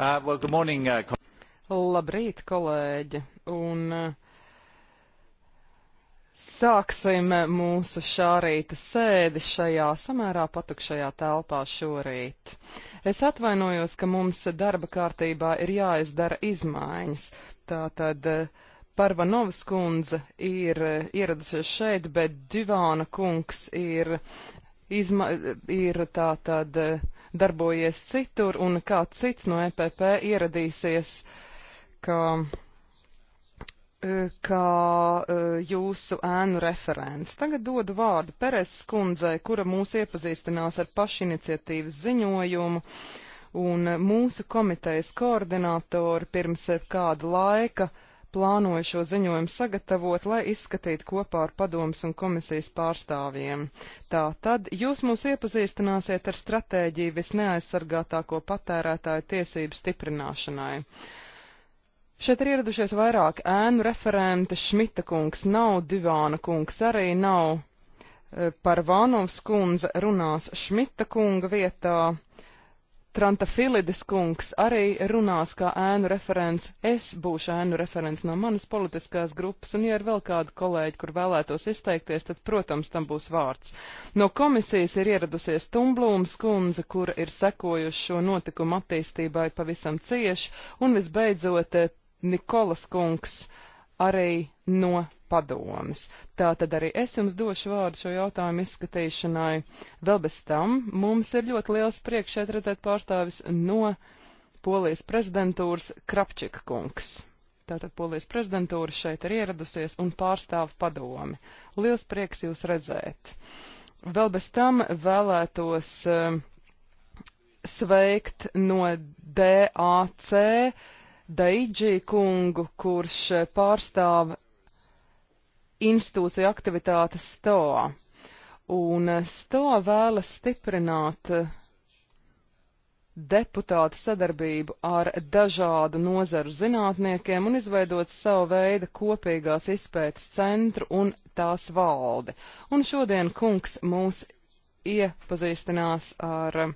Uh, well, good morning, uh, Labrīt, kolēģi! Un uh, sāksim mūsu šā rīta sēdi šajā samērā patukšajā telpā šorīt. Es atvainojos, ka mums darba kārtībā ir jāizdara izmaiņas. Tātad uh, Parvanovas kundze ir uh, ieradusies šeit, bet Divāna kungs ir, izma ir tātad. Uh, darbojies citur un kāds cits no EPP ieradīsies, eh, kā, kā eh, jūsu ēnu referents. Tagad dodu vārdu Peres skundzei, kura mūs iepazīstinās ar pašiniciatīvas ziņojumu un mūsu komitejas koordinātori pirms kāda laika plānoju šo ziņojumu sagatavot, lai izskatītu kopā ar padomus un komisijas pārstāvjiem. Tā tad jūs mūs iepazīstināsiet ar stratēģiju visneaizsargātāko patērētāju tiesību stiprināšanai. Šeit ir ieradušies vairāk ēnu referente, Šmita kungs nav, Divāna kungs arī nav. Eh, Par Vānovs kundze runās Šmita kunga vietā, Trantafilidis kungs arī runās kā ēnu referents. Es būšu ēnu referents no manas politiskās grupas, un ja ir vēl kādi kolēģi, kur vēlētos izteikties, tad, protams, tam būs vārds. No komisijas ir ieradusies Tumblūms kundze, kura ir sekojuši šo notikumu attīstībai pavisam cieši, un visbeidzot eh, Nikolas kungs arī no padomas. Tātad arī es jums došu vārdu šo jautājumu izskatīšanai. Vēl bez tam mums ir ļoti liels prieks šeit redzēt pārstāvis no Polijas prezidentūras Krapčika kungs. Tātad Polijas prezidentūra šeit ir ieradusies un pārstāv padomi. Liels prieks jūs redzēt. Vēl bez tam vēlētos uh, sveikt no DAC Daidžī kungu, kurš eh, pārstāv institūciju aktivitātes STO. Un eh, STO vēlas stiprināt eh, deputātu sadarbību ar dažādu nozaru zinātniekiem un izveidot savu veidu kopīgās izpētes centru un tās valdi. Un šodien kungs mūs iepazīstinās ar uh,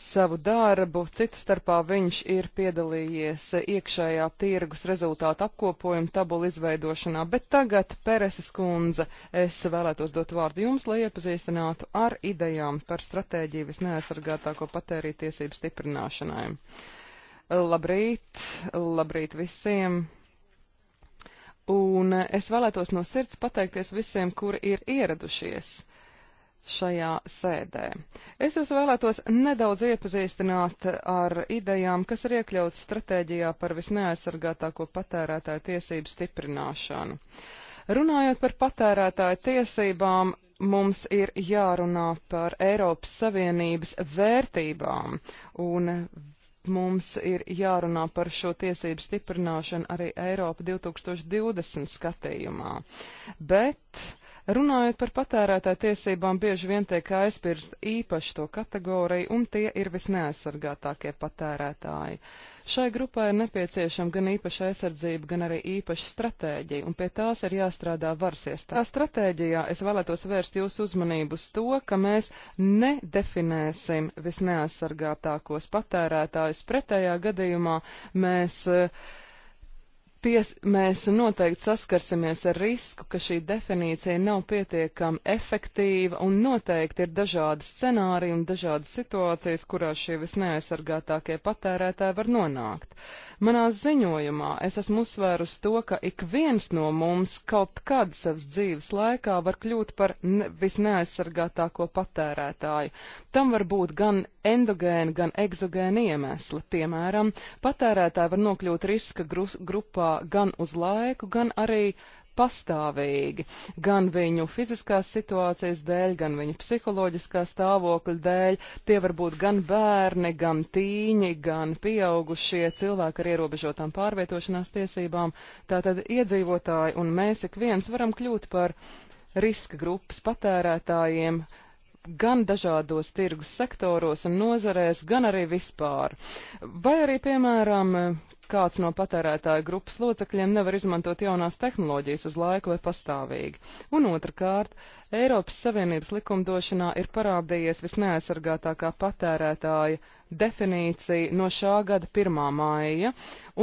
savu darbu. Citu starpā viņš ir piedalījies iekšējā tirgus rezultātu apkopojuma tabulu izveidošanā, bet tagad, Pereses kundze, es vēlētos dot vārdu jums, lai iepazīstinātu ar idejām par stratēģiju visneaizsargātāko patērīt tiesību stiprināšanai. Labrīt, labrīt visiem! Un es vēlētos no sirds pateikties visiem, kuri ir ieradušies šajā sēdē. Es jūs vēlētos nedaudz iepazīstināt ar idejām, kas ir iekļauts stratēģijā par visneaizsargātāko patērētāju tiesību stiprināšanu. Runājot par patērētāju tiesībām, mums ir jārunā par Eiropas Savienības vērtībām un mums ir jārunā par šo tiesību stiprināšanu arī Eiropa 2020 skatījumā. Bet Runājot par patērētāju tiesībām, bieži vien tiek aizpirst īpaši to kategoriju, un tie ir visneaizsargātākie patērētāji. Šai grupai ir nepieciešama gan īpaša aizsardzība, gan arī īpaša stratēģija, un pie tās ir jāstrādā varas iestādē. Tā stratēģijā es vēlētos vērst jūsu uzmanību uz to, ka mēs nedefinēsim visneaizsargātākos patērētājus. Pretējā gadījumā mēs uh, pies, mēs noteikti saskarsimies ar risku, ka šī definīcija nav pietiekami efektīva un noteikti ir dažādi scenāriji un dažādas situācijas, kurās šie visneaizsargātākie patērētāji var nonākt. Uh, Manā ziņojumā es esmu uzsvērus to, ka ik viens no mums kaut kad savas dzīves laikā var kļūt par visneaizsargātāko patērētāju. Tam var būt gan endogēni, gan egzogēni iemesli. Piemēram, patērētāji var nokļūt riska grupā gan uz laiku, gan arī uh, pastāvīgi, gan viņu fiziskās situācijas dēļ, gan viņu psiholoģiskā stāvokļa dēļ. Tie var būt gan bērni, gan tīņi, gan pieaugušie cilvēki ar ierobežotām pārvietošanās tiesībām. Tātad iedzīvotāji un mēs ik viens varam kļūt par riska grupas patērētājiem gan dažādos tirgus sektoros un nozarēs, gan arī vispār. Vai arī, piemēram, kāds no patērētāja grupas locekļiem nevar izmantot jaunās tehnoloģijas uz laiku vai pastāvīgi. Un otrkārt, Eiropas Savienības likumdošanā ir parādījies visneaizsargātākā patērētāja definīcija no šā gada 1. māja,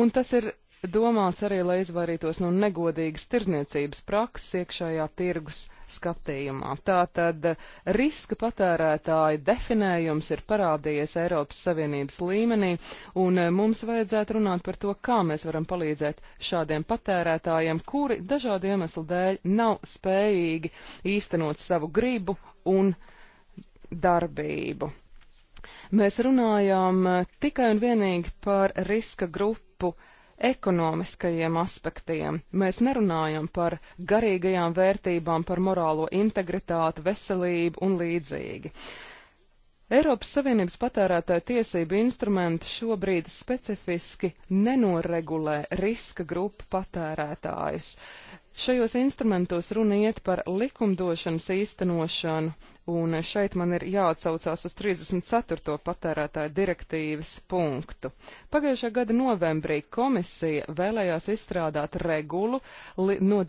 un tas ir domāts arī, lai izvairītos no negodīgas tirzniecības prakses iekšējā tirgus skatījumā. Tātad eh, riska patērētāja definējums ir parādījies Eiropas Savienības līmenī, un eh, mums vajadzētu runāt par to, kā mēs varam palīdzēt šādiem patērētājiem, kuri dažādu iemeslu dēļ nav spējīgi īstenot savu gribu un darbību. Mēs runājām eh, tikai un vienīgi par riska grupu uh, ekonomiskajiem aspektiem. Mēs nerunājam par garīgajām vērtībām, par morālo integritāti, veselību un līdzīgi. Eiropas Savienības patērētāja tiesība instrumenti šobrīd specifiski nenoregulē riska grupu patērētājus. Šajos instrumentos runa iet par likumdošanas īstenošanu, un šeit man ir jāatsaucās uz 34. patērētāja direktīvas punktu. Pagājušā gada novembrī komisija vēlējās izstrādāt regulu no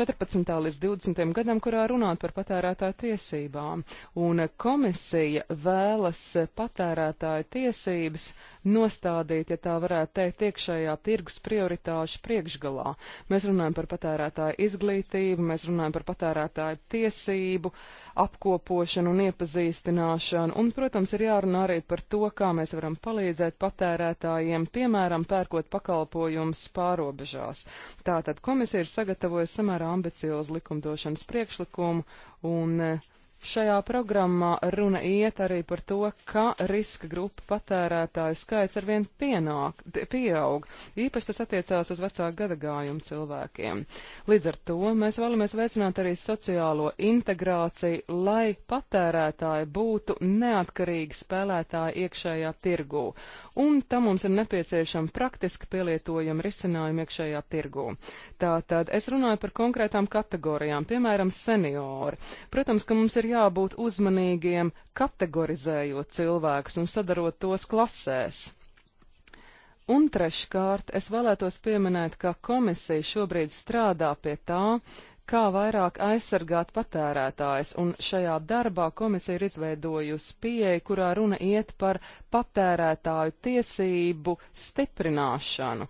14. līdz 20. gadam, kurā runāt par patērētāju tiesībām, un komisija vēlas patērētāju tiesības nostādīt, ja tā varētu teikt, iekšējā tirgus prioritāšu priekšgalā. Mēs runājam par patērētāju patērētāju izglītību, mēs runājam par patērētāju tiesību, apkopošanu un iepazīstināšanu, un, protams, ir jārunā arī par to, kā mēs varam palīdzēt patērētājiem, piemēram, pērkot pakalpojumus pārobežās. Tātad komisija ir sagatavojusi samērā ambiciozu likumdošanas priekšlikumu, un uh, Šajā programmā runa iet arī par to, ka riska grupu patērētāju skaits arvien pienāk, pieaug. Īpaši tas attiecās uz vecāku gadagājumu cilvēkiem. Līdz ar to mēs vēlamies veicināt arī sociālo integrāciju, lai patērētāji būtu neatkarīgi spēlētāji iekšējā tirgū un tam mums ir nepieciešama praktiski pielietojama risinājuma iekšējā tirgū. Tātad es runāju par konkrētām kategorijām, piemēram, seniori. Protams, ka mums ir jābūt uzmanīgiem kategorizējot cilvēkus un sadarot tos klasēs. Un treškārt, es vēlētos pieminēt, ka komisija šobrīd strādā pie tā, kā vairāk aizsargāt patērētājs, un šajā darbā komisija ir izveidojusi pieeja, kurā runa iet par patērētāju tiesību stiprināšanu.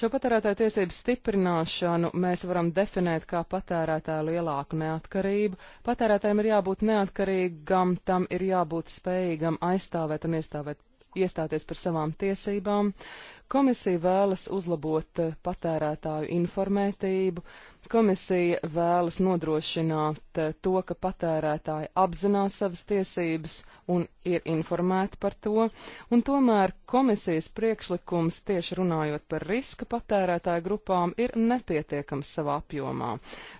Šo patērētāju tiesību stiprināšanu mēs varam definēt kā patērētāju lielāku neatkarību. Patērētājiem ir jābūt neatkarīgam, tam ir jābūt spējīgam aizstāvēt un iestāvēt iestāties par savām tiesībām. Komisija vēlas uzlabot patērētāju informētību, Komisija vēlas nodrošināt eh, to, ka patērētāji apzinās savas tiesības un ir informēti par to, un tomēr komisijas priekšlikums tieši runājot par riska patērētāju grupām ir nepietiekams savā apjomā.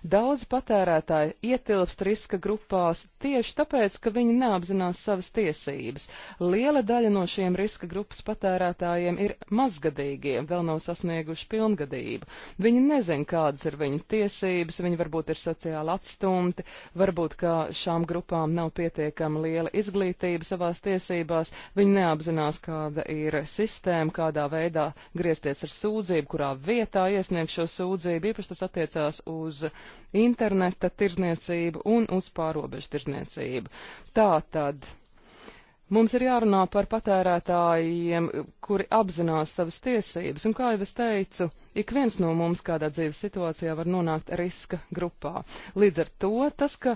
Daudz patērētāji ietilpst riska grupās tieši tāpēc, ka viņi neapzinās savas tiesības. Liela daļa no šiem riska grupas patērētājiem ir mazgadīgie, vēl nav sasnieguši pilngadību. Viņi nezin, kādas ir viņu tiesības, viņi varbūt ir sociāli atstumti, varbūt, ka šām grupām nav pietiekama liela izglītība savās tiesībās, viņi neapzinās, kāda ir sistēma, kādā veidā griezties ar sūdzību, kurā vietā iesniegt šo sūdzību. Īpaši tas attiecās uz interneta tirzniecību un uz pārobežu tirzniecību. Tā tad. Mums ir jārunā par patērētājiem, kuri apzinās savas tiesības, un, kā jau es teicu, ik viens no mums kādā dzīves situācijā var nonākt riska grupā. Līdz ar to tas, ka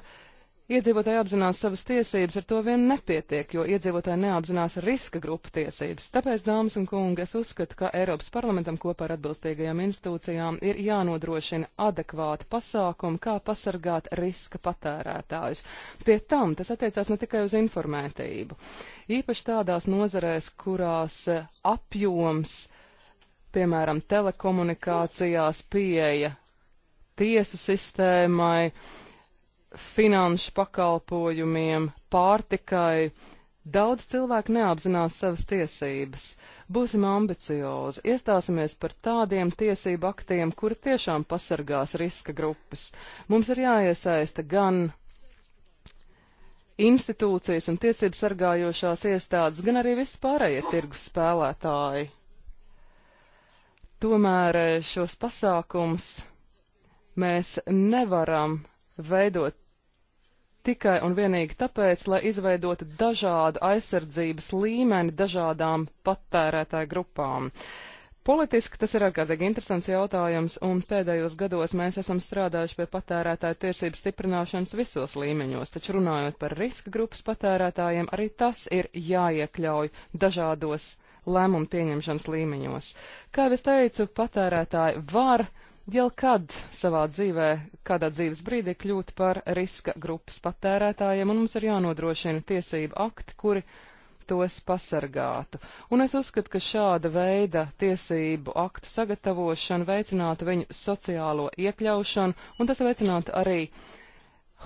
Iedzīvotāji apzinās savas tiesības, ar to vien nepietiek, jo iedzīvotāji neapzinās riska grupu tiesības. Tāpēc, dāmas un kungi, es uzskatu, ka Eiropas parlamentam kopā ar atbilstīgajām institūcijām ir jānodrošina adekvāti pasākumi, kā pasargāt riska patērētājus. Pie tam tas attiecās ne tikai uz informētību. Īpaši tādās nozarēs, kurās eh, apjoms, piemēram, telekomunikācijās, pieeja tiesu sistēmai, finanšu pakalpojumiem, pārtikai. Daudz cilvēku neapzinās savas tiesības. Būsim ambiciozi, iestāsimies par tādiem tiesību aktiem, kuri tiešām pasargās riska grupas. Mums ir jāiesaista gan institūcijas un tiesību sargājošās iestādes, gan arī visi pārējie tirgus spēlētāji. Tomēr eh, šos pasākums mēs nevaram veidot tikai un vienīgi tāpēc, lai izveidotu dažādu aizsardzības līmeni dažādām patērētāju grupām. Politiski tas ir ārkārtīgi interesants jautājums, un pēdējos gados mēs esam strādājuši pie patērētāju tiesību stiprināšanas visos līmeņos, taču runājot par riska grupas patērētājiem, arī tas ir jāiekļauj dažādos lēmumu pieņemšanas līmeņos. Kā jau es teicu, patērētāji var uh, jau kad savā dzīvē, kādā dzīves brīdī kļūt par riska grupas patērētājiem, un mums ir jānodrošina tiesību akti, kuri tos pasargātu. Un es uzskatu, ka šāda veida tiesību aktu sagatavošana veicinātu viņu sociālo iekļaušanu, un tas veicinātu arī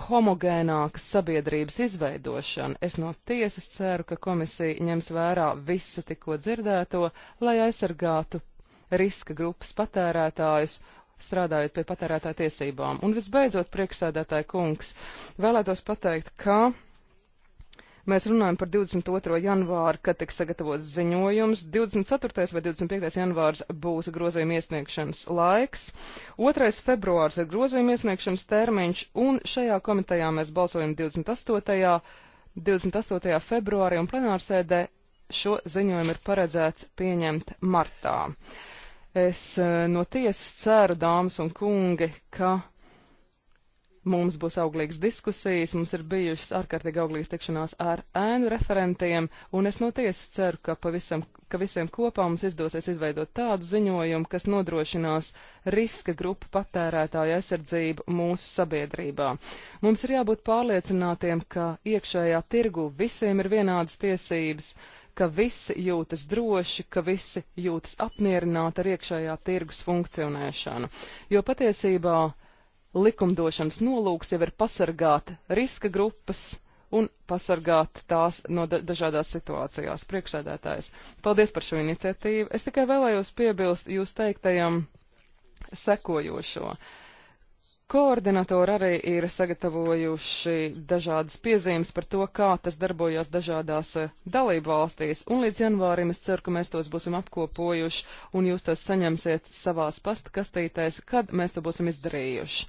homogēnākas sabiedrības izveidošanu. Es no tiesas ceru, ka komisija ņems vērā visu tikko dzirdēto, lai aizsargātu riska grupas patērētājus strādājot pie patērētāja tiesībām. Un visbeidzot, priekšsēdētāja kungs, vēlētos pateikt, ka Mēs runājam par 22. janvāru, kad tiks sagatavots ziņojums. 24. vai 25. janvārs būs grozījuma iesniegšanas laiks. 2. februārs ir grozījuma iesniegšanas termiņš, un šajā komitejā mēs balsojam 28. 28. februārī, un plenārsēdē šo ziņojumu ir paredzēts pieņemt martā. Es eh, no tiesas ceru, dāmas un kungi, ka mums būs auglīgas diskusijas, mums ir bijušas ārkārtīgi auglīgas tikšanās ar ēnu referentiem, un es no tiesas ceru, ka, pavisam, ka visiem kopā mums izdosies izveidot tādu ziņojumu, kas nodrošinās riska grupu patērētāju aizsardzību mūsu sabiedrībā. Mums ir jābūt pārliecinātiem, ka iekšējā tirgu visiem ir vienādas tiesības ka visi jūtas droši, ka visi jūtas apmierināti ar iekšējā tirgus funkcionēšanu. Jo patiesībā likumdošanas nolūks jau ir pasargāt riska grupas un pasargāt tās no da dažādās situācijās. Priekšsēdētājs, paldies par šo iniciatīvu. Es tikai vēlējos piebilst jūs teiktajam sekojošo. Uh, Koordinatori arī ir sagatavojuši dažādas piezīmes par to, kā tas darbojās dažādās eh, dalību valstīs, un līdz janvārim es ceru, ka mēs tos būsim apkopojuši, un jūs tos saņemsiet savās pastkastītēs, kad mēs to būsim izdarījuši.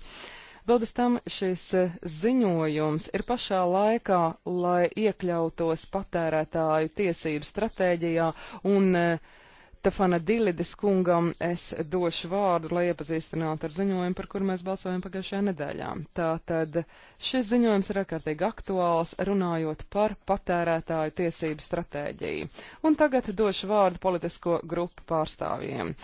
Vēl bez tam šis eh, ziņojums ir pašā laikā, lai iekļautos patērētāju tiesību stratēģijā un uh, Tefana Dilides kungam es došu vārdu, lai iepazīstinātu ar ziņojumu, par kuru mēs balsojam pagājušajā nedēļā. Tātad šis ziņojums ir ārkārtīgi aktuāls, runājot par patērētāju tiesību stratēģiju. Un tagad došu vārdu politisko grupu pārstāvjiem.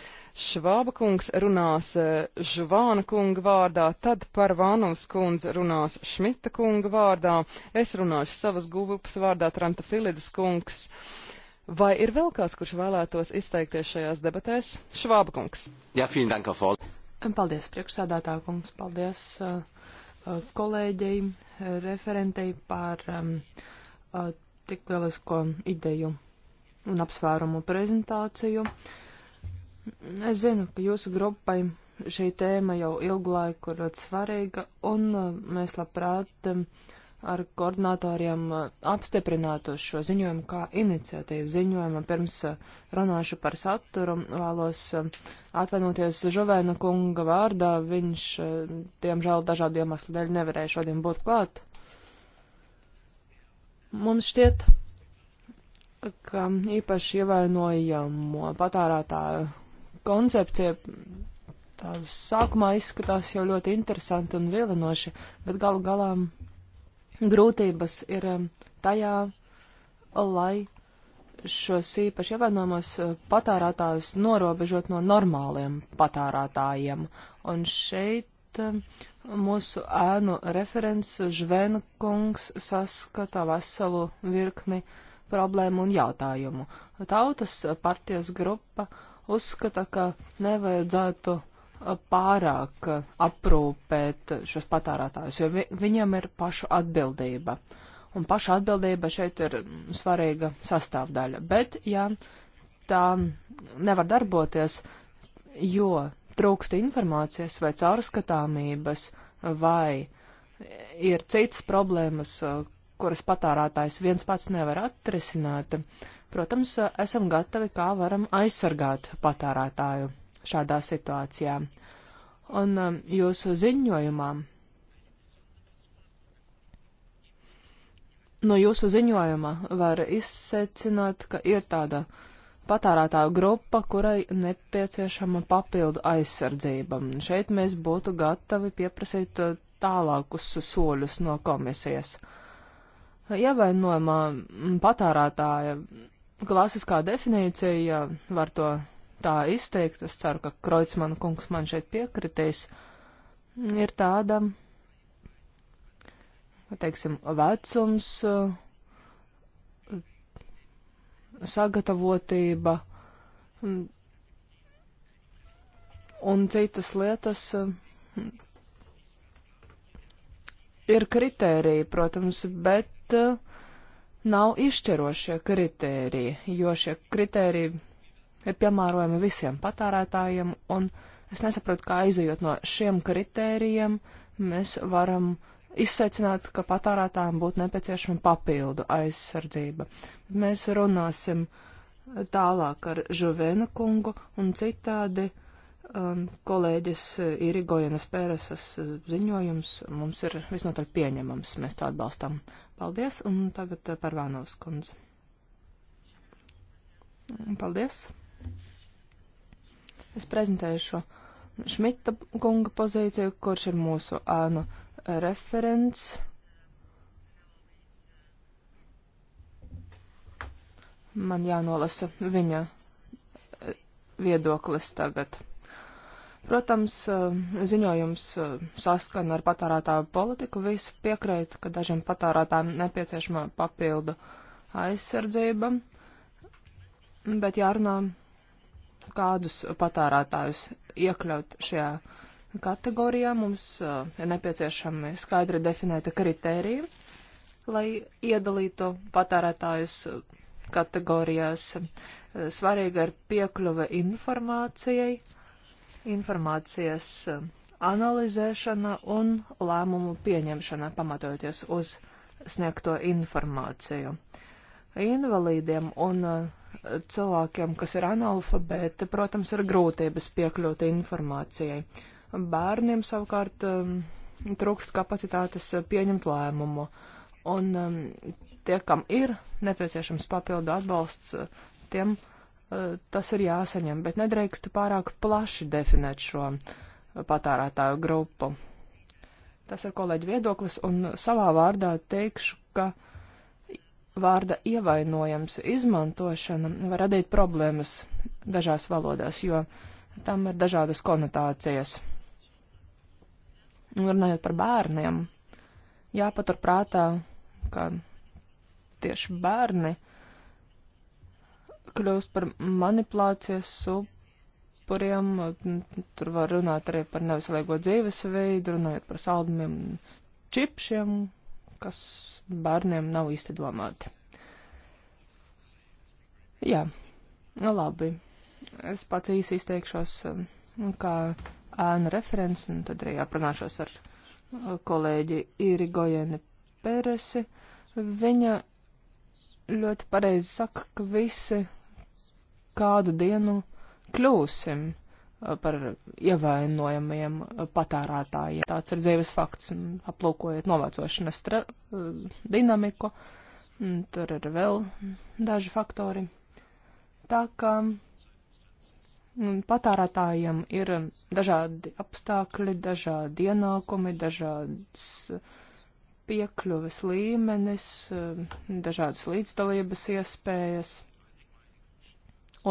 Švāba kungs runās eh, Žvāna kunga vārdā, tad par Vānums kundz runās Šmita kunga vārdā, es runāšu savas grupas vārdā Tranta Filides kungs. Uh, Vai ir vēl kāds, kurš vēlētos izteikties šajās debatēs? Švāba kungs. Jā, ja, dank, Paldies, priekšsādātā kungs. Paldies uh, uh, kolēģei, referentei par um, uh, tik lielisko ideju un apsvērumu prezentāciju. Es zinu, ka jūsu grupai šī tēma jau ilgu laiku ir ļoti svarīga, un uh, mēs labprāt. Um, ar koordinatoriem uh, apstiprinātu šo ziņojumu kā iniciatīvu ziņojumu. Pirms uh, runāšu par saturu, vēlos um, atvainoties Žovēna kunga vārdā. Viņš, uh, diemžēl, dažādu iemeslu dēļ nevarēja šodien būt klāt. Mums šķiet, ka īpaši ievainojamo patārātāju koncepcija tā sākumā izskatās jau ļoti interesanti un vilinoši, bet galu galām Grūtības ir um, tajā, lai šos īpaši ievainojamos uh, patērētājus norobežot no normāliem patērētājiem. Un šeit um, mūsu ēnu referents Žvēna kungs saskata veselu virkni problēmu un jautājumu. Tautas partijas grupa uzskata, ka nevajadzētu pārāk aprūpēt šos patārātājus, jo viņiem ir pašu atbildība. Un paša atbildība šeit ir svarīga sastāvdaļa. Bet, ja tā nevar darboties, jo trūkst informācijas vai caurskatāmības, vai ir citas problēmas, kuras patārātājs viens pats nevar atrisināt, protams, esam gatavi, kā varam aizsargāt patārātāju šādā situācijā. Un um, jūsu ziņojumā, no jūsu ziņojuma var izsecināt, ka ir tāda patārātā grupa, kurai nepieciešama papildu aizsardzība. Šeit mēs būtu gatavi pieprasīt uh, tālākus soļus no komisijas. Ievainojumā patārātāja klasiskā definīcija var to tā izteikta, es ceru, ka Kreutzmanu kungs man šeit piekritīs, ir tāda, teiksim, vecums, eh, sagatavotība mm, un citas lietas eh, ir kritērija, protams, bet eh, nav izšķirošie kritēriji, jo šie kritēriji ir piemērojami visiem patērētājiem, un es nesaprotu, kā aizejot no šiem kritērijiem, mēs varam izsveicināt, ka patērētājiem būtu nepieciešama papildu aizsardzība. Mēs runāsim tālāk ar Žuvena kungu un citādi um, kolēģis Irigojenas Pēresas ziņojums mums ir visnotaļ pieņemams, mēs to atbalstam. Paldies, un tagad eh, par Vānovas kundzi. Paldies! Es prezentēšu Šmita kunga pozīciju, kurš ir mūsu ānu referents. Man jānolasa viņa eh, viedoklis tagad. Protams, eh, ziņojums eh, saskana ar patārātāju politiku. Visi piekrīt, ka dažiem patārātājiem nepieciešama papildu aizsardzība, bet jārunā kādus patērētājus iekļaut šajā kategorijā. Mums uh, ir nepieciešami skaidri definēta kriterija, lai iedalītu patērētājus uh, kategorijās. Uh, svarīga ir piekļuve informācijai, informācijas uh, analizēšana un lēmumu pieņemšana, pamatojoties uz sniegto informāciju. Uh, invalīdiem un eh, cilvēkiem, kas ir analfabēti, protams, ir grūtības piekļūt informācijai. Bērniem savukārt eh, trūkst kapacitātes eh, pieņemt lēmumu. Un tie, kam ir nepieciešams papildu atbalsts, tiem tas ir jāsaņem, bet nedrīkst pārāk plaši definēt šo patērētāju grupu. Tas ir kolēģi viedoklis, un savā vārdā teikšu, ka uh, vārda ievainojams izmantošana var radīt problēmas dažās valodās, jo tam ir dažādas konotācijas. Runājot par bērniem, jāpaturprātā, ka tieši bērni kļūst par manipulācijas upuriem, tur var runāt arī par neveselīgo dzīvesveidu, runājot par saldumiem, čipšiem, kas bērniem nav īsti domāti. Jā, labi. Es pats īsi izteikšos um, kā ēnu referents, un tad arī aprunāšos ar uh, kolēģi Irigojeni Peresi. Viņa ļoti pareizi saka, ka visi kādu dienu kļūsim Uh, par ievainojamiem uh, patērētājiem. Tāds ir dzīves fakts. Aplūkojiet novecošanas uh, dinamiku. Tur ir vēl daži faktori. Tā kā mm, patērētājiem ir dažādi apstākļi, dažādi ienākumi, dažādas piekļuves līmenis, dažādas līdzdalības iespējas.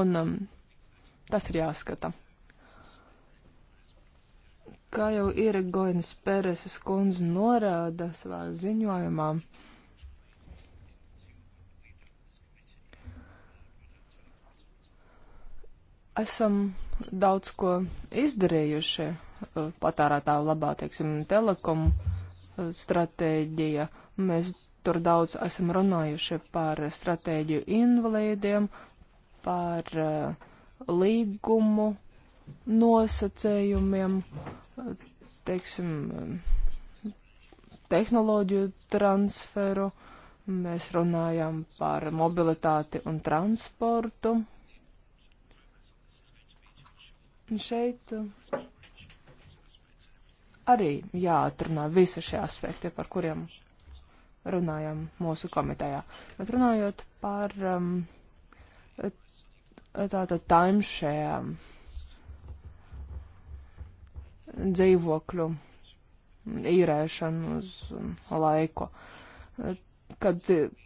Un um, tas ir jāskata. Kā jau Iregoinas Pereses kundze norāda savā ziņojumā, esam daudz ko izdarījuši uh, patērētāju labā, teiksim, telekomu uh, stratēģija. Mēs tur daudz esam runājuši par stratēģiju invalīdiem, par uh, līgumu nosacējumiem. Uh, teiksim, tehnoloģiju transferu, mēs runājam par mobilitāti un transportu. Un šeit arī jāatrunā visi šie aspekti, par kuriem runājam mūsu komitejā. Bet runājot par um, tātad timeshare dzīvokļu īrēšanu uz laiku. Kad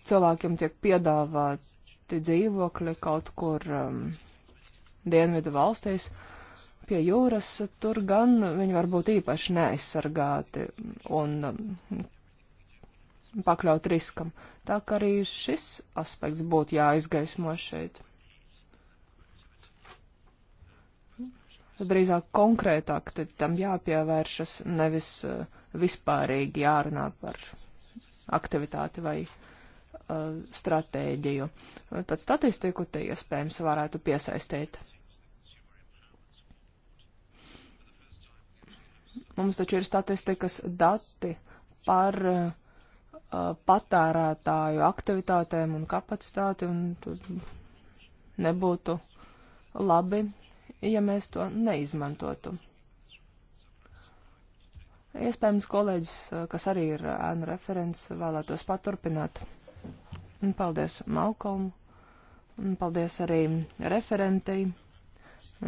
cilvēkiem tiek piedāvāti dzīvokļi kaut kur um, dienvidu valstīs pie jūras, tur gan viņi var būt īpaši neaizsargāti un um, pakļaut riskam. Tā kā arī šis aspekts būtu jāizgaismo šeit. drīzāk konkrētāk tam jāpievēršas, nevis eh, vispārīgi jārunā par aktivitāti vai uh, stratēģiju. Pat statistiku te iespējams varētu piesaistīt. Mums taču ir statistikas dati par uh, patērētāju aktivitātēm un kapacitāti, un tur nebūtu labi ja mēs to neizmantotu. Iespējams, kolēģis, eh, kas arī ir eh, ēnu referents, vēlētos paturpināt. Un paldies Malkolmu, un paldies arī referentei.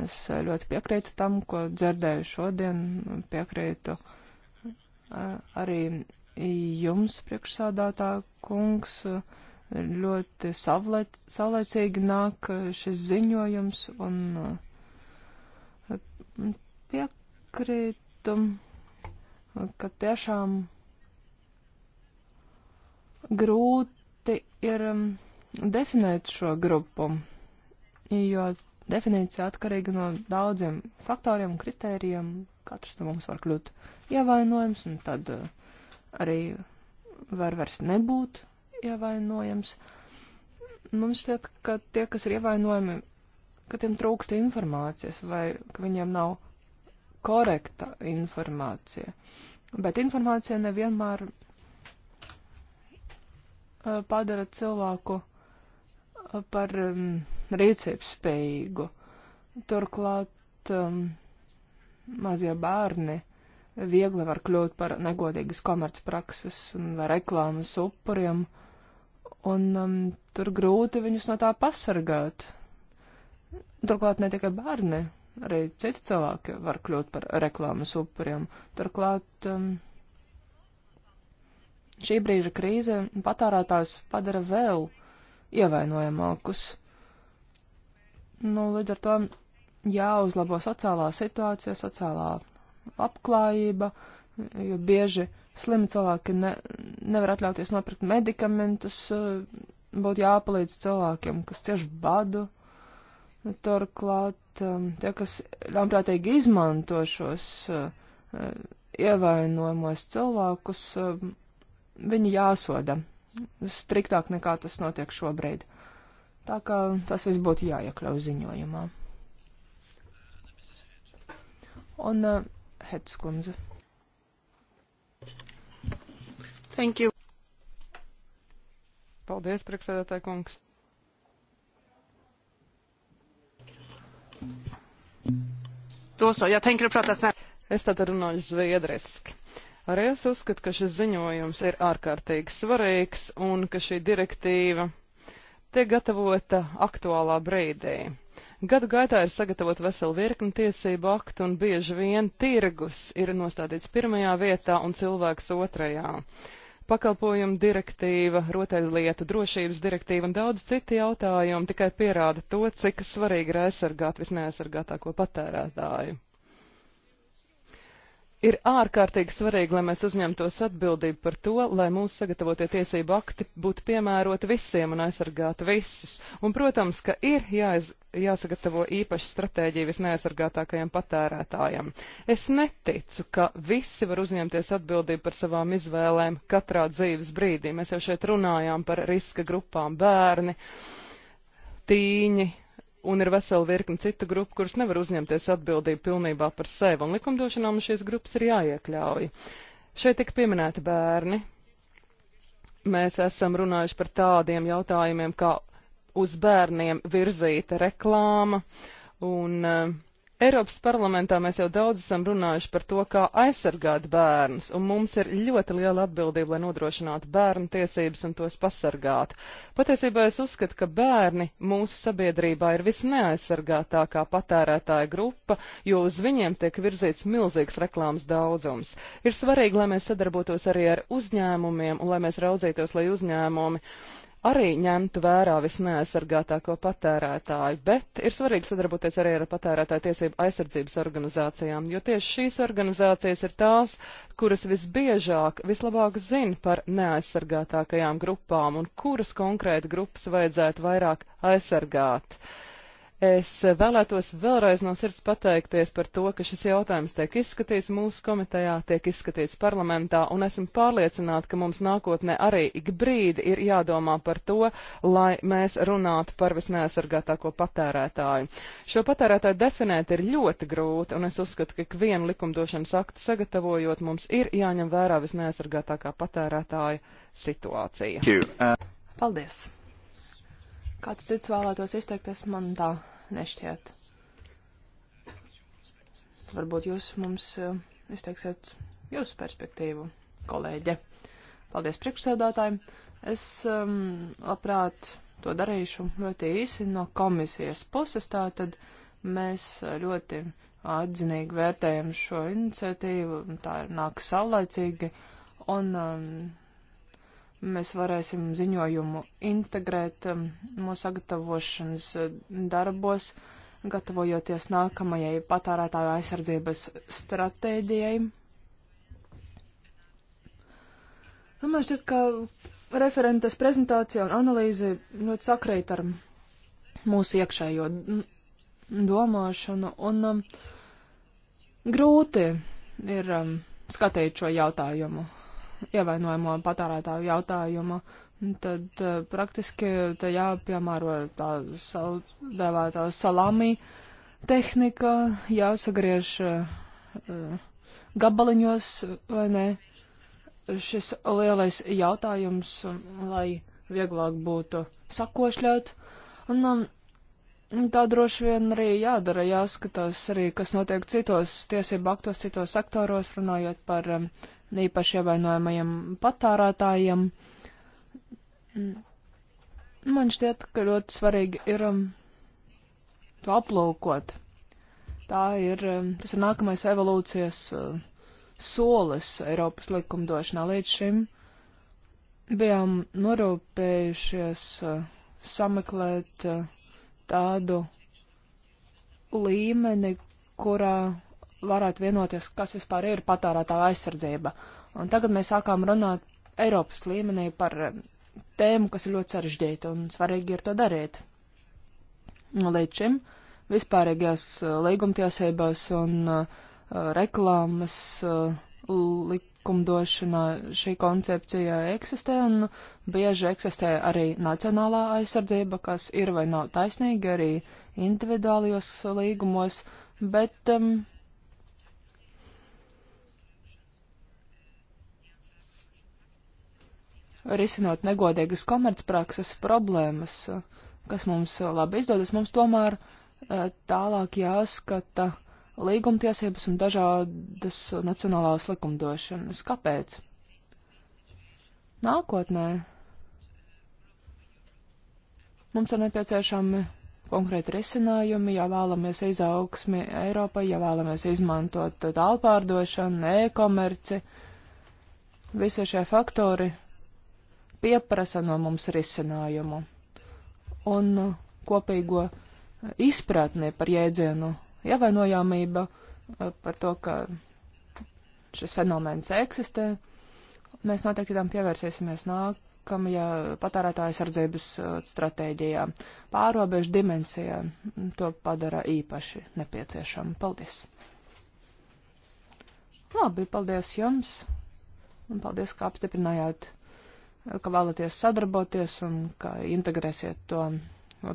Es ļoti piekrītu tam, ko dzirdēju šodien, piekrītu eh, arī jums, priekšsādātā kungs, ļoti savlaicīgi nāk šis ziņojums un Piekrītu, ka tiešām grūti ir um, definēt šo grupu, jo definīcija atkarīga no daudziem faktoriem un kritērijiem. Katrs no mums var kļūt ievainojams, un tad uh, arī var vairs nebūt ievainojams. Mums šķiet, ka tie, kas ir ievainojami, ka tiem trūkst informācijas vai ka viņiem nav korekta informācija. Bet informācija nevienmēr padara cilvēku par um, rīcības spējīgu. Turklāt um, mazie bērni viegli var kļūt par negodīgas komercprakses vai reklāmas upuriem, un um, tur grūti viņus no tā pasargāt. Turklāt ne tikai bērni, arī citi cilvēki var kļūt par reklāmas upuriem. Turklāt um, šī brīža krīze patārētājus padara vēl ievainojamākus. Nu, līdz ar to jāuzlabo sociālā situācija, sociālā labklājība, jo bieži slimi cilvēki ne, nevar atļauties nopirkt medikamentus, uh, būtu jāpalīdz cilvēkiem, kas cieši badu. Turklāt um, tie, kas ļaunprātīgi izmanto šos uh, uh, ievainojamos cilvēkus, um, viņi jāsoda striktāk nekā tas notiek šobrīd. Tā kā tas viss būtu jāiekļauj ziņojumā. Un uh, Hetskundze. Thank you. Paldies, priekšsēdētāji kungs. Då så, jag tänker prata svenska. Es tad runāju zviedriski. Arī es uzskatu, ka šis ziņojums ir ārkārtīgi svarīgs un ka šī direktīva tiek gatavota aktuālā brīdī. Gadu gaitā ir sagatavot veselu virkni tiesību aktu un bieži vien tirgus ir nostādīts pirmajā vietā un cilvēks otrajā pakalpojumu direktīva, rotaļlietu drošības direktīva un daudz citi jautājumi tikai pierāda to, cik svarīgi ir aizsargāt visneaizsargātāko patērētāju ir ārkārtīgi svarīgi, lai mēs uzņemtos atbildību par to, lai mūsu sagatavotie tiesību akti būtu piemēroti visiem un aizsargātu visus. Un, protams, ka ir jāiz, jāsagatavo īpaša stratēģija visneaizsargātākajam patērētājam. Es neticu, ka visi var uzņemties atbildību par savām izvēlēm katrā dzīves brīdī. Mēs jau šeit runājām par riska grupām - bērni, tīņi un ir vesela virkni citu grupu, kuras nevar uzņemties atbildību pilnībā par sevi, un likumdošanā mums šīs grupas ir jāiekļauj. Šeit tika pieminēti bērni. Mēs esam runājuši par tādiem jautājumiem, kā uz bērniem virzīta reklāma, un uh, Eiropas parlamentā mēs jau daudz esam runājuši par to, kā aizsargāt bērnus, un mums ir ļoti liela atbildība, lai nodrošinātu bērnu tiesības un tos pasargātu. Patiesībā es uzskatu, ka bērni mūsu sabiedrībā ir visneaizsargātākā patērētāja grupa, jo uz viņiem tiek virzīts milzīgs reklāmas daudzums. Ir svarīgi, lai mēs sadarbotos arī ar uzņēmumiem un lai mēs raudzītos, lai uzņēmumi arī ņemtu vērā visneaizsargātāko patērētāju, bet ir svarīgi sadarboties arī ar patērētāju tiesību aizsardzības organizācijām, jo tieši šīs organizācijas ir tās, kuras visbiežāk, vislabāk zina par neaizsargātākajām grupām un kuras konkrēti grupas vajadzētu vairāk aizsargāt. Uh, Es vēlētos vēlreiz no sirds pateikties par to, ka šis jautājums tiek izskatīts mūsu komitejā, tiek izskatīts parlamentā, un esmu pārliecināta, ka mums nākotnē arī ik brīdi ir jādomā par to, lai mēs runātu par visneaizsargātāko patērētāju. Šo patērētāju definēt ir ļoti grūti, un es uzskatu, ka ikvienu likumdošanas aktu sagatavojot mums ir jāņem vērā visneaizsargātākā patērētāja situācija. Uh, Paldies! kāds cits vēlētos izteikties, man tā nešķiet. Varbūt jūs mums eh, izteiksiet jūsu perspektīvu, kolēģe. Paldies priekšsēdātājiem. Es um, labprāt to darīšu ļoti īsi no komisijas puses. Tātad mēs ļoti atzinīgi vērtējam šo iniciatīvu, tā ir nāk saulēcīgi, un um, mēs varēsim ziņojumu integrēt um, mūsu sagatavošanas uh, darbos, gatavojoties nākamajai patērētāju aizsardzības stratēģijai. Nu, man šķiet, ka referentes prezentācija un analīze ļoti sakrīt ar mūsu iekšējo domāšanu, un um, grūti ir um, skatīt šo jautājumu ievainojamo patērētāju jautājumu, tad eh, praktiski te jāpiemēro tā saudēvētā salami tehnika, jāsagriež eh, gabaliņos vai ne. Šis lielais jautājums, lai vieglāk būtu sakošļot. Un, um, Tā droši vien arī jādara, jāskatās arī, kas notiek citos tiesību aktos, citos sektoros, runājot par um, īpaši ievainojamajiem patārātājiem. Man šķiet, ka ļoti svarīgi ir um, to aplūkot. Tā ir, um, tas ir nākamais evolūcijas uh, solis Eiropas likumdošanā. Līdz šim bijām norūpējušies uh, sameklēt uh, tādu līmeni, kurā varētu vienoties, kas vispār ir patērētāja aizsardzība. Un tagad mēs sākām runāt Eiropas līmenī par eh, tēmu, kas ir ļoti sarežģīta un svarīgi ir to darīt. Līdz šim vispārīgās eh, līgumtiesībās un uh, reklāmas uh, likumdošanā šī koncepcija eksistē un bieži eksistē arī nacionālā aizsardzība, kas ir vai nav taisnīga arī individuālajos līgumos, bet um, risinot negodīgas komercprakses problēmas, kas mums labi izdodas, mums tomēr e, tālāk jāskata līgumtiesības un dažādas nacionālās likumdošanas. Kāpēc? Nākotnē mums ir nepieciešami konkrēti risinājumi, ja vēlamies izaugsmi Eiropai, ja vēlamies izmantot tālpārdošanu, e-komerci. Visi šie faktori pieprasa no mums risinājumu un kopīgo izpratni par jēdzienu ievainojamība, par to, ka šis fenomens eksistē. Mēs noteikti tam pievērsīsimies nākamajā patērētāja sardzības uh, stratēģijā. Pārobežu dimensijā to padara īpaši nepieciešama. Paldies! Labi, paldies jums! Un paldies, ka apstiprinājāt ka vēlaties sadarboties un ka integrēsiet to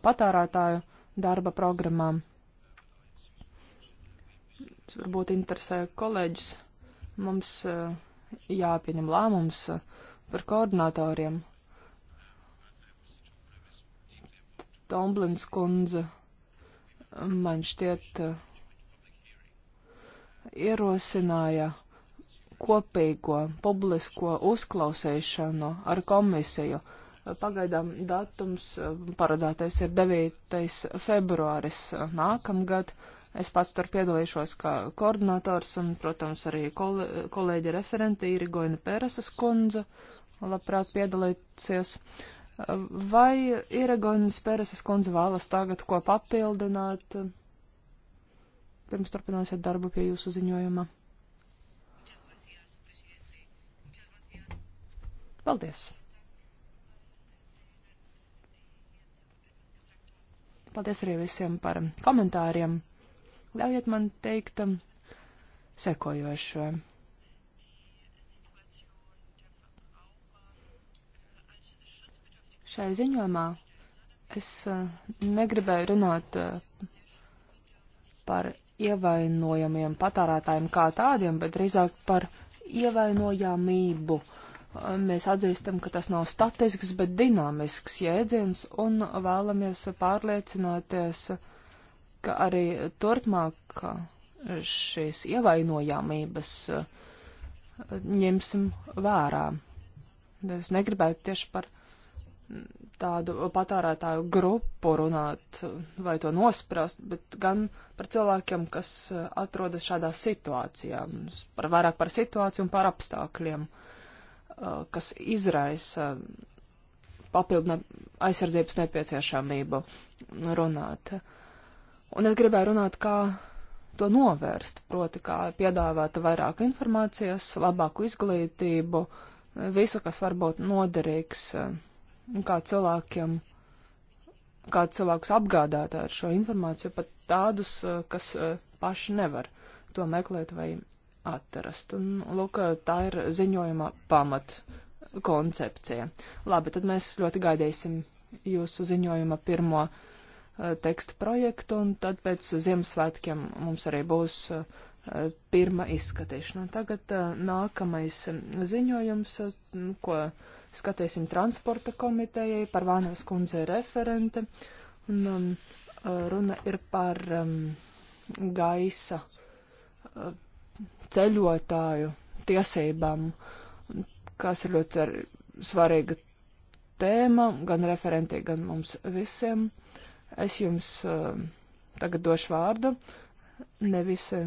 patērētāju darba programmā. Tas varbūt interesē kolēģis. Mums eh, jāpieņem lēmums eh, par koordinatoriem. Tomblins kundze man šķiet eh, ierosināja kopīgo publisko uzklausīšanu ar komisiju. Pagaidām datums eh, paredzētais ir 9. februāris nākamgad. Es pats tur piedalīšos kā koordinators un, protams, arī kol kolēģi referenti Irigoina Pērasas kundze labprāt piedalīsies. Vai Irigoinas Pērasas kundze vēlas tagad ko papildināt? Pirms turpināsiet darbu pie jūsu ziņojuma. Paldies! Paldies arī visiem par komentāriem. Ļaujiet man teikt um, sekojošo. Šai ziņojumā es uh, negribēju runāt uh, par ievainojamiem patārētājiem kā tādiem, bet drīzāk par ievainojamību. Uh, Mēs atzīstam, ka tas nav statisks, bet dinamisks jēdziens un vēlamies pārliecināties, ka arī turpmāk šīs ievainojamības uh, ņemsim vērā. Es negribētu tieši par tādu patērētāju grupu runāt vai to nosprast, bet gan par cilvēkiem, kas uh, atrodas šādā situācijā, par vairāk par situāciju un par apstākļiem. Uh, Uh, kas izraisa papildu aizsardzības nepieciešamību runāt. Un es gribēju runāt, kā to novērst, proti, kā piedāvāt vairāk informācijas, labāku izglītību, visu, kas var būt noderīgs, uh, kā cilvēkiem, kā cilvēkus apgādāt ar šo informāciju, pat tādus, uh, kas paši nevar to meklēt vai atrast. Un, lūk, tā ir ziņojuma pamat koncepcija. Labi, tad mēs ļoti gaidīsim jūsu ziņojuma pirmo eh, teksta projektu, un tad pēc Ziemassvētkiem mums arī būs eh, pirma izskatīšana. Tagad eh, nākamais ziņojums, ko skatīsim transporta komitejai par Vānavas kundzei referente. Un, um, runa ir par um, gaisa uh, ceļotāju tiesībām, kas ir ļoti svarīga tēma gan referentī, gan mums visiem. Es jums uh, tagad došu vārdu, ne visi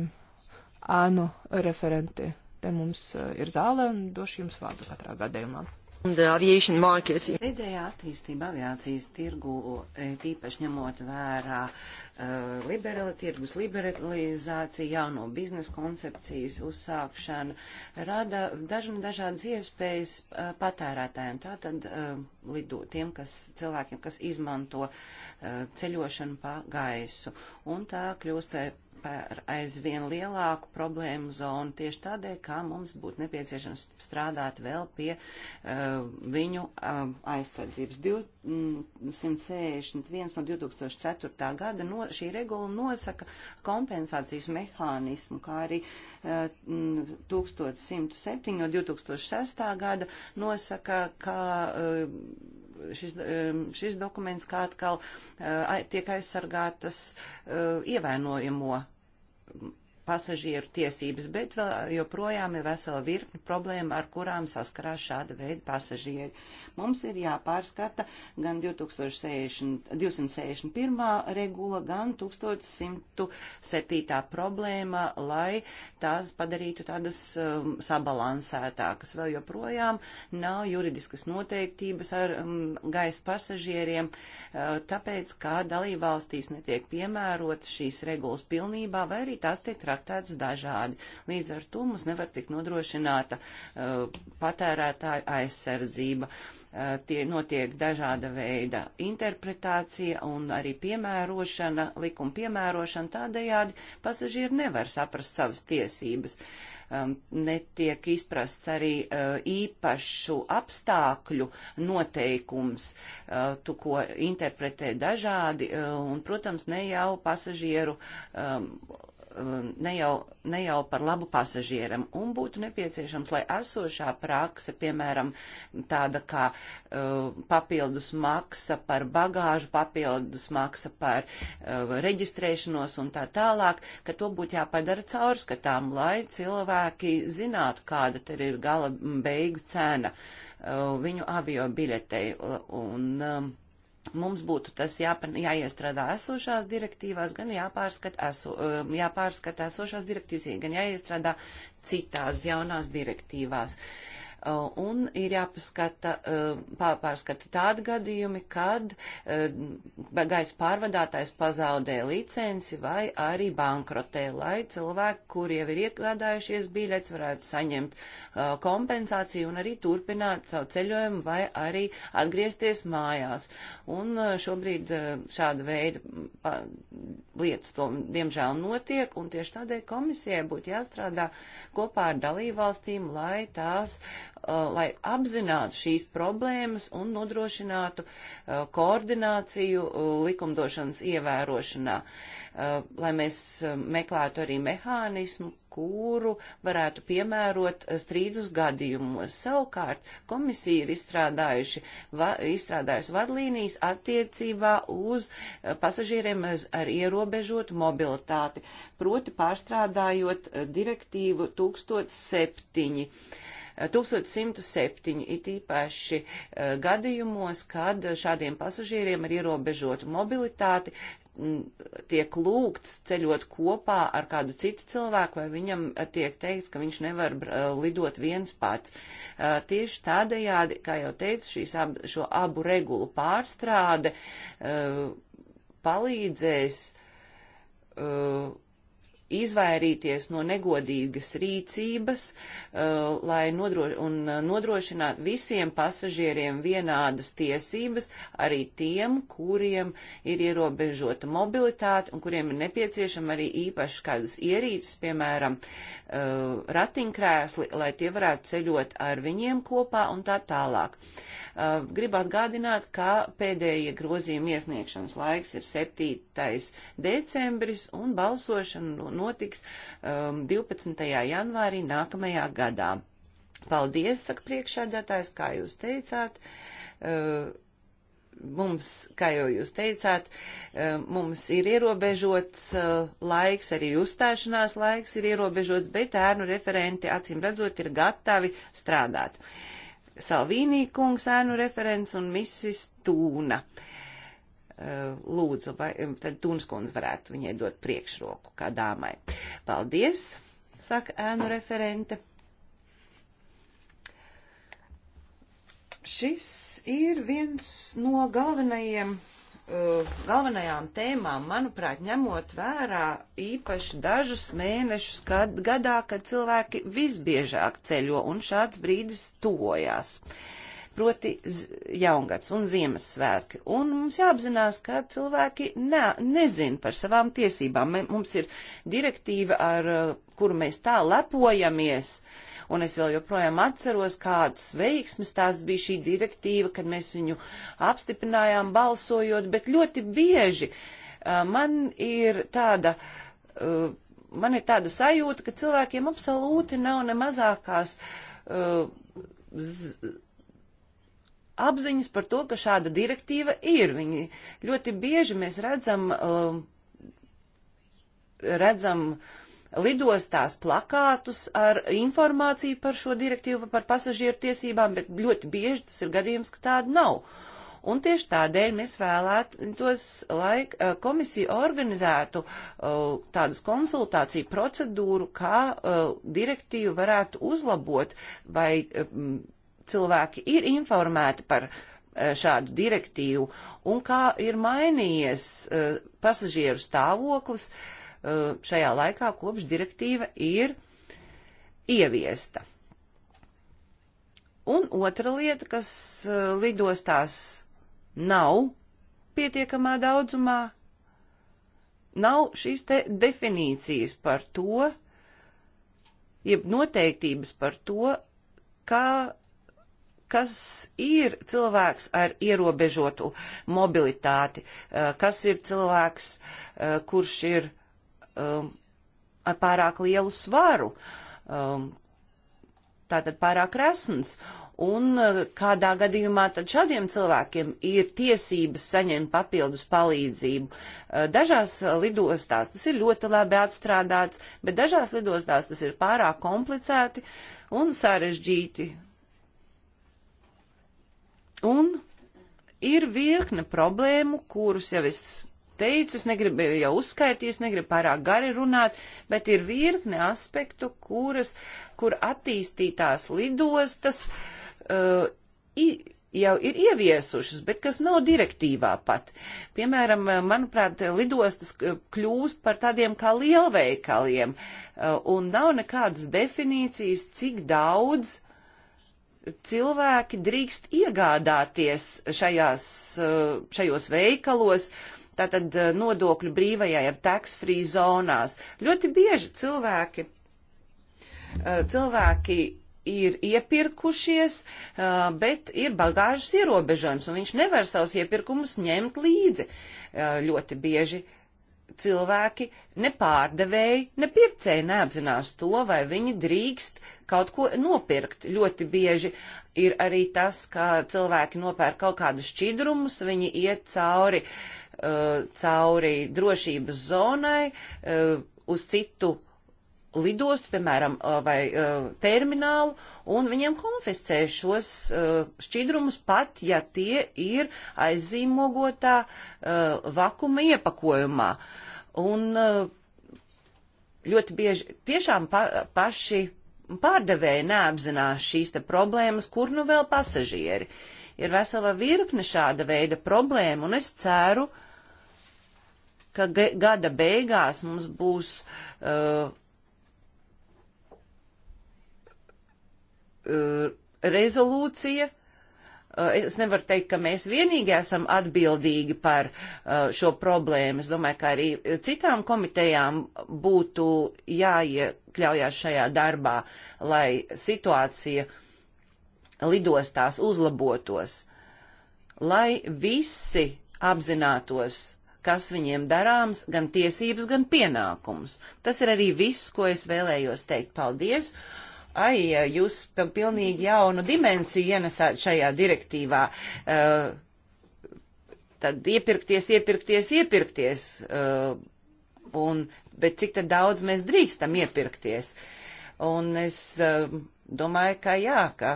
ēnu referenti. Te mums uh, ir zāle, un došu jums vārdu katrā gadījumā. Pēdējā attīstība aviācijas tirgu, e, tīpaši ņemot vērā e, liberali, tirgus liberalizāciju, jauno biznesa koncepcijas uzsākšanu, rada dažna dažādas iespējas e, patērētājiem. Tātad lido, tiem, kas, cilvēkiem, kas izmanto ceļošanu pa gaisu. Un tā kļūst par aizvien lielāku problēmu zonu tieši tādēļ, kā mums būtu nepieciešams strādāt vēl pie uh, viņu uh, aizsardzības. 261 mm, no 2004. gada no, šī regula nosaka kompensācijas mehānismu, kā arī uh, 1107 mm, no 2006. gada nosaka, ka. Uh, šis, um, šis dokuments kā atkal uh, tiek aizsargātas uh, ievainojamo pasažieru tiesības, bet vēl joprojām ir vesela virkni problēma, ar kurām saskarās šāda veida pasažieri. Mums ir jāpārskata gan 2060, 261. regula, gan 1107. problēma, lai tās padarītu tādas um, sabalansētākas. Vēl joprojām nav juridiskas noteiktības ar um, gaisa pasažieriem, uh, tāpēc, kā dalībvalstīs netiek piemērot šīs regulas pilnībā, vai arī tās tiek traktītas traktētas dažādi. Līdz ar to mums nevar tik nodrošināta uh, patērētāja aizsardzība. Uh, tie notiek dažāda veida interpretācija un arī piemērošana, likuma piemērošana tādējādi pasažieri nevar saprast savas tiesības. Um, netiek izprasts arī uh, īpašu apstākļu noteikums, uh, tu ko interpretē dažādi, uh, un, protams, ne jau pasažieru um, Um, ne jau, ne jau par labu pasažieram, un būtu nepieciešams, lai esošā prakse, piemēram, tāda kā uh, papildus maksa par bagāžu, papildus maksa par uh, reģistrēšanos un tā tālāk, ka to būtu jāpadara caurskatām, lai cilvēki zinātu, kāda tad ir gala beigu cena uh, viņu avio biļetei. Un, um, mums būtu tas jāpan, jāiestrādā esošās direktīvās, gan jāpārskat eso, um, jāpārskat esošās direktīvas, gan jāiestrādā citās jaunās direktīvās. Uh, Uh, un ir jāpaskata, uh, pārskata tādi gadījumi, kad uh, gaisa pārvadātājs pazaudē licenci vai arī bankrotē, lai cilvēki, kuri jau ir iegādājušies biļets, varētu saņemt kompensāciju un arī turpināt savu ceļojumu vai arī atgriezties mājās. Un šobrīd šāda veida mm, lietas to diemžēl notiek, un tieši tādēļ komisijai būtu jāstrādā kopā ar dalībvalstīm, lai tās Uh, lai apzinātu šīs problēmas un nodrošinātu uh, koordināciju uh, likumdošanas ievērošanā, lai mēs meklētu arī mehānismu, kuru varētu piemērot strīdus gadījumos. Savukārt komisija ir izstrādājuši, va, izstrādājusi vadlīnijas attiecībā uz pasažieriem ar ierobežotu mobilitāti, proti pārstrādājot direktīvu 1007. 1107, it īpaši eh, gadījumos, kad šādiem pasažieriem ar ierobežotu mobilitāti tiek lūgts ceļot kopā ar kādu citu cilvēku, vai viņam tiek teikts, ka viņš nevar eh, lidot viens pats. Eh, tieši tādējādi, kā jau teicu, šīs ab, šo abu regulu pārstrāde palīdzēs izvairīties no negodīgas rīcības, uh, lai nodro un uh, nodrošināt visiem pasažieriem vienādas tiesības, arī tiem, kuriem ir ierobežota mobilitāte un kuriem ir nepieciešama arī īpaši kādas ierīces, piemēram, uh, ratiņkrēsli, lai tie varētu ceļot ar viņiem kopā un tā tālāk. Uh, Uh, gribu atgādināt, ka pēdējie grozījuma iesniegšanas laiks ir 7. decembris un balsošana notiks 12. Um, janvārī nākamajā gadā. Paldies, saka priekšādātājs, kā jūs teicāt uh, mums, kā jau jūs teicāt, uh, mums ir ierobežots laiks, arī uzstāšanās laiks ir ierobežots, bet ērnu referenti acīm redzot ir gatavi strādāt. Uh, Salvīnī kungs ēnu referents un Mrs. Tūna. Eh, lūdzu, vai eh, tad Tūnas kundze varētu viņai dot priekšroku kā dāmai. Paldies, saka ēnu referente. Šis ir viens no galvenajiem Uh, galvenajām tēmām, manuprāt, ņemot vērā īpaši dažus mēnešus kad, gadā, kad cilvēki visbiežāk ceļo, un šāds brīdis tuvojās. Proti jaungads un Ziemassvētki. Un mums jāapzinās, ka cilvēki ne, nezin par savām tiesībām. Mums ir direktīva, ar uh, kuru mēs tā lepojamies. Uh, un es vēl joprojām atceros, kādas veiksmes tās bija šī direktīva, kad mēs viņu apstiprinājām balsojot, bet ļoti bieži uh, man ir tāda. Uh, man ir tāda sajūta, ka cilvēkiem absolūti nav ne mazākās uh, z, apziņas par to, ka šāda direktīva ir. Viņi ļoti bieži mēs redzam, uh, redzam uh, lidostās plakātus ar informāciju par šo direktīvu par pasažieru tiesībām, bet ļoti bieži tas ir gadījums, ka tāda nav. Un tieši tādēļ mēs vēlētos, lai eh, komisija organizētu eh, tādas konsultāciju procedūru, kā eh, direktīvu varētu uzlabot, vai mm, cilvēki ir informēti par šādu direktīvu un kā ir mainījies pasažieru stāvoklis uh, Uh, šajā laikā, kopš direktīva ir ieviesta. Un otra lieta, kas uh, lidostās nav pietiekamā daudzumā, nav šīs te definīcijas par to, jeb noteiktības par to, kā, kas ir cilvēks ar ierobežotu mobilitāti, uh, kas ir cilvēks, kurš ir um, ar pārāk lielu svaru, um, tātad pārāk resns. Un uh, kādā gadījumā tad šādiem cilvēkiem ir tiesības saņemt papildus palīdzību? Uh, dažās lidostās tas ir ļoti labi atstrādāts, bet dažās lidostās tas ir pārāk komplicēti un sarežģīti. Un ir virkne problēmu, kurus jau es teicu, es negribu jau uzskaitīt, es negribu pārāk gari runāt, bet ir virkne aspektu, kuras, kur attīstītās lidostas uh, i, jau ir ieviesušas, bet kas nav direktīvā pat. Piemēram, uh, manuprāt, lidostas uh, kļūst par tādiem kā lielveikaliem, uh, un nav nekādas definīcijas, cik daudz cilvēki drīkst iegādāties šajās, šajos veikalos uh, tātad eh, nodokļu brīvajai ar tax-free zonās. Ļoti bieži cilvēki, eh, cilvēki ir iepirkušies, eh, bet ir bagāžas ierobežojums, un viņš nevar savus iepirkumus ņemt līdzi. Ļoti bieži cilvēki, ne pārdevēji, ne pircēji neapzinās to, vai viņi drīkst kaut ko nopirkt. Ļoti bieži ir arī tas, ka cilvēki nopērk kaut kādus šķidrumus, viņi iet cauri uh, Uh, cauri drošības zonai uh, uz citu lidostu, piemēram, uh, vai terminālu, un viņiem konfiscē šos šķidrumus pat, ja tie ir aizzīmogotā vakuma iepakojumā. Un ļoti bieži tiešām pa, paši pārdevēji neapzinās šīs te problēmas, kur nu vēl pasažieri. Ir vesela virkne šāda veida problēma, un es ceru, uh, ka gada beigās mums būs uh, uh, rezolūcija. Uh, es nevaru teikt, ka mēs vienīgi esam atbildīgi par uh, šo problēmu. Es domāju, ka arī citām komitejām būtu jāiekļaujās šajā darbā, lai situācija lidostās uzlabotos, lai visi apzinātos kas viņiem darāms, gan tiesības, gan pienākums. Tas ir arī viss, ko es vēlējos teikt. Paldies! Ai, jūs pilnīgi jaunu dimensiju ienesāt šajā direktīvā. Uh, tad iepirkties, iepirkties, iepirkties. Uh, un, bet cik tad daudz mēs drīkstam iepirkties? Un es uh, domāju, ka jā, ka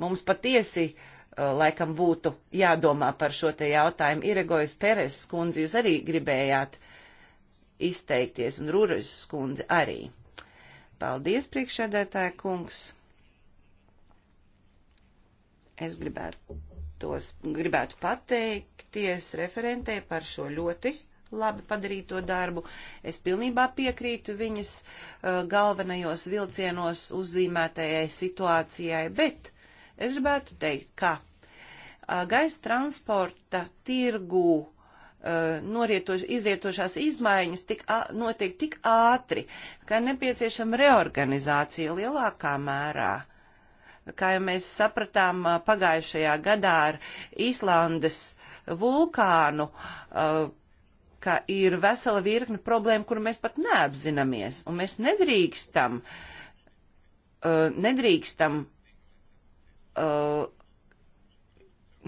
mums patiesi uh, Eh, laikam būtu jādomā par šo te jautājumu. Iregojas Peres skundzi, jūs arī gribējāt izteikties, un Rūras skundzi arī. Paldies, priekšsēdētāja kungs. Es gribētu, tos, gribētu pateikties referentē par šo ļoti labi padarīto darbu. Es pilnībā piekrītu viņas uh, galvenajos vilcienos uzzīmētajai situācijai, bet Es gribētu teikt, ka gaisa transporta tirgū norietoš, izrietošās izmaiņas tik, notiek tik ātri, ka nepieciešama reorganizācija lielākā mērā. Kā jau mēs sapratām pagājušajā gadā ar Īslandes vulkānu, ka ir vesela virkne problēma, kuru mēs pat neapzināmies, un mēs nedrīkstam, nedrīkstam uh,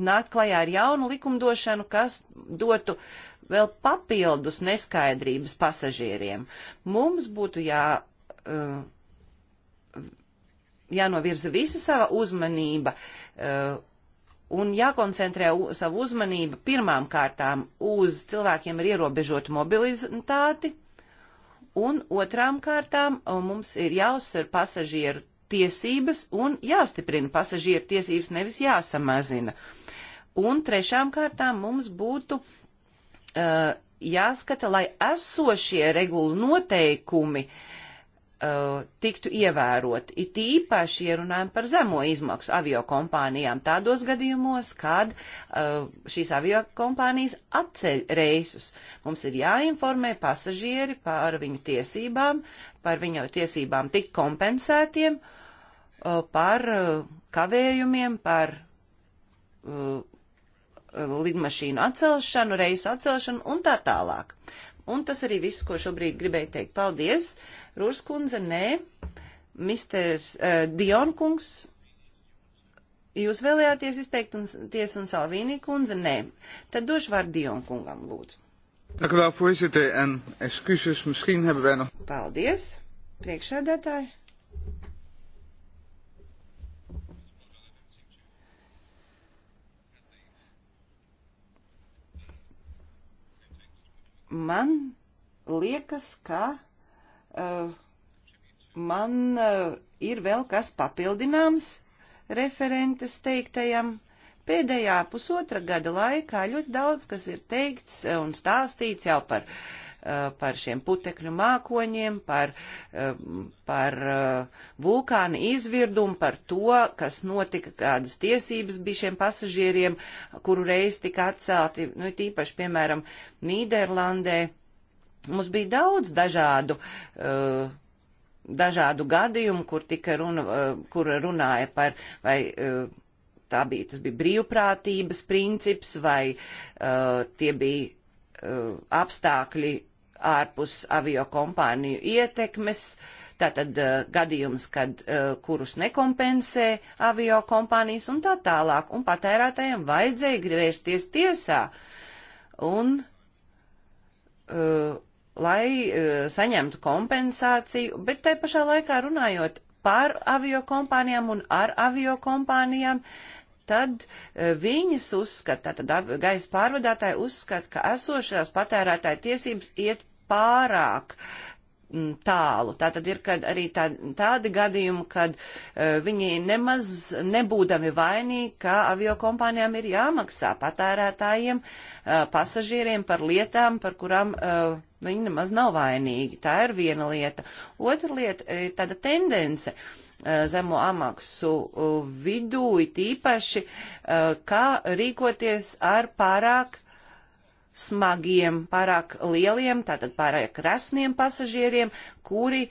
nākt klajā ar jaunu likumdošanu, kas dotu vēl papildus neskaidrības pasažieriem. Mums būtu jā, uh, jānovirza visa sava uzmanība uh, un jākoncentrē u, savu uzmanību pirmām kārtām uz cilvēkiem ar ierobežotu mobilitāti, un otrām kārtām uh, mums ir jāuzsver pasažieru tiesības un jāstiprina pasažieru tiesības, nevis jāsamazina. Un trešām kārtām mums būtu uh, jāskata, lai esošie regulu noteikumi uh, tiktu ievēroti. It īpaši, ja runājam par zemo izmaksu avio kompānijām, tādos gadījumos, kad uh, šīs avio kompānijas atceļ reisus. Mums ir jāinformē pasažieri par viņu tiesībām, par viņu tiesībām tikt kompensētiem uh, Uh, par uh, kavējumiem, par uh, lidmašīnu atcelšanu, reisu atcelšanu un tā tālāk. Un tas arī viss, ko šobrīd gribēju teikt. Paldies, Rūrs kundze, nē, misters uh, Dion kungs, jūs vēlējāties izteikt un, ties un Salvīnī kundze, nē. Tad došu vārdu Dion kungam, lūdzu. Dank u wel, voorzitter, en excuses, misschien hebben wij nog. Paldies, priekšsēdētāji. man liekas, ka uh, man uh, ir vēl kas papildināms referentes teiktajam. Pēdējā pusotra gada laikā ļoti daudz kas ir teikts eh, un stāstīts jau par uh, Eh, par šiem putekļu mākoņiem, par, eh, par eh, vulkāna izvirdumu, par to, kas notika, kādas tiesības bija šiem pasažieriem, kuru reiz tika atcelti, nu, tīpaši, piemēram, Nīderlandē. Mums bija daudz dažādu uh, dažādu gadījumu, kur, runa, kur runāja par, vai tā bija, tas bija brīvprātības princips, vai uh, tie bija uh, apstākļi ārpus avio kompāniju ietekmes. Tātad uh, gadījums, kad, uh, kurus nekompensē avio kompānijas un tā tālāk, un patērētājiem vajadzēja griezties tiesā, un, uh, lai uh, saņemtu kompensāciju, bet tai pašā laikā runājot par avio kompānijām un ar avio kompānijām, tad eh, viņas uzskata, tad gaisa pārvadātāji uzskata, ka esošās patērētāja tiesības iet pārāk mm, tālu. Tā tad ir arī tā, tādi gadījumi, kad uh, viņi nemaz nebūdami vainīgi, ka avio kompānijām ir jāmaksā patērētājiem, uh, pasažieriem par lietām, par kurām uh, viņi nemaz nav vainīgi. Tā ir viena lieta. Otra lieta ir tāda tendence. Uh, Eh, zemo amaksu eh, vidū, it īpaši, eh, kā rīkoties ar pārāk smagiem, pārāk lieliem, tātad pārāk resniem pasažieriem, kuri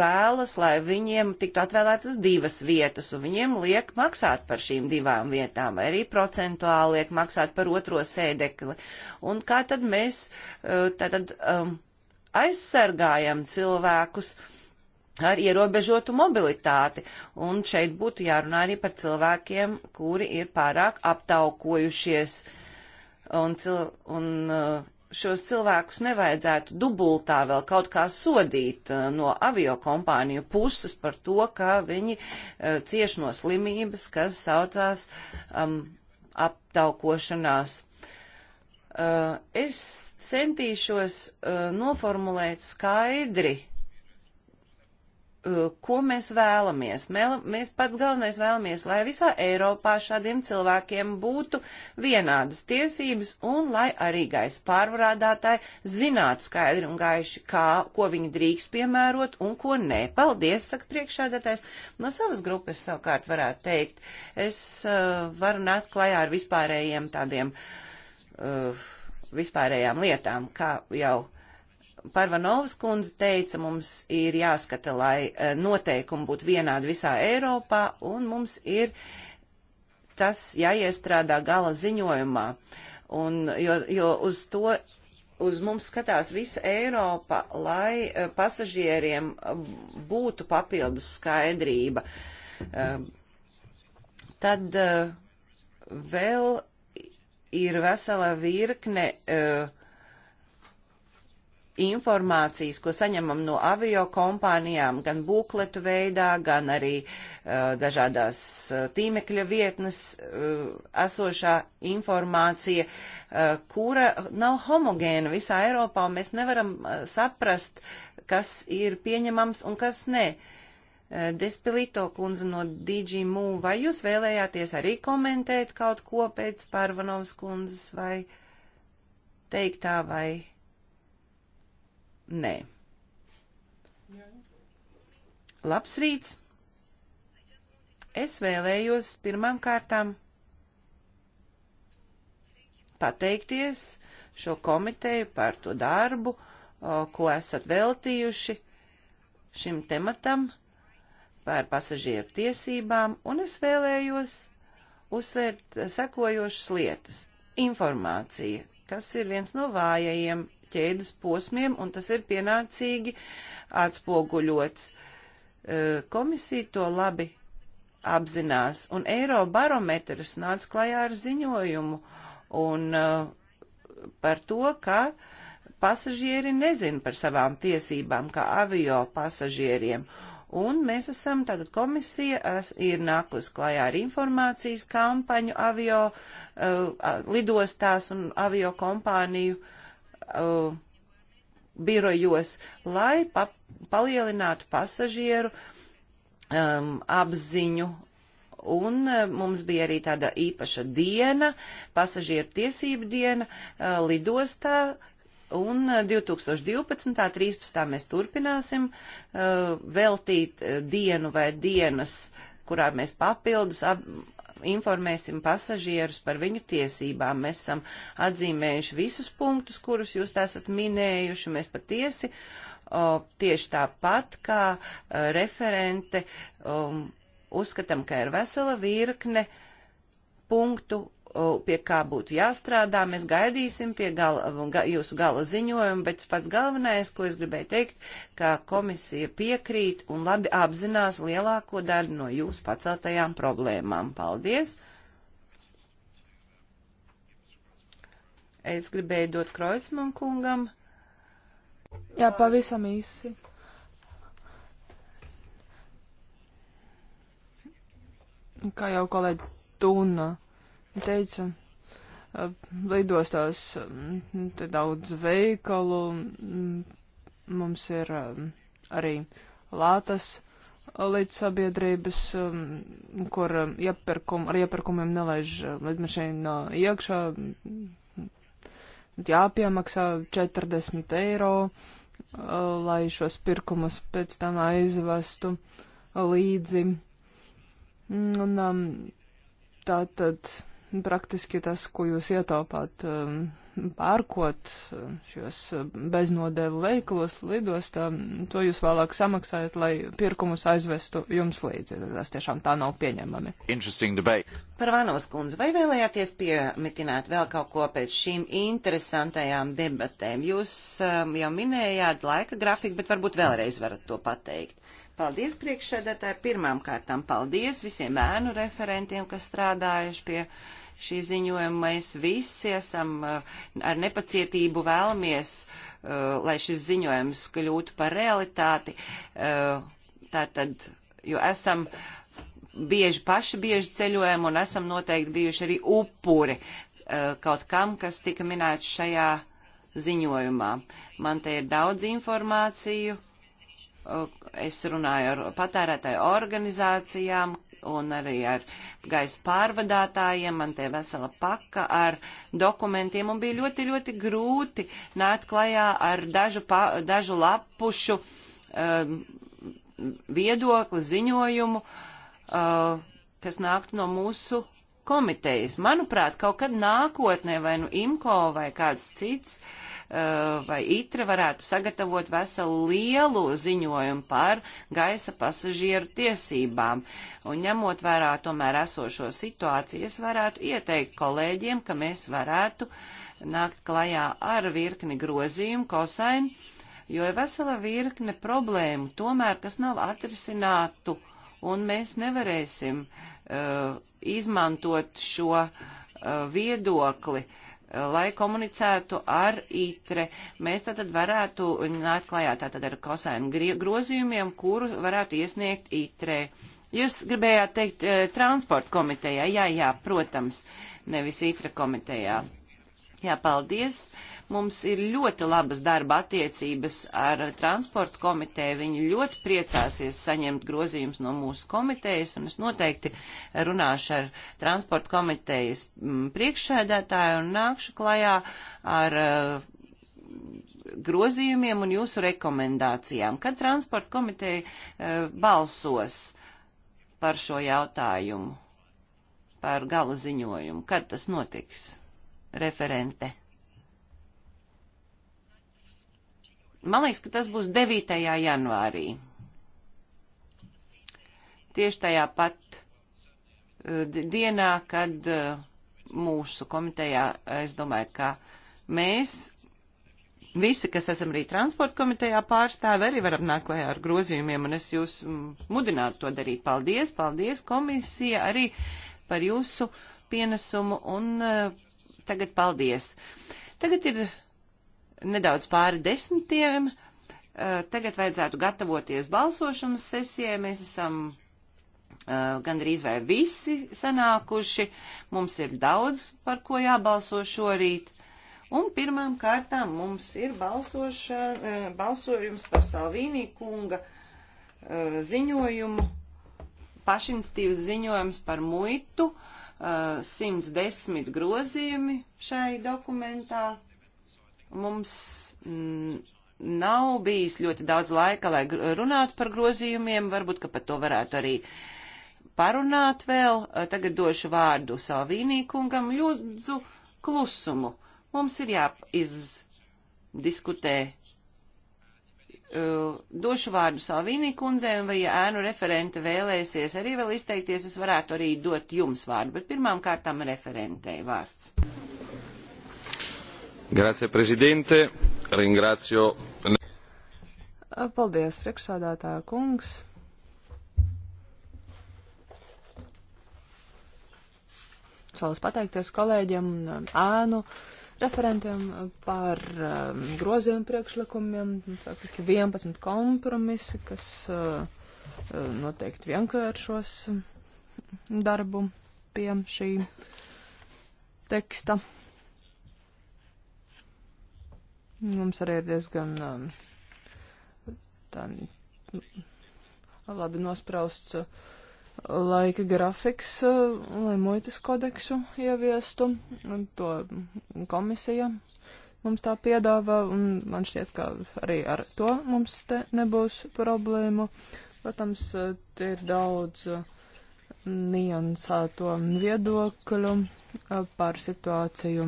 vēlas, lai viņiem tiktu atvēlētas divas vietas, un viņiem liek maksāt par šīm divām vietām, vai arī procentuāli liek maksāt par otro sēdekli. Un kā tad mēs tātad um, aizsargājam cilvēkus? Uh, ar ierobežotu mobilitāti. Un šeit būtu jārunā arī par cilvēkiem, kuri ir pārāk aptaukojušies. Un, cil un uh, šos cilvēkus nevajadzētu dubultā vēl kaut kā sodīt uh, no aviokompāniju puses par to, ka viņi uh, cieš no slimības, kas saucās um, aptaukošanās. Uh, es centīšos uh, noformulēt skaidri uh, Uh, ko mēs vēlamies. Mēl, mēs pats galvenais vēlamies, lai visā Eiropā šādiem cilvēkiem būtu vienādas tiesības un lai arī gaisa pārvarādātāji zinātu skaidri un gaiši, kā, ko viņi drīkst piemērot un ko nē. Paldies, saka priekšādātājs. No savas grupas savukārt varētu teikt, es uh, varu nākt klajā ar vispārējiem tādiem. Uh, vispārējām lietām, kā jau Parvanovas kundze teica, mums ir jāskata, lai eh, noteikumi būtu vienādi visā Eiropā, un mums ir tas jāiestrādā gala ziņojumā. Un, jo, jo uz to, uz mums skatās visa Eiropa, lai eh, pasažieriem būtu papildus skaidrība. Eh, tad vēl ir vesela virkne uh, informācijas, ko saņemam no avio kompānijām, gan bukletu veidā, gan arī uh, dažādās uh, tīmekļa vietnes uh, esošā informācija, uh, kura nav homogēna visā Eiropā, un mēs nevaram uh, saprast, kas ir pieņemams un kas nē. Uh, Despilito kundze no DigiMu, vai jūs vēlējāties arī komentēt kaut ko pēc Parvanovas kundzes vai teiktā vai Nē. Labs rīts! Es vēlējos pirmām kārtām pateikties šo komiteju par to darbu, ko esat veltījuši šim tematam par pasažieru tiesībām, un es vēlējos uzsvērt sekojošas lietas. Informācija, kas ir viens no vājajiem ķēdes posmiem, un tas ir pienācīgi atspoguļots. E, komisija to labi apzinās, un Eirobarometrs nāca klajā ar ziņojumu un, e, par to, ka pasažieri nezin par savām tiesībām, kā avio pasažieriem. Un mēs esam, tātad komisija es, ir nākus klajā ar informācijas kampaņu avio uh, lidostās un avio kompāniju uh, uh, birojos, lai pa palielinātu pasažieru um, apziņu. Un uh, mums bija arī tāda īpaša diena, pasažieru tiesību diena uh, lidostā, un 2012. Uh, 13. mēs turpināsim uh, veltīt uh, dienu vai dienas, kurā mēs papildus ap, informēsim pasažierus par viņu tiesībām. Mēs esam atzīmējuši visus punktus, kurus jūs esat minējuši. Mēs patiesi o, tieši tāpat kā o, e, referente o, um, uzskatām, ka ir vesela virkne punktu, pie kā būtu jāstrādā. Mēs gaidīsim pie gala, ga, jūsu gala ziņojumu, bet pats galvenais, ko es gribēju teikt, ka komisija piekrīt un labi apzinās lielāko daļu no jūsu paceltajām problēmām. Paldies! Es gribēju dot Kreutzmann kungam. Jā, pavisam īsi. Kā jau kolēģi Tuna teica, lidostās te daudz veikalu, mums ir arī lātas līdz sabiedrības, kur iepirkum, ar iepirkumiem nelaiž lidmašīna iekšā, jāpiemaksā 40 eiro, lai šos pirkumus pēc tam aizvestu līdzi. Un um, tā tad praktiski tas, ko jūs ietaupāt um, pērkot um, šos um, beznodēvu veikalos, lidostā, to jūs vēlāk samaksājat, lai pirkumus aizvestu jums līdzi. Tas tiešām tā nav pieņemami. Par Vanovas kundzi, vai vēlējāties piemitināt vēl kaut ko pēc šīm interesantajām debatēm? Jūs um, jau minējāt laika grafiku, bet varbūt vēlreiz varat to pateikt. Paldies priekšsēdētāji, pirmām kārtām paldies visiem ēnu referentiem, kas strādājuši pie uh, šī ziņojuma. Mēs visi esam eh, ar nepacietību vēlamies, eh, lai šis ziņojums kļūtu par realitāti. Eh, tātad, jo esam bieži paši bieži ceļojam un esam noteikti bijuši arī upuri kaut kam, kas tika minēts šajā ziņojumā. Man te ir daudz informāciju. Es runāju ar patērētāju organizācijām, un arī ar gaisa pārvadātājiem. Man te vesela paka ar dokumentiem un bija ļoti, ļoti grūti nākt klajā ar dažu, pa, dažu lapušu um, viedokli, ziņojumu, uh, kas nāktu no mūsu komitejas. Manuprāt, kaut kad nākotnē vai nu IMCO vai kāds cits uh, Uh, vai ITRA varētu sagatavot veselu lielu ziņojumu par gaisa pasažieru tiesībām. Un ņemot vērā tomēr esošo situāciju, es varētu ieteikt kolēģiem, ka mēs varētu nākt klajā ar virkni grozījumu kosaini, jo ir vesela virkne problēmu tomēr, kas nav atrisinātu un mēs nevarēsim uh, izmantot šo uh, viedokli uh, lai komunicētu ar ITRE. Mēs tātad varētu nākt klajā tātad ar kosēnu grozījumiem, kuru varētu iesniegt ITRE. Jūs gribējāt teikt e, transporta komitejā, jā, jā, protams, nevis ITRE komitejā. Jā, paldies. Uh, Mums ir ļoti labas darba attiecības ar transportu komiteju. Viņi ļoti priecāsies saņemt grozījumus no mūsu komitejas, un es noteikti runāšu ar transportu komitejas mm, priekšsēdētāju un nākšu klajā ar eh, grozījumiem un jūsu rekomendācijām, kad transporta komiteja eh, balsos par šo jautājumu, par gala ziņojumu. Kad tas notiks? Referente. Man liekas, ka tas būs 9. janvārī. Tieši tajā pat eh, dienā, kad eh, mūsu komitejā, eh, es domāju, ka mēs visi, kas esam arī transporta komitejā pārstāvi, arī varam nākt klajā ar grozījumiem, un es jūs mm, mudinātu to darīt. Paldies, paldies komisija arī par jūsu pienesumu, un uh, tagad paldies. Tagad ir nedaudz pāri desmitiem. Eh, tagad vajadzētu gatavoties balsošanas sesijai. Mēs esam eh, gandrīz vai visi sanākuši. Mums ir daudz, par ko jābalso šorīt. Un pirmām kārtām mums ir eh, balsojums par Salvīnī kunga ziņojumu, pašinstīvas ziņojums par muitu, 110 grozījumi šai dokumentā, Mums mm, nav bijis ļoti daudz laika, lai runātu par grozījumiem, varbūt, ka par to varētu arī parunāt vēl. Eh, tagad došu vārdu Salvīnī kungam, ļūdzu klusumu. Mums ir jāizdiskutē. Eh, došu vārdu Salvīnī kundzē, un vai ja ēnu referente vēlēsies arī vēl izteikties, es varētu arī dot jums vārdu, bet pirmām kārtām referentei vārds. Grazie, prezidente. Ringrazio. Paldies, priekšsādātā kungs. Vēlos pateikties kolēģiem un um, ēnu referentiem uh, par um, grozījumu priekšlikumiem. Faktiski 11 kompromisi, kas uh, uh, noteikti vienkāršos darbu pie šī teksta. Mums arī ir diezgan um, tā, labi nosprausts uh, laika grafiks, uh, lai muitas kodeksu ieviestu. To komisija mums tā piedāvā, un man šķiet, ka arī ar to mums te nebūs problēmu. Protams, uh, te ir daudz uh, niansēto viedokļu par situāciju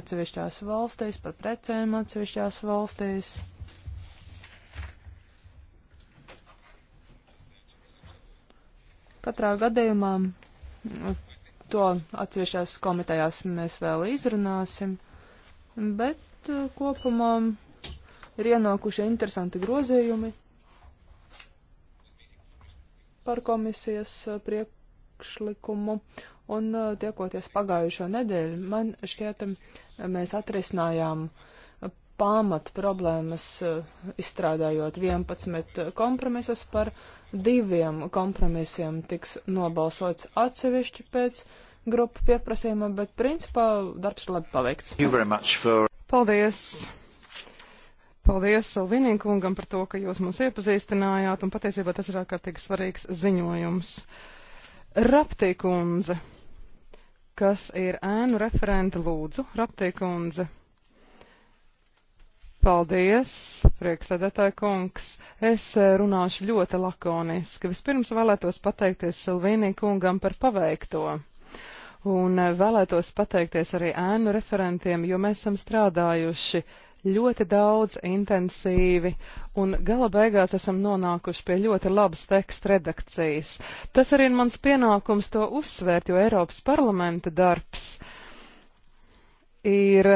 atsevišķās valstīs, par precēm atsevišķās valstīs. Katrā gadījumā to atsevišķās komitejās mēs vēl izrunāsim, bet kopumā ir ienākuši interesanti grozījumi par komisijas priek priekšlikumu. Un uh, tiekoties pagājušo nedēļu, man šķiet, um, mēs atrisinājām pamat problēmas, uh, izstrādājot 11 kompromisus par diviem kompromisiem tiks nobalsots atsevišķi pēc grupu pieprasījuma, bet principā darbs ir labi paveikts. For... Paldies! Paldies Salvinīkungam par to, ka jūs mūs iepazīstinājāt, un patiesībā tas ir ārkārtīgi svarīgs ziņojums. Raptīkundze, kas ir ēnu referente lūdzu, Raptīkundze. Paldies, priekšsēdētāja kungs. Es eh, runāšu ļoti lakoniski. Vispirms vēlētos pateikties Silvīnī kungam par paveikto. Un eh, vēlētos pateikties arī ēnu referentiem, jo mēs esam strādājuši uh, ļoti daudz, intensīvi, un gala beigās esam nonākuši pie ļoti labas teksta redakcijas. Tas arī ir mans pienākums to uzsvērt, jo Eiropas parlamenta darbs ir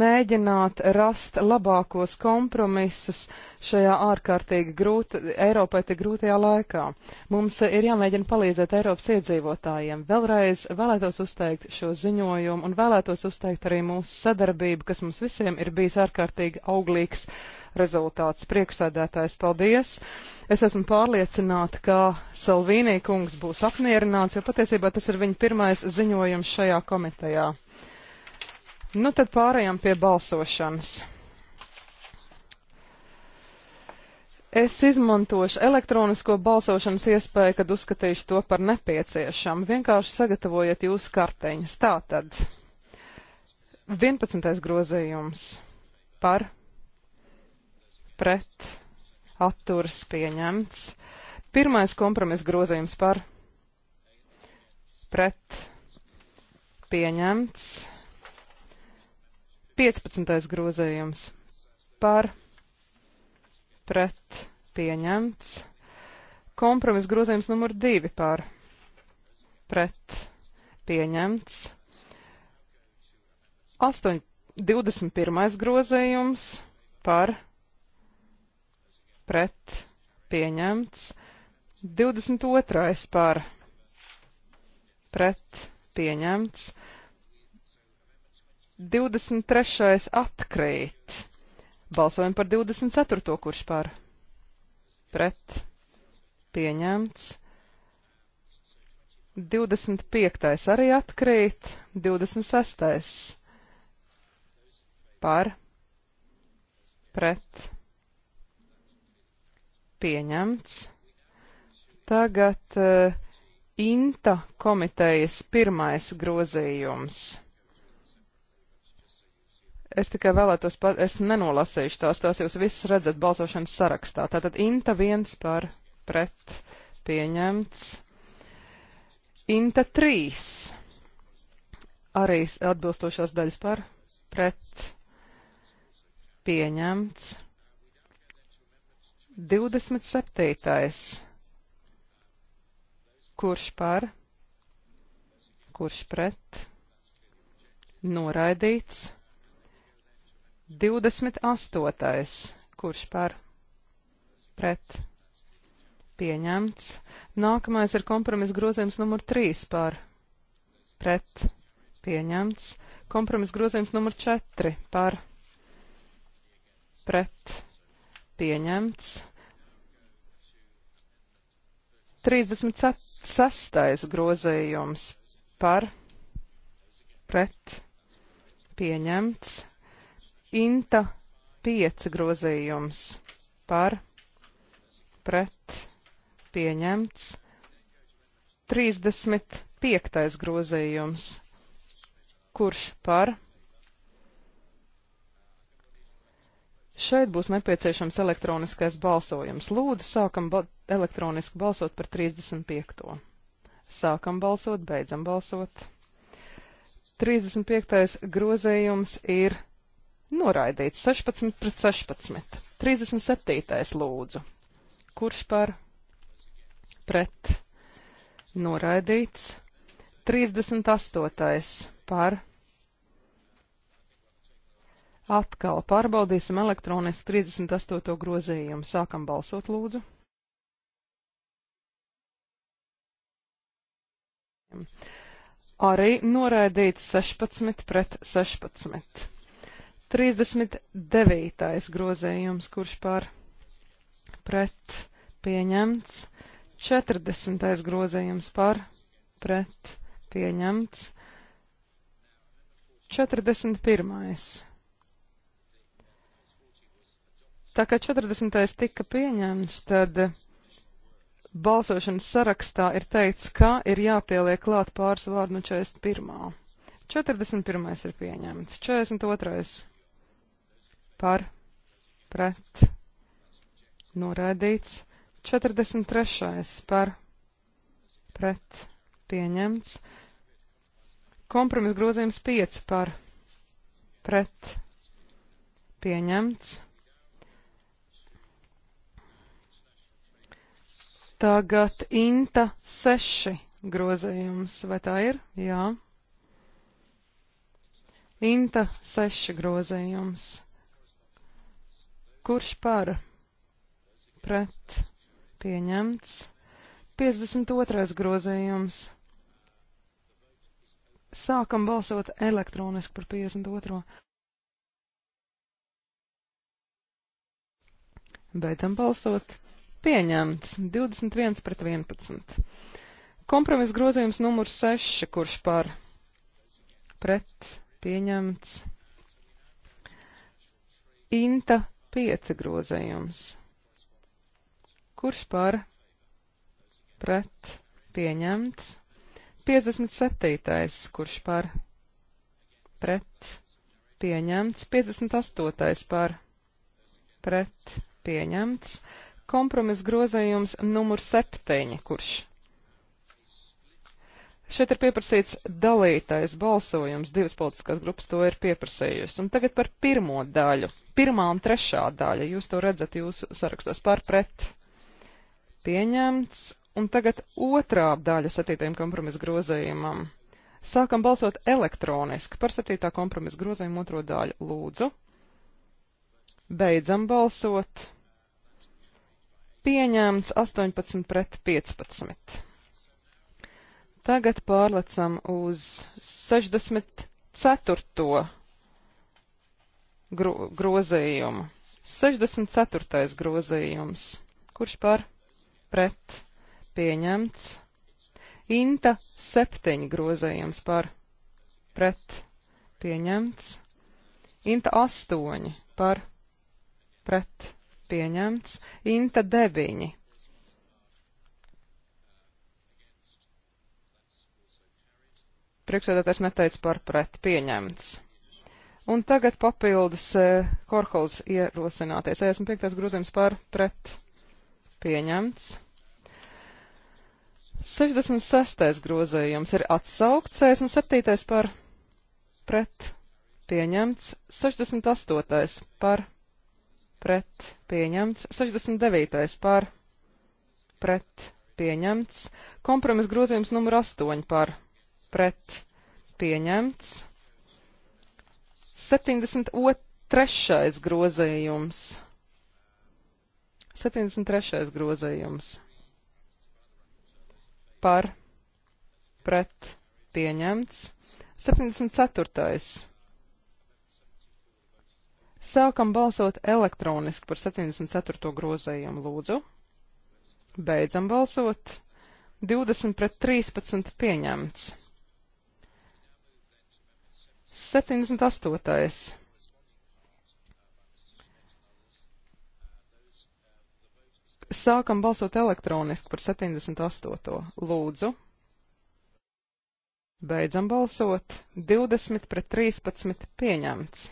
mēģināt rast labākos kompromisus šajā ārkārtīgi grūti, Eiropai tik grūtajā laikā. Mums ir jāmēģina palīdzēt Eiropas iedzīvotājiem. Vēlreiz vēlētos uzteikt šo ziņojumu un vēlētos uzteikt arī mūsu sadarbību, kas mums visiem ir bijis ārkārtīgi auglīgs rezultāts. Priekšsēdētājs, paldies! Es esmu pārliecināta, ka Salvīnī kungs būs apmierināts, jo patiesībā tas ir viņa pirmais ziņojums šajā komitejā. Nu, tad pārējām pie balsošanas. Es izmantošu elektronisko balsošanas iespēju, kad uzskatīšu to par nepieciešamu. Vienkārši sagatavojiet jūsu karteņas. Tātad 11. grozījums par pret atturas pieņemts. Pirmais kompromiss grozījums par pret pieņemts. 15. grozējums par pret pieņemts. Kompromis grozējums numur 2 par pret pieņemts. 8, 21. grozējums par pret pieņemts. 22. par pret pieņemts. 23. atkrīt. Balsojam par 24. kurš par pret pieņemts. 25. arī atkrīt. 26. par pret pieņemts. Tagad uh, Inta komitejas pirmais grozījums. Es tikai vēlētos, pa, es nenolasīšu tās, tās jūs visas redzat balsošanas sarakstā. Tātad Inta 1 par pret pieņemts. Inta 3 arī atbilstošās daļas par pret pieņemts. 27. Kurš par? Kurš pret? Noraidīts. 28. Kurš par? Pret. Pieņemts. Nākamais ir kompromisa grozījums numur 3 par. Pret. Pieņemts. Kompromisa grozījums numur 4 par. Pret. Pieņemts. 36. grozījums par. Pret. Pieņemts. Inta 5 grozījums par pret pieņemts. 35. grozījums. Kurš par? Šeit būs nepieciešams elektroniskais balsojums. Lūdzu, sākam ba elektroniski balsot par 35. Sākam balsot, beidzam balsot. 35. grozējums ir Noraidīts 16 pret 16. 37. lūdzu. Kurš par? Pret. Noraidīts. 38. par. Atkal pārbaudīsim elektroniski 38. grozījumu. Sākam balsot, lūdzu. Arī noraidīts 16 pret 16. 39. grozējums, kurš par pret pieņemts. 40. grozējums par pret pieņemts. 41. Tā kā 40. tika pieņemts, tad balsošanas sarakstā ir teikts, ka ir jāpieliek klāt pāris vārdu no 41. 41. ir pieņemts, 42 par pret noraidīts, 43. par pret pieņemts, kompromis grozījums 5 par pret pieņemts. Tagad Inta 6 grozījums, vai tā ir? Jā. Inta 6 grozījums. Kurš par? Pret. Pieņemts. 52. grozījums. Sākam balsot elektroniski par 52. Beidzam balsot. Pieņemts 21 pret 11. Kompromiss grozījums numur 6, kurš par pret pieņemts. Inta 5 grozējums. Kurš par? Pret. Pieņemts. 57. Kurš par? Pret. Pieņemts. 58. par? Pret. Pieņemts. Kompromis grozējums numur 7. Kurš Šeit ir pieprasīts dalītais balsojums, divas politiskās grupas to ir pieprasījusi. Un tagad par pirmo daļu, pirmā un trešā daļa, jūs to redzat jūsu sarakstos par pret pieņemts. Un tagad otrā daļa satītajam kompromisu grozējumam. Sākam balsot elektroniski par satītā kompromisu grozījumu otro daļu. Lūdzu. Beidzam balsot. Pieņemts 18 pret 15. Tagad pārlecam uz 64. Gro grozījumu. 64. grozījums. Kurš par? Pret. Pieņemts. Inta 7 grozījums par. Pret. Pieņemts. Inta 8 par. Pret. Pieņemts. Inta 9 priekšsēdētājs neteica par pret pieņemts. Un tagad papildus e, Korhols ierosināties. 65. grozījums par pret pieņemts. 66. grozījums ir atsaukts, 67. par pret pieņemts, 68. par pret pieņemts, 69. par pret pieņemts, kompromis grozījums numur 8 par pret pieņemts. 73. grozējums. 73. grozējums. Par pret pieņemts. 74. Sākam balsot elektroniski par 74. grozējumu lūdzu. Beidzam balsot. 20 pret 13 pieņemts. 78. Sākam balsot elektroniski par 78. Lūdzu. Beidzam balsot. 20 pret 13 pieņemts.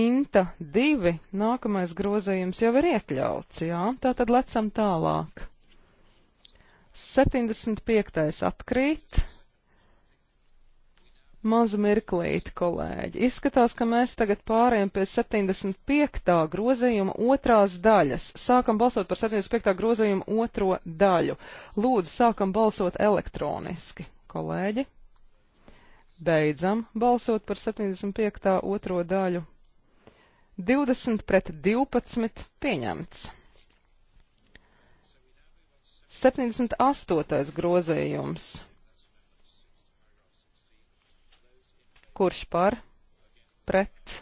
Inta 2. Nākamais grozījums jau ir iekļauts, jā? Tātad lecam tālāk. 75. atkrīt. Mazu mirklīti, kolēģi. Izskatās, ka mēs tagad pārējām pie 75. grozījuma otrās daļas. Sākam balsot par 75. grozījumu otro daļu. Lūdzu, sākam balsot elektroniski, kolēģi. Beidzam balsot par 75. otro daļu. 20 pret 12 pieņemts. 78. grozējums. Kurš par? Pret.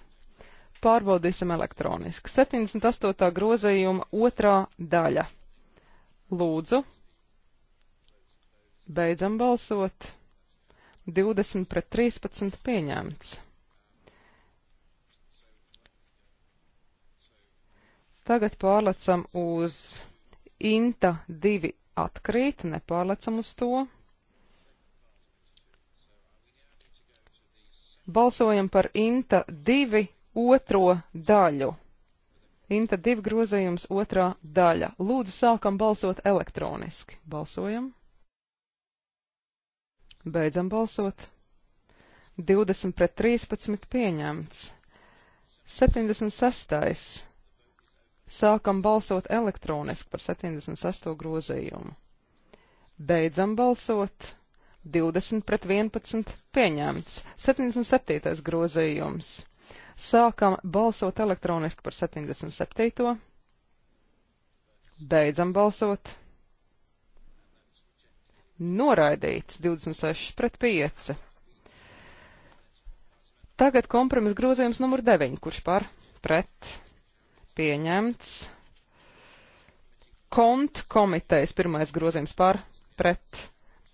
Pārbaudīsim elektroniski. 78. grozējuma otrā daļa. Lūdzu. Beidzam balsot. 20 pret 13 pieņemts. Tagad pārlecam uz Inta 2 atkrīt, nepārlecam uz to. Balsojam par Inta 2 otro daļu. Inta 2 grozījums otrā daļa. Lūdzu, sākam balsot elektroniski. Balsojam. Beidzam balsot. 20 pret 13 pieņemts. 76. Sākam balsot elektroniski par 76. grozījumu. Beidzam balsot. 20 pret 11 pieņemts. 77. grozījums. Sākam balsot elektroniski par 77. Beidzam balsot. Noraidīts 26 pret 5. Tagad kompromis grozījums numur 9, kurš par pret pieņemts. Kont komitejas pirmais grozījums par pret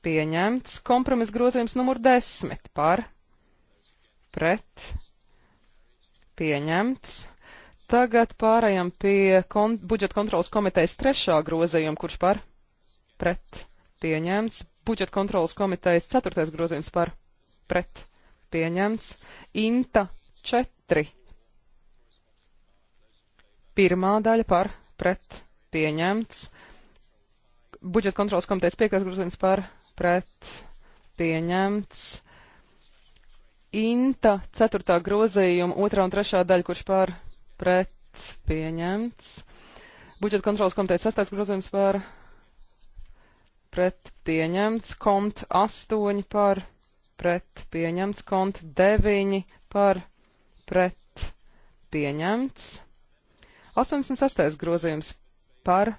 pieņemts. Kompromis grozījums numur 10 par pret pieņemts. Tagad pārējām pie kon budžeta kontrolas komitejas trešā grozījuma, kurš par pret pieņemts. Budžeta kontrolas komitejas ceturtais grozījums par pret pieņemts. Inta četri Pirmā daļa par pret pieņemts. Budžeta kontrolas komitejas piektais grozījums par pret pieņemts. Inta ceturtā grozījuma otrā un trešā daļa, kurš par pret pieņemts. Budžeta kontrolas komitejas sastais grozījums par pret pieņemts. Komt astoņi par pret pieņemts. Komt deviņi par pret pieņemts. 86. grozījums par.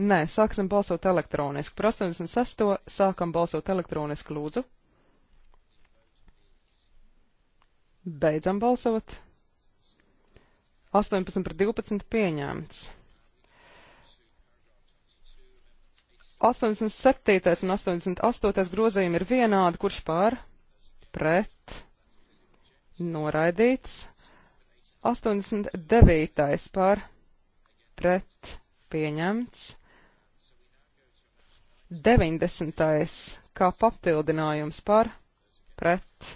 Nē, sāksim balsot elektroniski. Par 86. sākam balsot elektroniski, lūdzu. Beidzam balsot. 18 par 12 pieņēmts. 87. un 88. grozījumi ir vienādi, kurš pār pret noraidīts. 89. par pret pieņemts. 90. kā papildinājums par pret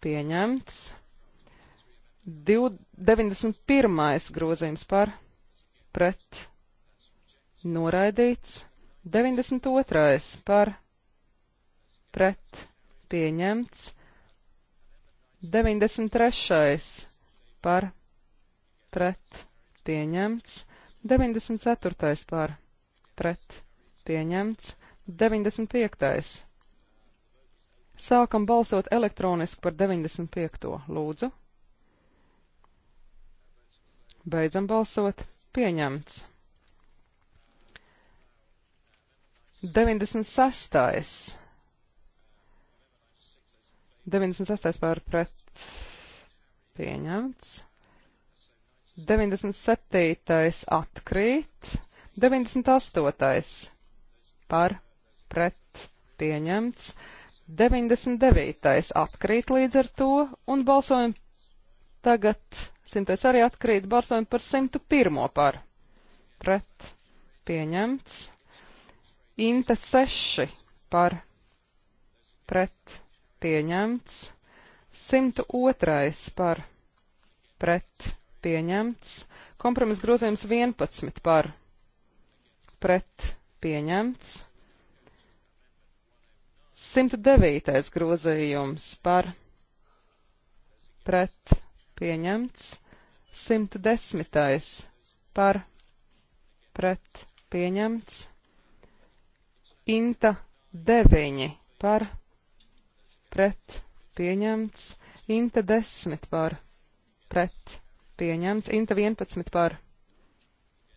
pieņemts. 91. grozījums par pret noraidīts. 92. par pret pieņemts. 93 par pret pieņemts, 94. par pret pieņemts, 95. Sākam balsot elektroniski par 95. lūdzu. Beidzam balsot. Pieņemts. 96. 96. pār pret pieņemts. 97. atkrīt. 98. par pret pieņemts. 99. atkrīt līdz ar to un balsojam tagad. Simtais arī atkrīt balsojam par 101. par pret pieņemts. Inta 6 par pret pieņemts, 102 par pret pieņemts. Kompromiss grozījums 11 par pret pieņemts. 109. grozījums par pret pieņemts. 110. par pret pieņemts. Inta 9 par pret pieņemts. Inta 10 par pret pret pieņemts, Inta 11 par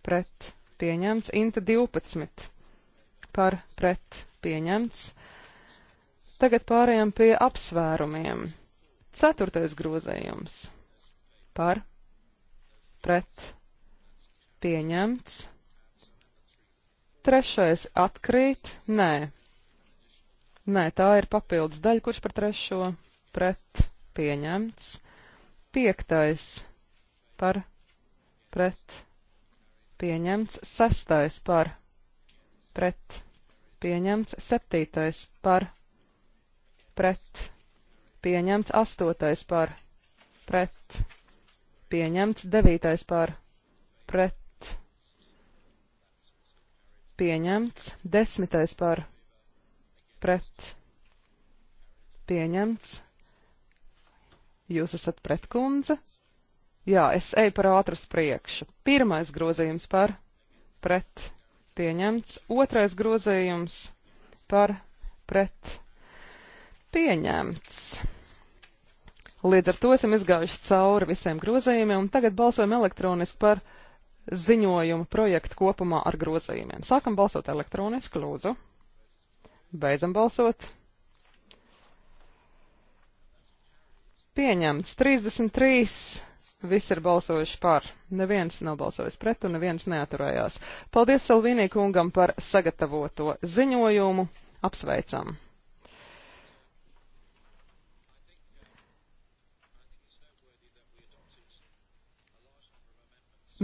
pret pieņemts, Inta 12 par pret pieņemts. Tagad pārējām pie apsvērumiem. Ceturtais grozējums par pret pieņemts. Trešais atkrīt, nē, Nē, tā ir papildus daļa, kurš par trešo pret pieņemts. Piektais par pret pieņemts. Sestais par pret pieņemts. Septītais par pret pieņemts. Astotais par pret pieņemts. Devītais par pret pieņemts. Desmitais par pret pieņemts Jūs esat pretkundze? Jā, es eju par ātru priekšu. Pirmais grozījums par pret pieņemts, otrais grozījums par pret pieņemts. Līdz ar to esam izgājuši cauri visiem grozījumiem un tagad balsojam elektroniski par ziņojumu projektu kopumā ar grozījumiem. Sākam balsot elektroniski, lūdzu. Beidzam balsot. Pieņemts 33. Visi ir balsojuši par. Neviens nav balsojis pret un neviens neaturējās. Paldies Salvīnī kungam par sagatavoto ziņojumu. Apsveicam!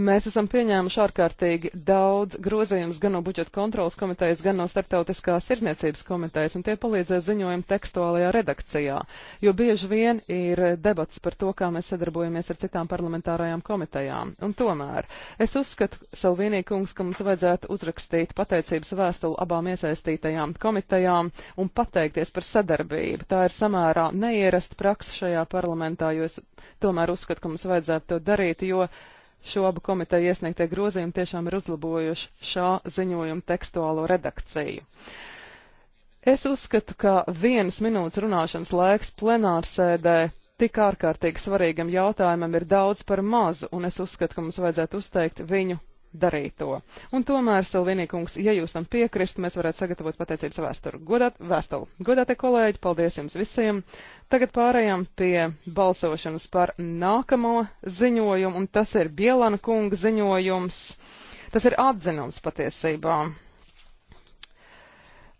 Mēs esam pieņēmuši ārkārtīgi daudz grozījumus gan no budžeta kontrolas komitejas, gan no starptautiskās tirzniecības komitejas, un tie palīdzēs ziņojumu tekstuālajā redakcijā, jo bieži vien ir debats par to, kā mēs sadarbojamies ar citām parlamentārajām komitejām. Un tomēr es uzskatu, Salvīnī kungs, ka mums vajadzētu uzrakstīt pateicības vēstuli abām iesaistītajām komitejām un pateikties par sadarbību. Tā ir samērā neierasta praksa šajā parlamentā, jo es tomēr uzskatu, ka mums vajadzētu to darīt, jo šo abu komiteju iesniegtie grozījumi tiešām ir uzlabojuši šā ziņojuma tekstuālo redakciju. Es uzskatu, ka vienas minūtes runāšanas laiks plenārsēdē tik ārkārtīgi svarīgam jautājumam ir daudz par mazu, un es uzskatu, ka mums vajadzētu uzteikt viņu darīto. Un tomēr, Salvinīkungs, ja jūs tam piekristu, mēs varētu sagatavot pateicības vēsturu. Godāt, vēstuli. Godātie kolēģi, paldies jums visiem. Tagad pārējām pie balsošanas par nākamo ziņojumu, un tas ir Bielana kunga ziņojums. Tas ir atzinums patiesībā.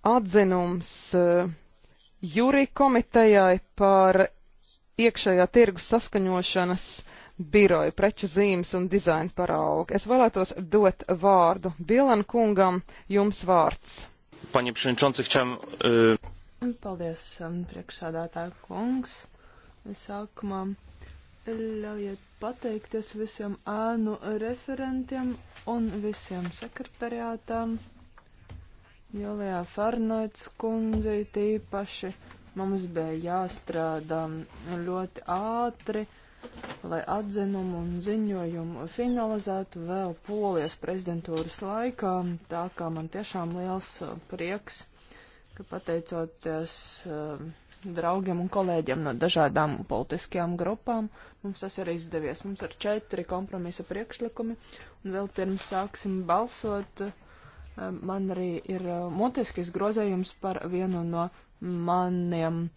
Atzinums uh, eh, jūrī komitejai par iekšējā tirgus saskaņošanas biroja preču zīmes un dizaina paraugi. Es vēlētos dot vārdu Bielan kungam, jums vārds. Paņem šinčonci, čem. Uh... Paldies, um, priekšsādātā kungs. Sākumā ļaujiet pateikties visiem ēnu referentiem un visiem sekretariātām. Jolijā Farnoits kundzei tīpaši mums bija jāstrādā ļoti ātri, lai atzinumu un ziņojumu finalizētu vēl polijas prezidentūras laikā, tā kā man tiešām liels uh, prieks, ka pateicoties uh, draugiem un kolēģiem no dažādām politiskajām grupām. Mums tas arī izdevies. Mums ir četri kompromisa priekšlikumi, un vēl pirms sāksim balsot, uh, man arī ir uh, mutiskis grozējums par vienu no maniem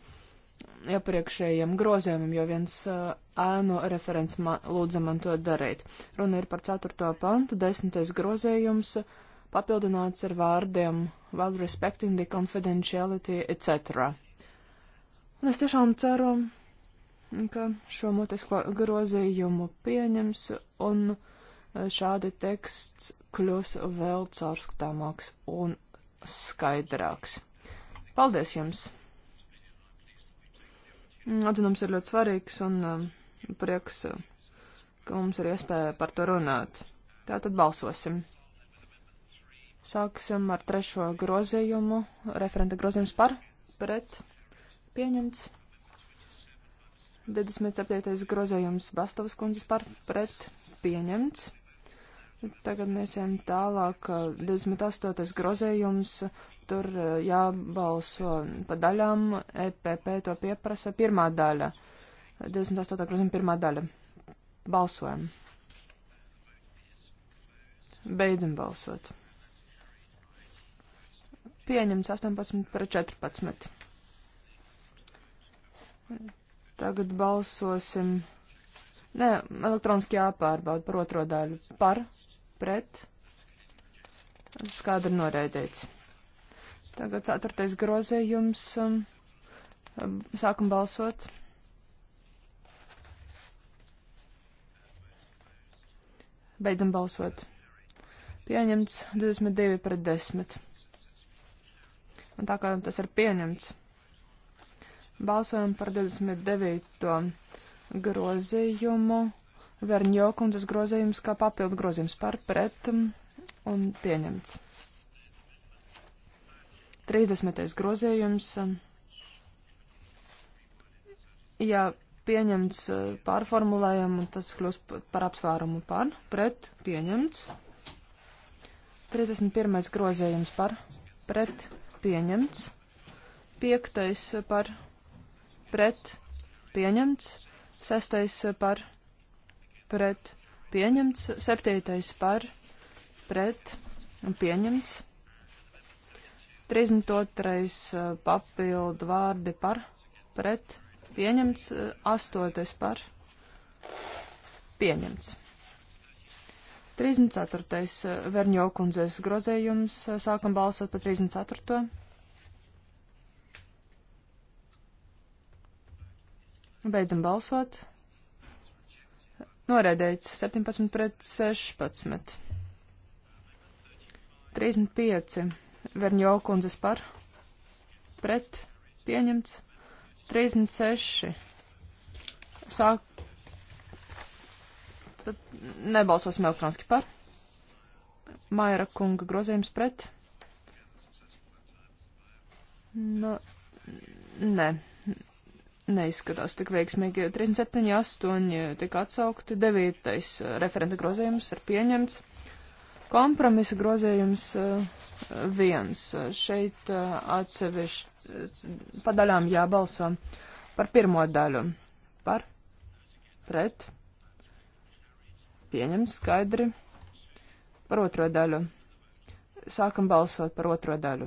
iepriekšējiem grozījumiem, jo viens eh, ēnu referents man, lūdza man to darīt. Runa ir par 4. pantu, 10. grozījums, papildināts ar vārdiem while respecting the confidentiality, etc. Un es tiešām ceru, ka šo mutisko grozījumu pieņems un eh, šādi teksts kļūs vēl caurskatāmāks un skaidrāks. Paldies jums! Mm, atzinums ir ļoti svarīgs un um, prieks, uh, ka mums ir iespēja par to runāt. Tātad balsosim. Sāksim ar trešo grozījumu. Referenta grozījums par, pret, pieņemts. 27. grozījums Bastovas kundzes par, pret, pieņemts. Tagad mēs ejam tālāk. 28. grozējums. Tur eh, jābalso pa daļām. EPP to pieprasa. Pirmā daļa. 28. grozījuma pirmā daļa. Balsojam. Beidzam balsot. Pieņemts 18 pret 14. Tagad balsosim Nē, elektroniski jāpārbauda par otro daļu. Par, pret, skaidri noraidīts. Tagad ceturtais grozījums. Um, um, sākam balsot. Beidzam balsot. Pieņemts 22 pret 10. Un tā kā tas ir pieņemts, balsojam par 29 grozījumu, Verņokundas grozījums kā papildu grozījums par pret mm, un pieņemts. 30. grozījums. Mm, ja pieņemts mm, pārformulējumu, tas kļūst par apsvērumu par, pret, pieņemts. 31. grozījums par, pret, pieņemts. 5. par, pret, pieņemts. Sestais par pret pieņemts. Septītais par pret pieņemts. 32. Eh, papildu vārdi par pret pieņemts. Eh, astotais par pieņemts. 34. Eh, Verņokundzes grozējums. Sākam balsot par 34. Beidzam balsot. Noraidīts 17 pret 16. 35. Verņo kundzes par. Pret. Pieņemts. 36. Sāk. Tad nebalsosim elektroniski par. Maira kunga grozījums pret. No, nu, nē neizskatās tik veiksmīgi. 37, 8 tika atsaukti, 9 eh, referenta grozījums ir pieņemts. Kompromisa grozījums eh, viens. Šeit eh, atsevišķi padaļām jābalso par pirmo daļu. Par, pret, pieņems skaidri. Par otro daļu. Sākam balsot par otro daļu.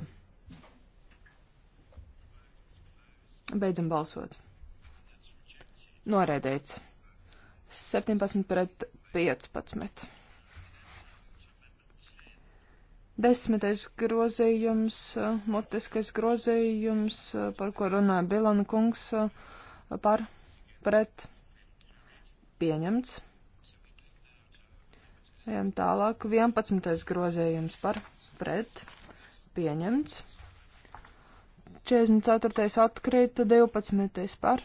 Beidzam balsot. Noraidīts. 17 pret 15. Desmitais grozījums, eh, mutiskais grozījums, eh, par ko runāja Bilana kungs, eh, par pret pieņemts. Ejam tālāk. 11. grozījums par pret pieņemts. 44. atkrīt, 12. par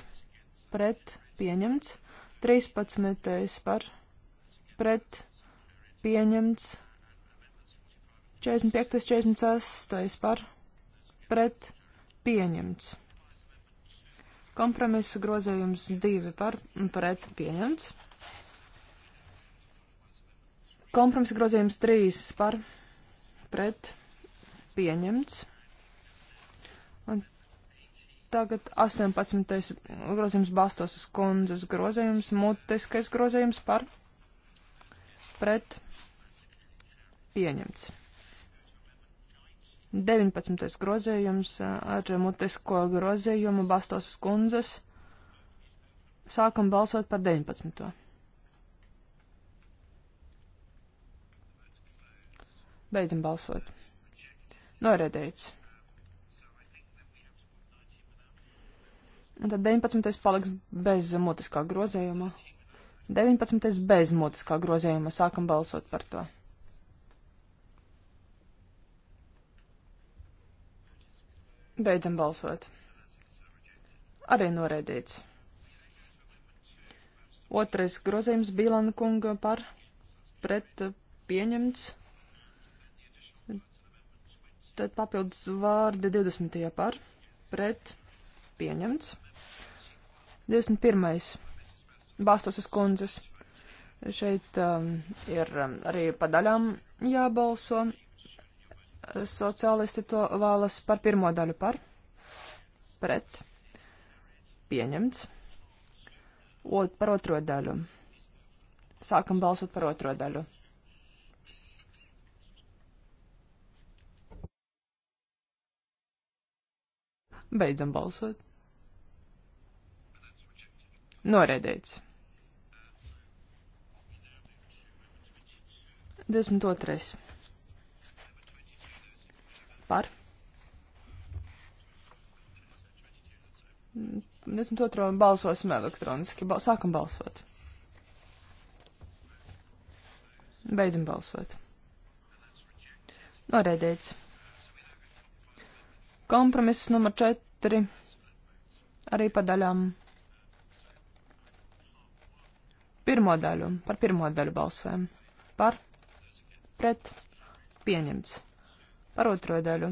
pret pieņemts. 13. par pret pieņemts. 45. 46. par pret pieņemts. Kompromisa grozējums 2 par pret pieņemts. Kompromisa grozījums 3 par pret pieņemts. Tagad 18. grozījums Bastosas kundzes grozījums, mutiskais grozījums par pret pieņemts. 19. grozījums uh, ar mutisko grozījumu Bastosas kundzes. Sākam balsot par 19. Beidzam balsot. Noredēts. Un tad 19. paliks bez mutiskā grozējuma. 19. bez mutiskā grozējuma sākam balsot par to. Beidzam balsot. Arī noraidīts. Otrais grozījums Bīlana kunga par pret pieņemts. Tad papildus vārdi 20. par pret pieņemts. 21. Bastosas kundzes. Šeit um, ir um, arī pa daļām jābalso. Sociālisti to vēlas par pirmo daļu par. Pret. Pieņemts. Ot, par otro daļu. Sākam balsot par otro daļu. Beidzam balsot. Noraidīts. 22. Par. 22. balsosim elektroniski. Bal sākam balsot. Beidzam balsot. Noraidīts. Kompromiss numur 4. Arī pa daļām. Pirmo daļu. Par pirmo daļu balsojam. Par. Pret. Pieņemts. Par otro daļu.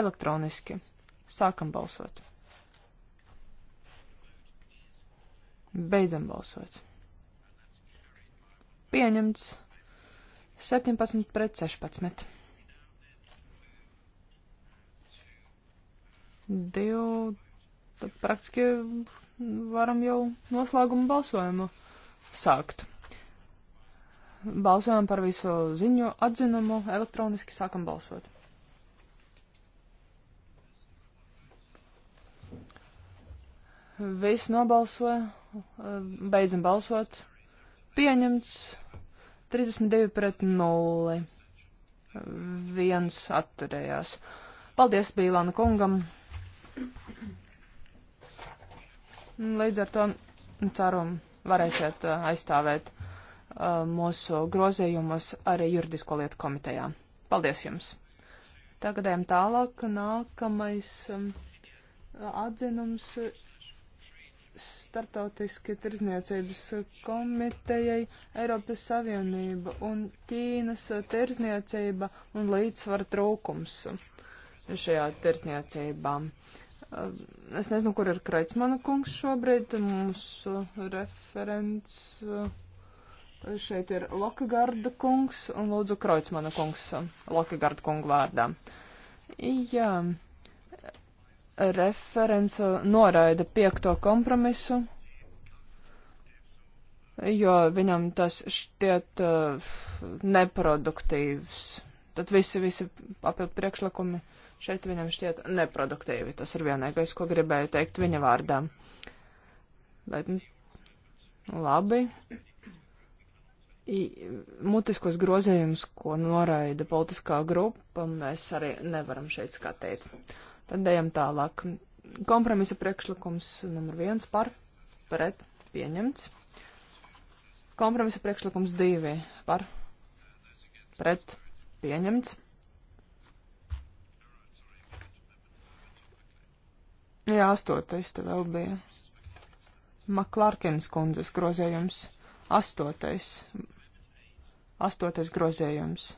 Elektroniski. Sākam balsot. Beidzam balsot. Pieņemts. 17 pret 16. 2. Praktiski varam jau noslēgumu balsojumu sākt. Balsojam par visu ziņu atzinumu, elektroniski sākam balsot. Viss nobalsoja, beidzam balsot. Pieņemts 32 pret 0. Viens atturējās. Paldies Bīlāna kungam. Līdz ar to cerum varēsiet uh, aizstāvēt uh, mūsu grozījumus arī juridisko lietu komitejā. Paldies jums! Tagad ejam tālāk. Nākamais um, atzinums startautiski tirzniecības komitejai Eiropas Savienība un Ķīnas tirzniecība un līdzsvara trūkums šajā tirzniecībā. Es nezinu, kur ir Kreitsmana kungs šobrīd. Mūsu referents šeit ir Lokagarda kungs un lūdzu Kreitsmana kungs Lokagarda kungu vārdā. Jā, referents noraida piekto kompromisu, jo viņam tas šķiet neproduktīvs. Tad visi, visi papildu priekšlikumi. Uh, šeit viņam šķiet neproduktīvi. Tas ir vienīgais, ko gribēju teikt viņa vārdā. Bet nu, labi. I, mutiskos grozījumus, ko noraida politiskā grupa, mēs arī nevaram šeit skatīt. Tad ejam tālāk. Kompromisa priekšlikums numur viens par pret pieņemts. Kompromisa priekšlikums divi par pret pieņemts. Jā, astotais te vēl bija. Maklārkins kundzes grozējums. Astotais. Astotais grozējums.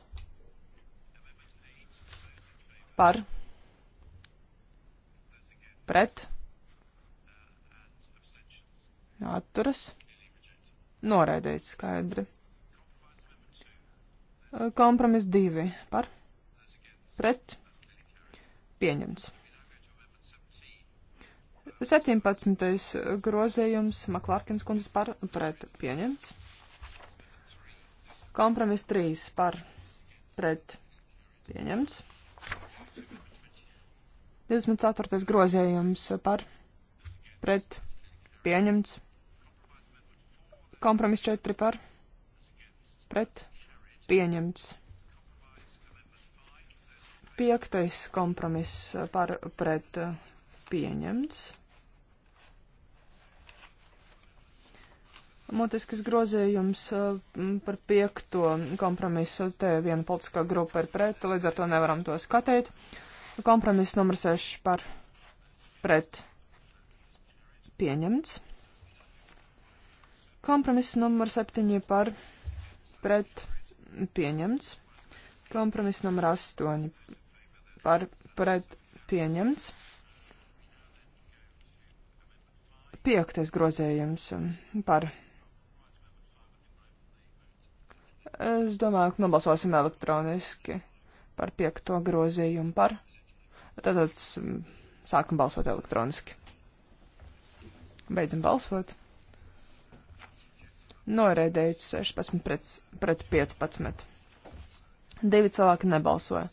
Par. Pret. Atturas. Noraidīts skaidri. Kompromis divi. Par. Pret. Pieņemts. 17. grozījums Maklārkins kundzes par pret pieņemts. Kompromis 3 par pret pieņemts. 24. grozījums par pret pieņemts. Kompromis 4 par pret pieņemts. Piektais kompromiss par pret pieņemts. Mutiskas grozījums eh, par piekto kompromisu. Te viena politiskā grupa ir pret, līdz ar to nevaram to skatīt. Kompromiss numur 6 par pret pieņemts. Kompromiss numur 7 par pret pieņemts. Kompromiss numur 8 par pret pieņemts. Piektais grozējums par pret Es domāju, ka nobalsosim elektroniski par piekto grozījumu par. Tātad sākam balsot elektroniski. Beidzam balsot. Noreidēts 16 pret, pret 15. Divi cilvēki nebalsoja.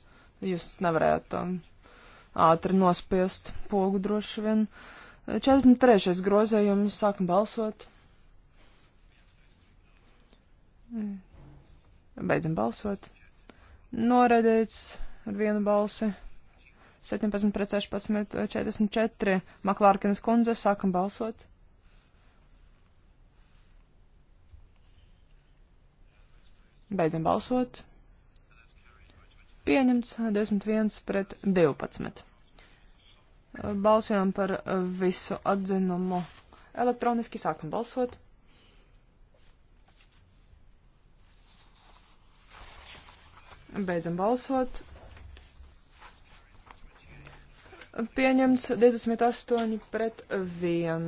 Jūs nevarējāt um, ātri nospiest pogu droši vien. 43. grozējums, sākam balsot. Beidzam balsot. Noraidīts ar vienu balsi. 17 pret 16, 44. Maklārkinas kundze, sākam balsot. Beidzam balsot. Pieņemts 21 pret 12. Balsojam par visu atzinumu. Elektroniski sākam balsot. Beidzam balsot. Pieņemts 28 pret 1.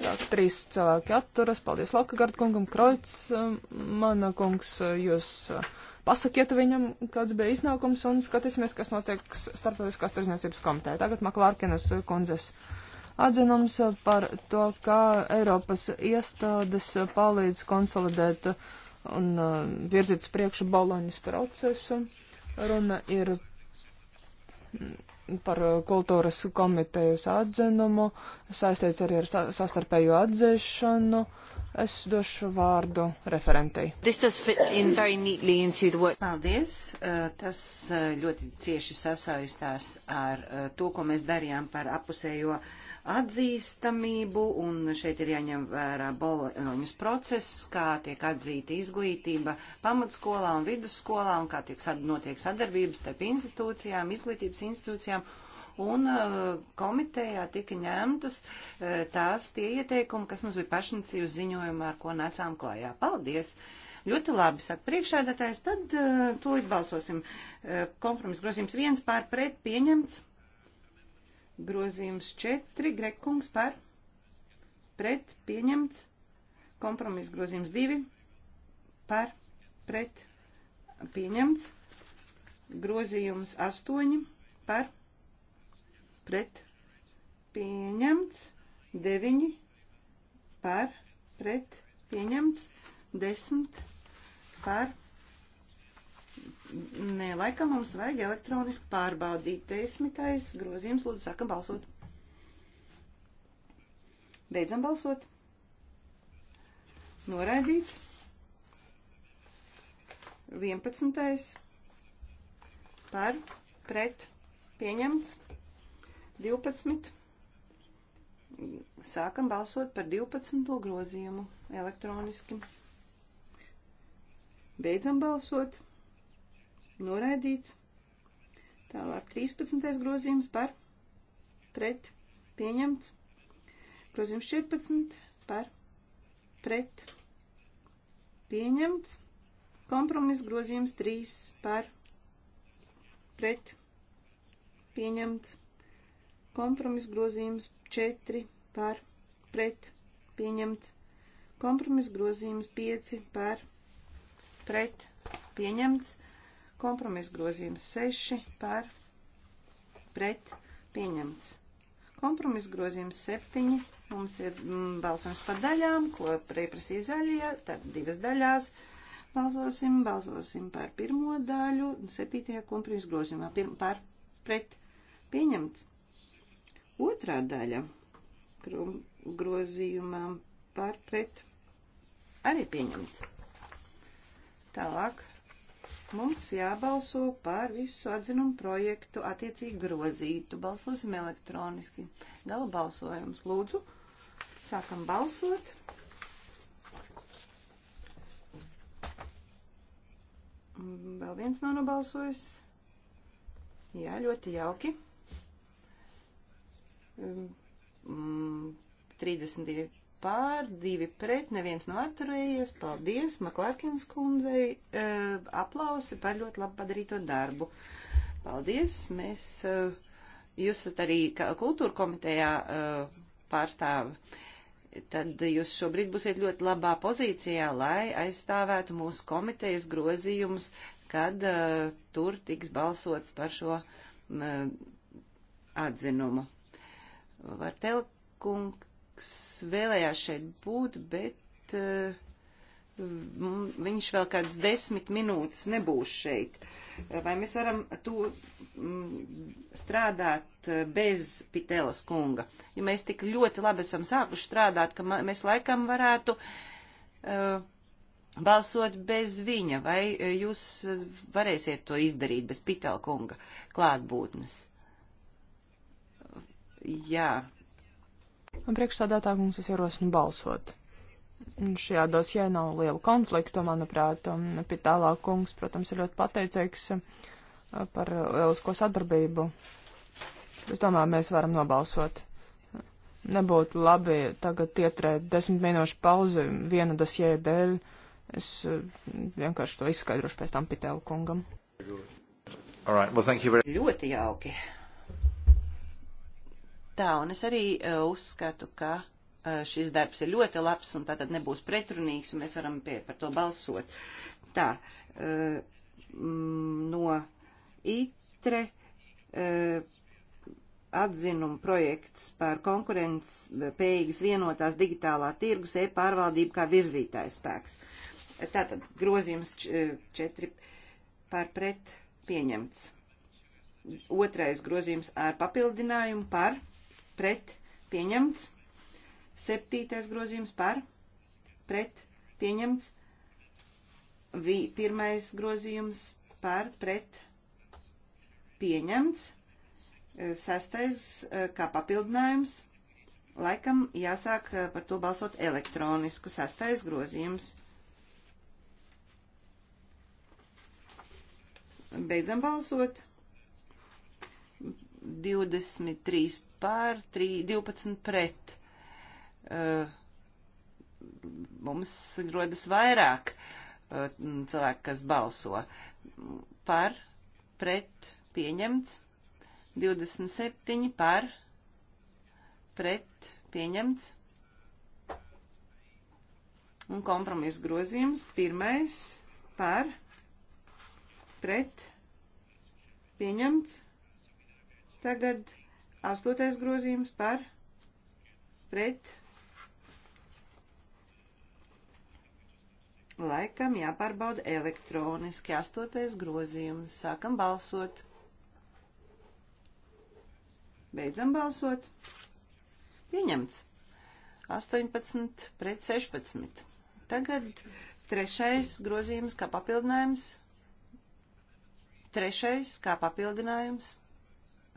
Tā, trīs cilvēki atturas. Paldies Laukagard kungam. Kroits, um, mana kungs, uh, jūs uh, pasakiet viņam, kāds bija iznākums un skatīsimies, kas notiek starptautiskās tirzniecības komitē. Tagad Maklārkenes uh, kundzes atzinums par to, kā Eiropas iestādes palīdz konsolidēt uh, un uh, virzīt uz priekšu Boloņas procesu. Runa ir par uh, kultūras komitejas atzinumu, saistīts arī ar sastarpēju atzīšanu. Es došu vārdu referentei. Paldies. Uh, tas uh, ļoti cieši sasaistās ar to, ko mēs darījām par apusējo uh, atzīstamību, un šeit ir jāņem vērā boloņas process, kā tiek atzīta izglītība pamatskolā un vidusskolā, un kā tiek sad notiek sadarbības starp institūcijām, izglītības institūcijām. Un uh, komitejā tika ņemtas uh, tās tie ieteikumi, kas mums bija pašnicības ziņojumā, ar ko nācām klājā. Paldies! Ļoti labi, saka priekšādātājs, tad uh, tūlīt balsosim. Uh, kompromis grozījums viens pār pret pieņemts. Grozījums 4, Grekungs par, pret, pieņemts. Kompromiss grozījums 2, par, pret, pieņemts. Grozījums 8, par, pret, pieņemts. 9, par, pret, pieņemts. 10, par, pret Nē, laikam mums vajag elektroniski pārbaudīt. Desmitais grozījums, lūdzu, sākam balsot. Beidzam balsot. Noraidīts. 11. par, pret, pieņemts. 12. Sākam balsot par 12. grozījumu elektroniski. Beidzam balsot noraidīts. Tālāk 13. grozījums par pret pieņemts. Grozījums 14 par pret pieņemts. Kompromis grozījums 3 par pret pieņemts. Kompromis grozījums 4 par pret pieņemts. Kompromis grozījums 5 par pret pieņemts Kompromiss grozījums 6 par pret pieņemts. Kompromiss grozījums 7. Mums ir mm, balsojums par daļām, ko pieprasīja zaļie. Tad divas daļās balsosim. Balsosim par pirmo daļu. 7. kompromiss grozījumā pir, par pret pieņemts. Otrā daļa grozījumam par pret arī pieņemts. Tālāk Mums jābalso par visu atzinumu projektu attiecīgi grozītu. Balsosim elektroniski. Gala balsojums. Lūdzu, sākam balsot. Vēl viens nav nobalsojis. Jā, ļoti jauki. 32 ehm, mm, pār, divi pret, neviens nav atturējies. Paldies Maklārkins kundzei, e, aplausi par ļoti labi padarīto darbu. Paldies, mēs, e, jūs esat arī kultūra komitejā e, pārstāvi. Tad jūs šobrīd būsiet ļoti labā pozīcijā, lai aizstāvētu mūsu komitejas grozījumus, kad uh, tur tiks balsots par šo uh, atzinumu. Var telkungs kungs vēlējās šeit būt, bet uh, viņš vēl kādas desmit minūtes nebūs šeit. Vai mēs varam to strādāt uh, bez Pitēlas kunga? Ja mēs tik ļoti labi esam sākuši strādāt, ka mēs laikam varētu uh, balsot bez viņa, vai uh, jūs uh, varēsiet to izdarīt bez Pitēla kunga klātbūtnes? Jā. Un priekšstādātā mums es ierosinu balsot. Un šajā dosjē nav liela konflikta, manuprāt, un Pitālā kungs, protams, ir ļoti pateicīgs uh, par uh, lielisko sadarbību. Es domāju, mēs varam nobalsot. Nebūtu labi tagad ietrēt desmit minūšu pauzi viena dosjē dēļ. Es uh, vienkārši to izskaidrošu pēc tam Pitēlu kungam. All right, well, very... Ļoti jauki tā, un es arī uh, uzskatu, ka uh, šis darbs ir ļoti labs, un tātad nebūs pretrunīgs, un mēs varam pie, par to balsot. Tā, uh, no ITRE atzinuma projekts par konkurences spējīgas vienotās digitālā tirgus e-pārvaldību kā virzītājs spēks. Tātad grozījums četri par pret pieņemts. Otrais grozījums ar papildinājumu par pret pieņemts. Septītais grozījums par pret pieņemts. Vi, pirmais grozījums par pret pieņemts. Sastais eh, kā papildinājums. Laikam jāsāk eh, par to balsot elektronisku. Sastais grozījums. Beidzam balsot. 23 pār, 3, 12 pret. Uh, mums rodas vairāk uh, cilvēku, kas balso par, pret, pieņemts, 27 par, pret, pieņemts. Un kompromiss grozījums pirmais par, pret, pieņemts. Tagad Astotais grozījums par pret. Laikam jāpārbauda elektroniski. Astotais grozījums. Sākam balsot. Beidzam balsot. Pieņemts. 18 pret 16. Tagad trešais grozījums kā papildinājums. Trešais kā papildinājums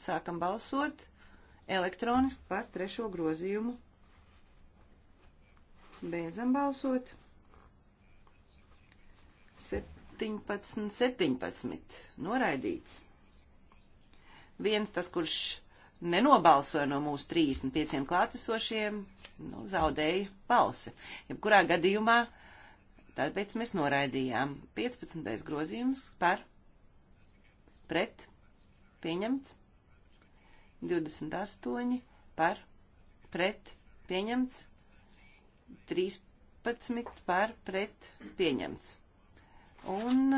Sākam balsot elektroniski par trešo grozījumu. Beidzam balsot. 17, 17. Noraidīts. Viens tas, kurš nenobalsoja no mūsu 35 klātesošiem, nu, zaudēja balsi. Jebkurā gadījumā tāpēc mēs noraidījām 15. grozījums par pret pieņemts. 28 par pret pieņemts, 13 par pret pieņemts. Un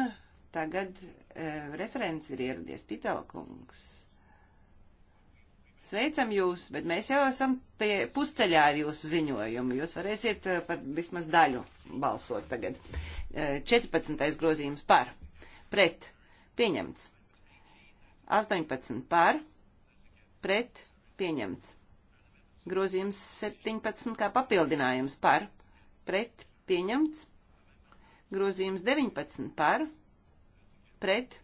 tagad e, referents ir ieradies Pitalakungs. Sveicam jūs, bet mēs jau esam pie pusceļā ar jūsu ziņojumu. Jūs varēsiet e, par vismaz daļu balsot tagad. 14. E, grozījums par, pret, pieņemts. 18 par, pret pieņemts. Grozījums 17 kā papildinājums par pret pieņemts. Grozījums 19 par pret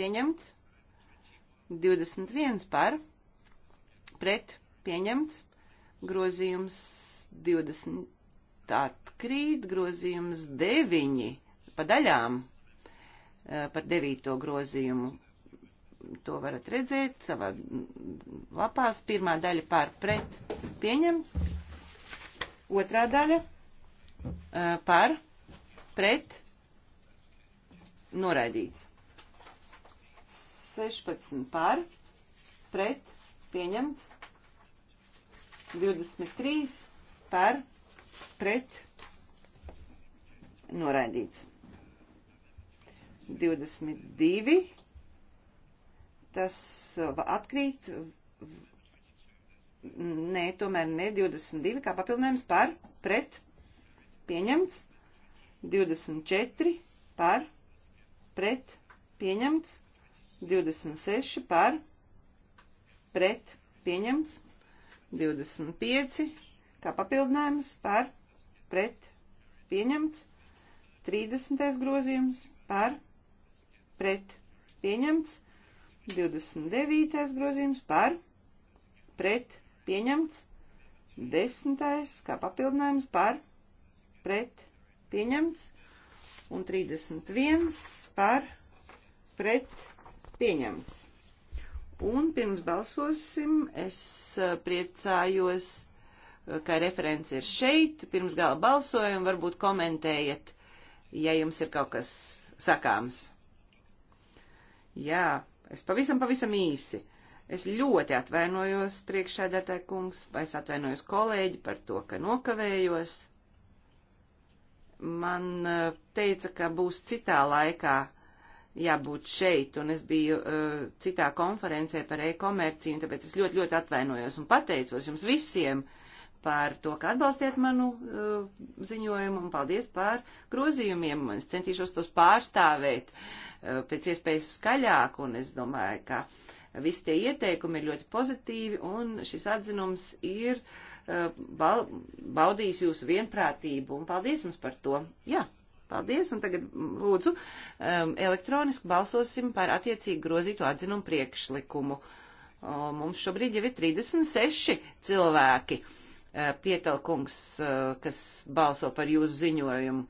pieņemts. 21 par pret pieņemts. Grozījums 20 atkrīt. Grozījums 9 pa daļām eh, par devīto grozījumu to varat redzēt savā lapās. Pirmā daļa par pret pieņemts, otrā daļa par pret noraidīts. 16 par pret pieņemts, 23 par pret noraidīts. 22 tas atkrīt. Nē, tomēr ne 22 kā papildinājums par pret pieņemts. 24 par pret pieņemts. 26 par pret pieņemts. 25 kā papildinājums par pret pieņemts. 30. grozījums par pret pieņemts. 29. grozījums par pret pieņemts. 10. kā papildinājums par pret pieņemts. Un 31. par pret pieņemts. Un pirms balsosim, es eh, priecājos, eh, ka referents ir šeit. Pirms gala balsojuma varbūt komentējiet, ja jums ir kaut kas sakāms. Jā, Es pavisam, pavisam īsi. Es ļoti atvainojos priekšsēdētāj kungs, vai es atvainojos kolēģi par to, ka nokavējos. Man eh, teica, ka būs citā laikā jābūt šeit, un es biju uh, citā konferencē par e-komerciju, tāpēc es ļoti, ļoti atvainojos un pateicos jums visiem, uh, par to, ka atbalstiet manu uh, ziņojumu un paldies par grozījumiem. Es centīšos tos pārstāvēt uh, pēc iespējas skaļāk un es domāju, ka visi tie ieteikumi ir ļoti pozitīvi un šis atzinums ir uh, baudījis jūsu vienprātību un paldies jums par to. Jā, paldies un tagad mm, lūdzu um, elektroniski balsosim par attiecīgi grozīto atzinumu priekšlikumu. Uh, mums šobrīd jau ir 36 cilvēki. Uh, Eh, Pietelkungs, eh, kas balso par jūsu ziņojumu.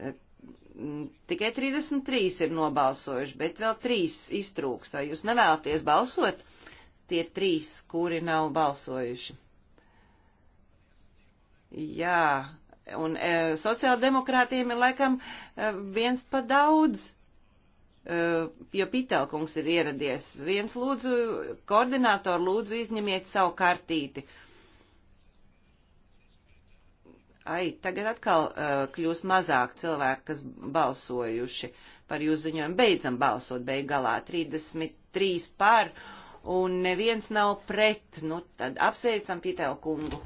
Eh, tikai 33 ir nobalsojuši, bet vēl 3 iztrūkst. Vai jūs nevēlaties balsot? Tie 3, kuri nav balsojuši. Jā, un e, sociāldemokrātiem ir laikam e, viens pa daudz, e, jo Pitelkungs ir ieradies. Viens lūdzu, koordinātori lūdzu izņemiet savu kartīti. E, ai, tagad atkal uh, kļūs mazāk cilvēku, kas balsojuši par jūsu ziņojumu. Beidzam balsot, beig galā 33 par, un neviens nav pret. Nu, tad apsveicam Pitēlu kungu.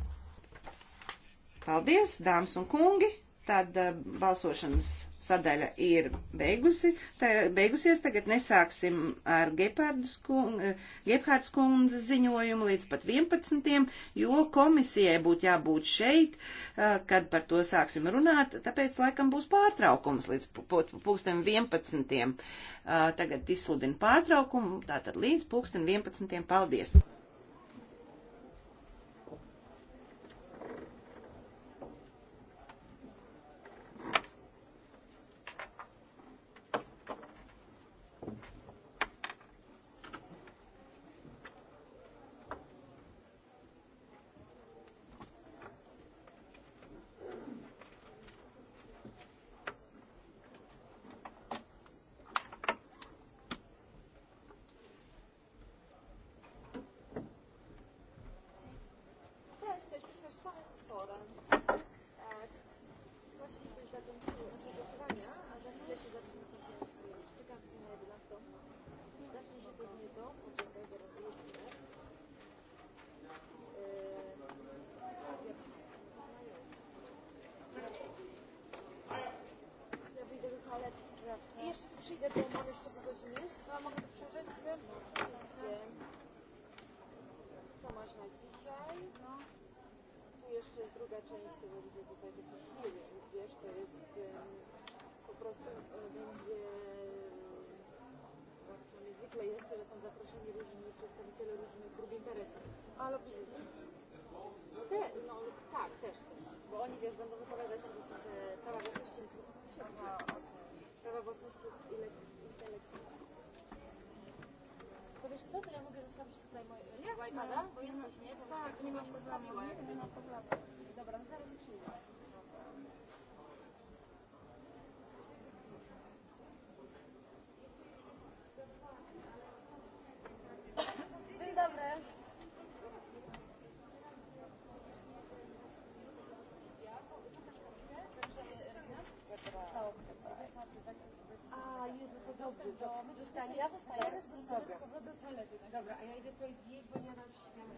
Paldies, dāmas un kungi! Tad uh, balsošanas sadaļa ir beigusi, tā, beigusies. Tagad nesāksim ar Gebhārdas kundzes ziņojumu līdz pat 11. jo komisijai būtu jābūt šeit, kad par to sāksim runāt. Tāpēc laikam būs pārtraukums līdz pulksten 11. Tagad izsludinu pārtraukumu, tātad līdz pulksten 11. Paldies! końcu głosowania, a za chwilę się zaczyna konferencja. Czekam na 11. Zacznie się pewnie to, poczekaj, zaraz zobaczymy. Ja wyjdę do toalety teraz. I jeszcze tu przyjdę, bo mam jeszcze pół godziny. No, a mogę to przeżyć? No, oczywiście. Co masz na dzisiaj? No jeszcze jest druga część tego widzę tutaj takich hearing, wiesz, to jest um, po prostu e, będzie no, przynajmniej zwykle jest, że są zaproszeni różni przedstawiciele różnych grup interesów, ale biznesu. Te, no tak, też, też, bo oni wiesz, będą wypowiadać się te prawa własności, prawa własności intelektualnej wiesz co, to ja mogę zostawić tutaj moje Jasne, iPada, bo jesteś, nie? Bo tak, nie mam pozabiła. Dobra, zaraz przyjdę. Dobrze, do, my zostanie. Ja zostaję. Ja też zostawiam. Dobra, a ja idę coś zjeść, bo nie mam... Ja mam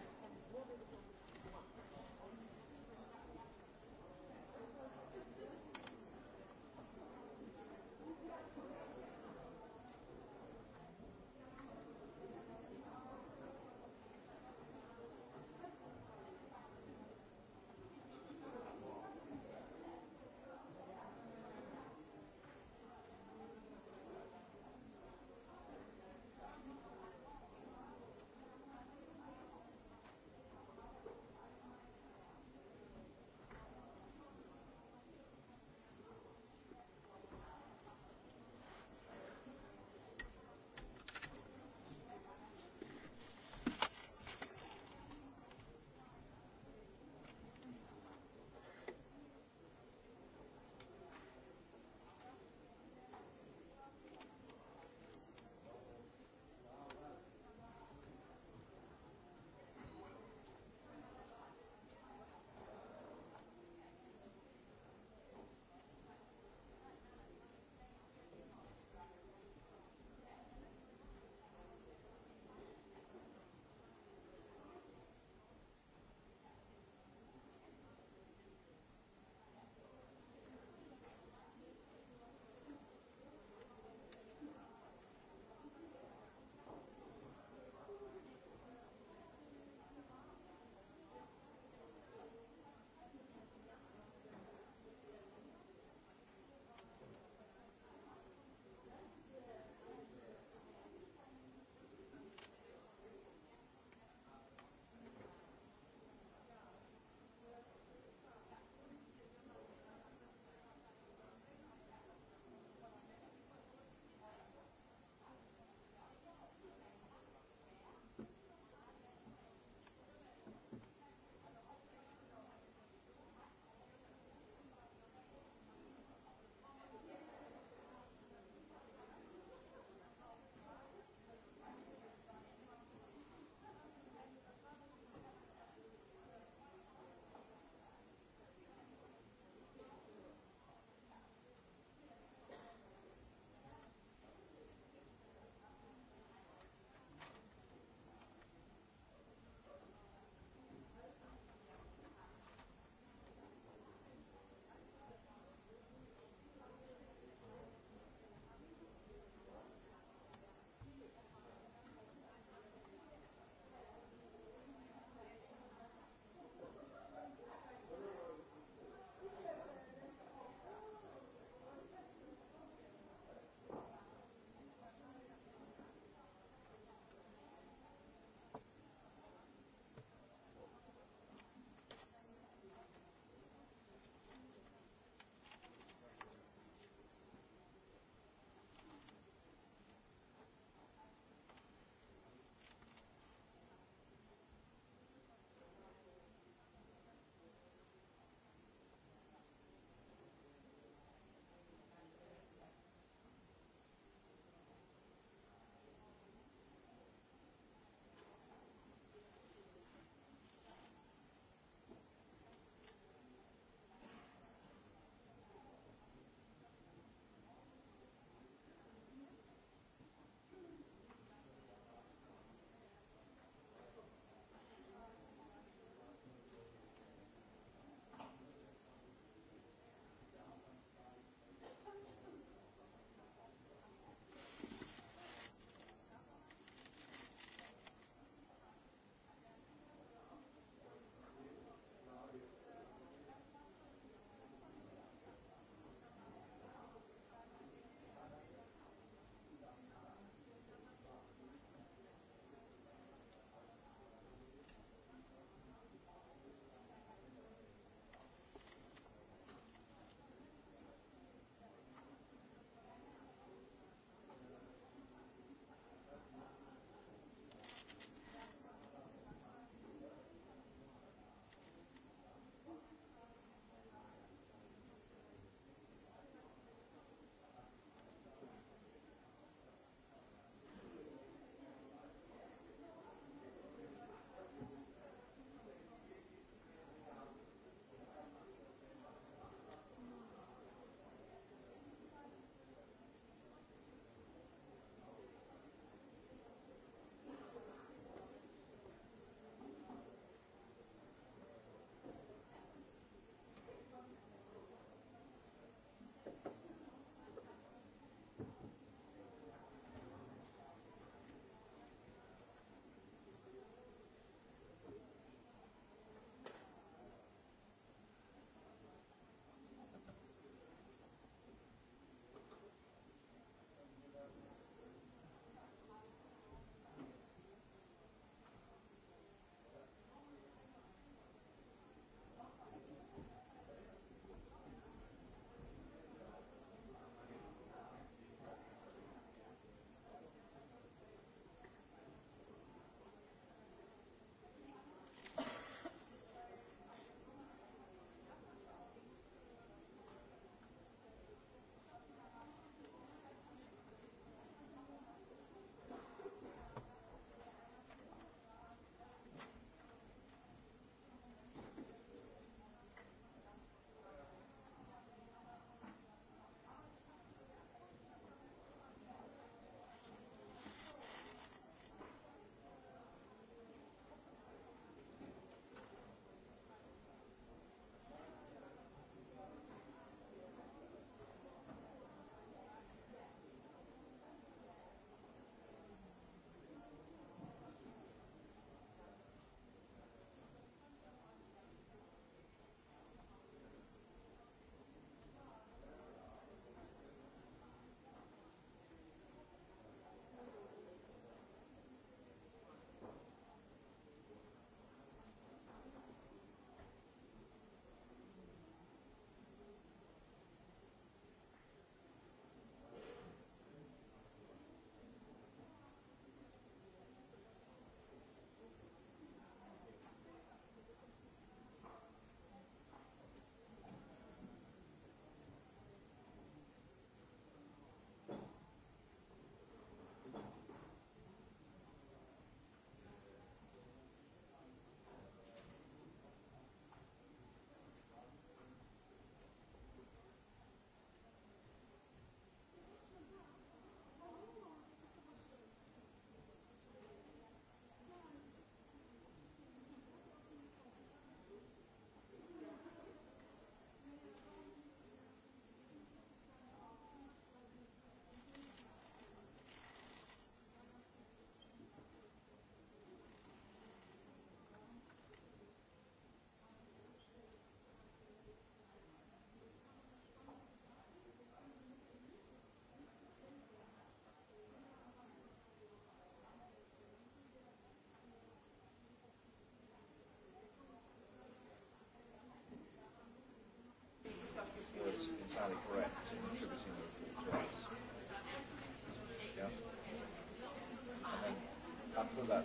katkılar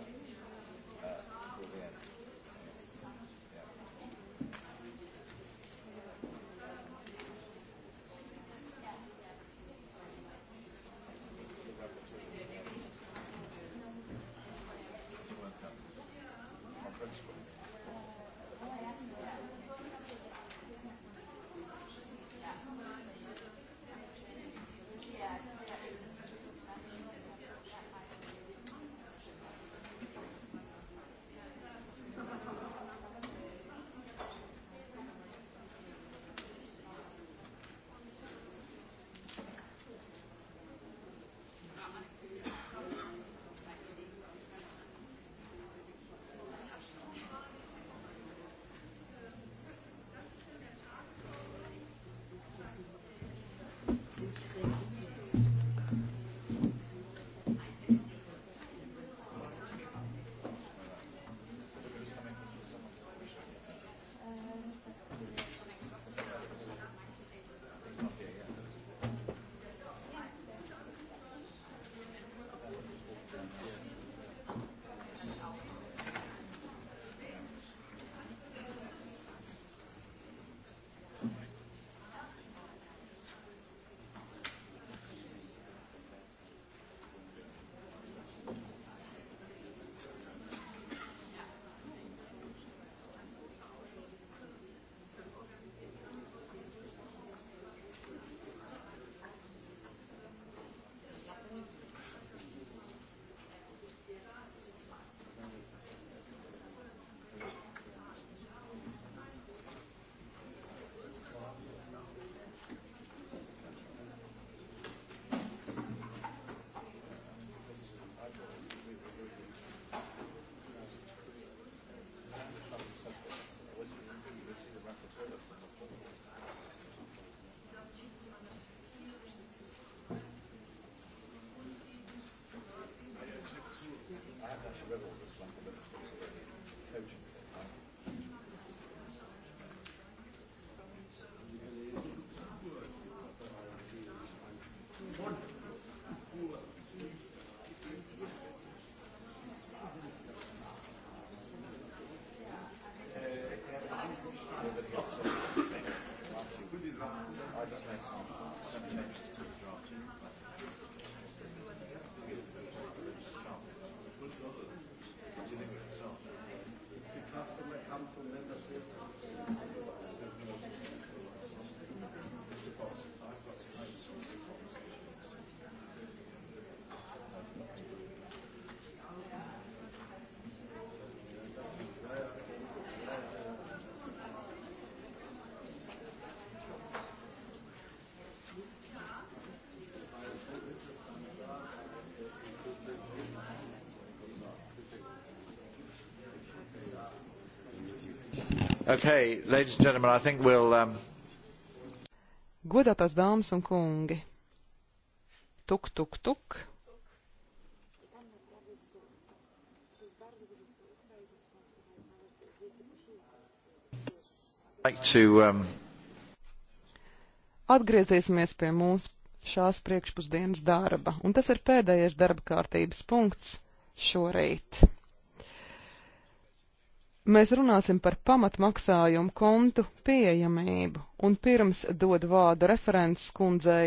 Good governance. It's an exception. The customer comes from them. Okay, ladies and gentlemen, I think we'll. Um... Godātās dāmas un kungi, tuk, tuk, tuk. Like to, um... Atgriezīsimies pie mūsu šās priekšpusdienas darba, un tas ir pēdējais darba kārtības punkts šorīt mēs runāsim par pamatmaksājumu kontu pieejamību, un pirms dod vārdu referents kundzei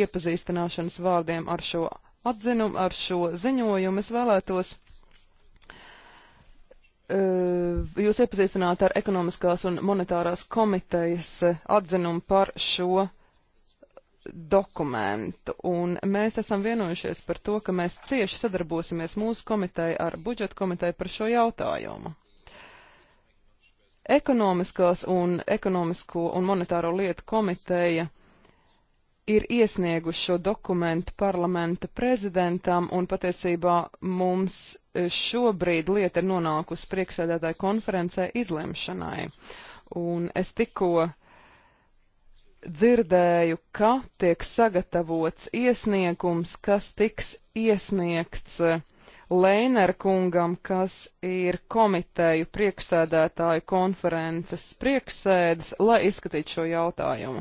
iepazīstināšanas vārdiem ar šo atzinumu, ar šo ziņojumu, es vēlētos uh, jūs iepazīstināt ar ekonomiskās un monetārās komitejas e, atzinumu par šo dokumentu, un mēs esam vienojušies par to, ka mēs cieši sadarbosimies mūsu komiteja ar budžeta komiteju par šo jautājumu. Ekonomiskās un ekonomisko un monetāro lietu komiteja ir iesnieguši šo dokumentu parlamenta prezidentam, un patiesībā mums e, šobrīd lieta ir nonākusi priekšsēdētāju konferencē izlemšanai. Un es tikko dzirdēju, ka tiek sagatavots iesniegums, kas tiks iesniegts uh, Lēnerkungam, kas ir komiteju priekšsēdētāju konferences priekšsēdes, lai izskatītu šo jautājumu.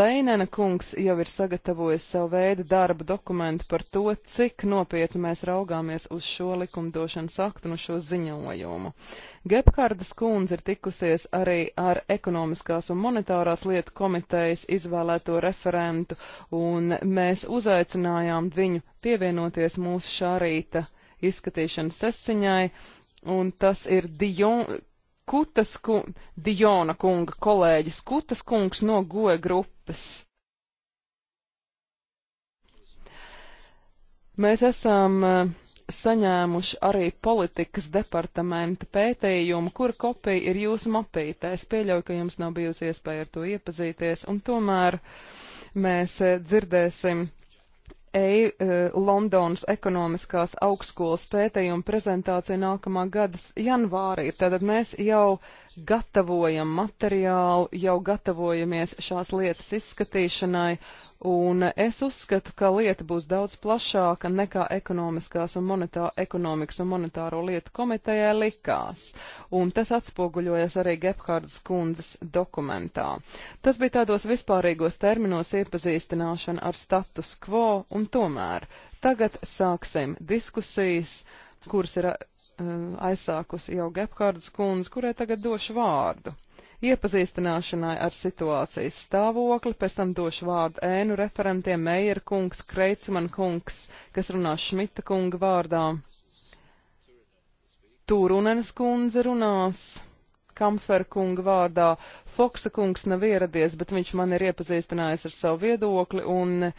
Leinena kungs jau ir sagatavojis savu veidu darba dokumentu par to, cik nopietni mēs raugāmies uz šo likumdošanas aktu un no šo ziņojumu. Gepkārdas kundze ir tikusies arī ar ekonomiskās un monetārās lietu komitejas izvēlēto referentu, un mēs uzaicinājām viņu pievienoties mūsu šā rīta izskatīšanas sesiņai, un tas ir Dion, Kutas, ku, Diona kunga kolēģis Kutas kungs no goja grupas. Mēs esam eh, saņēmuši arī politikas departamenta pētījumu, kura kopija ir jūsu mapītē. Es pieļauju, ka jums nav bijusi iespēja ar to iepazīties, un tomēr mēs eh, dzirdēsim E, e, Londonas ekonomiskās augstskolas pētījuma prezentācija nākamā gada janvārī. Tātad mēs jau gatavojam materiālu, jau gatavojamies šās lietas izskatīšanai, un es uzskatu, ka lieta būs daudz plašāka nekā ekonomiskās un monetā, ekonomikas un monetāro lietu komitejai likās. Un tas atspoguļojas arī Gephardas kundzes dokumentā. Tas bija tādos vispārīgos terminos iepazīstināšana ar status quo un Un tomēr tagad sāksim diskusijas, kuras ir eh, aizsākusi jau Gephardas kundze, kurai tagad došu vārdu. Iepazīstināšanai ar situācijas stāvokli, pēc tam došu vārdu ēnu referentiem Meijer kungs, Kreicman kungs, kas runās Šmita kunga vārdā. Tūrunenes kundze runās Kamferkunga vārdā. Foksa kungs nav ieradies, bet viņš man ir iepazīstinājis ar savu viedokli, un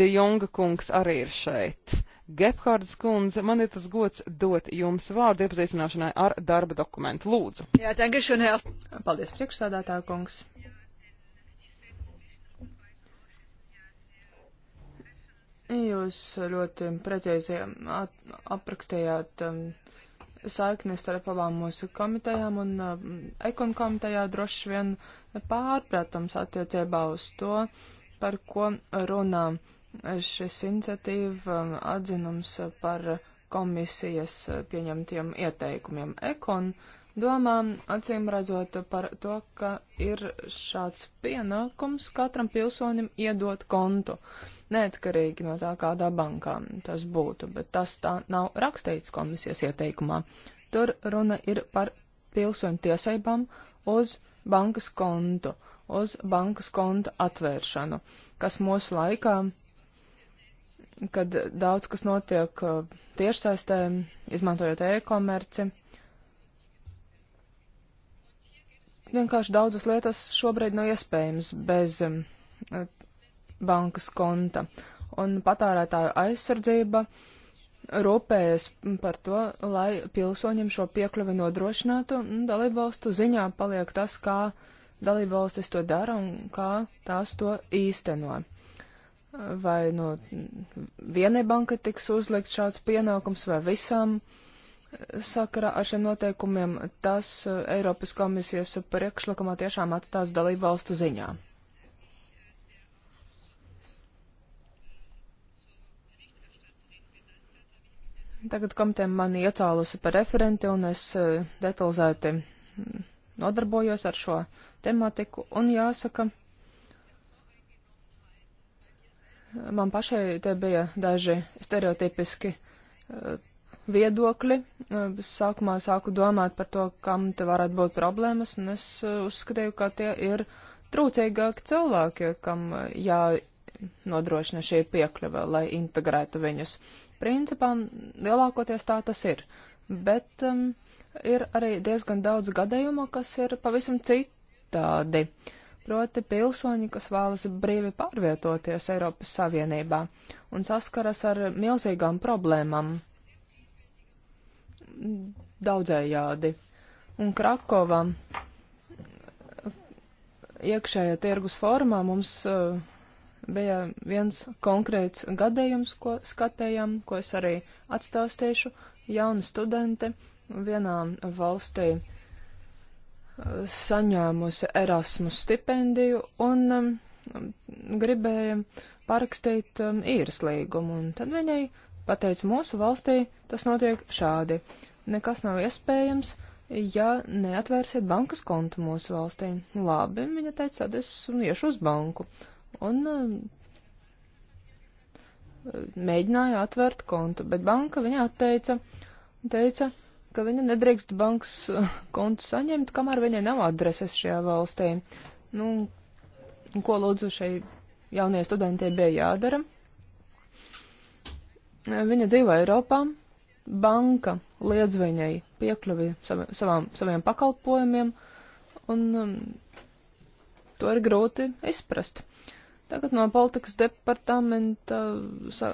Dijonga kungs arī ir šeit. Gephardas kundze, man ir tas gods dot jums vārdu iepazīstināšanai ar darba dokumentu. Lūdzu. Jā, tankišu, Paldies, priekšsādātā kungs. Jūs ļoti precīzi aprakstījāt um, saikni starp abām mūsu komitejām un uh, ekon komitejā droši vien pārpratums attiecībā uz to, par ko runā šis iniciatīva um, atzinums par komisijas pieņemtiem ieteikumiem. Ekon domā acīm redzot par to, ka ir šāds pienākums katram pilsonim iedot kontu. Uh, neatkarīgi no tā, kādā bankā tas būtu, bet tas tā nav rakstīts komisijas ieteikumā. Tur runa ir par pilsoņu tiesībām uz bankas kontu, uz bankas konta atvēršanu, kas mūsu laikā, kad daudz kas notiek uh, tiešsaistē, izmantojot e-komerci, vienkārši daudzas lietas šobrīd nav iespējams bez uh, bankas konta. Un patārētāju aizsardzība rūpējas par to, lai pilsoņiem šo piekļuvi nodrošinātu. Dalībvalstu ziņā paliek tas, kā dalībvalstis to dara un kā tās to īsteno vai no vienai bankai tiks uzlikts šāds pienākums vai visām sakarā ar šiem noteikumiem, tas Eiropas komisijas priekšlikumā tiešām atstās dalību valstu ziņā. Tagad komitē mani iecālusi par referenti, un es eh, detalizēti mm, nodarbojos ar šo tematiku, un jāsaka, man pašai te bija daži stereotipiski eh, viedokļi. Eh, sākumā sāku domāt par to, kam te varētu būt problēmas, un es uzskatīju, ka tie ir trūcīgāki cilvēki, kam jā nodrošina šī piekļuva, lai integrētu viņus. Uh, Principā lielākoties tā tas ir. Bet um, ir arī diezgan daudz gadījumu, kas ir pavisam citādi. Proti pilsoņi, kas vēlas brīvi pārvietoties Eiropas Savienībā un saskaras ar milzīgām problēmām daudzējādi. Un Krakova iekšējā tirgus formā mums uh, bija viens konkrēts gadījums, ko skatējām, ko es arī atstāstīšu. Jauni studenti vienā valstī eh, saņēmusi Erasmus stipendiju un um, gribēja parakstīt um, īres līgumu. Un tad viņai pateica, mūsu valstī tas notiek šādi. Nekas nav iespējams, ja neatvērsiet bankas kontu mūsu valstī. Labi, viņa teica, tad es iešu uz banku un eh, mēģināja atvērt kontu, bet banka viņa atteica un teica, ka viņa nedrīkst bankas eh, kontu saņemt, kamēr viņai nav adreses šajā valstī. Nu, ko lūdzu šai jaunie studentie bija jādara? Eh, viņa dzīvo Eiropā, banka liedz viņai piekļuvi savām, saviem pakalpojumiem, un um, to ir grūti izprast. Tagad no politikas departamenta sa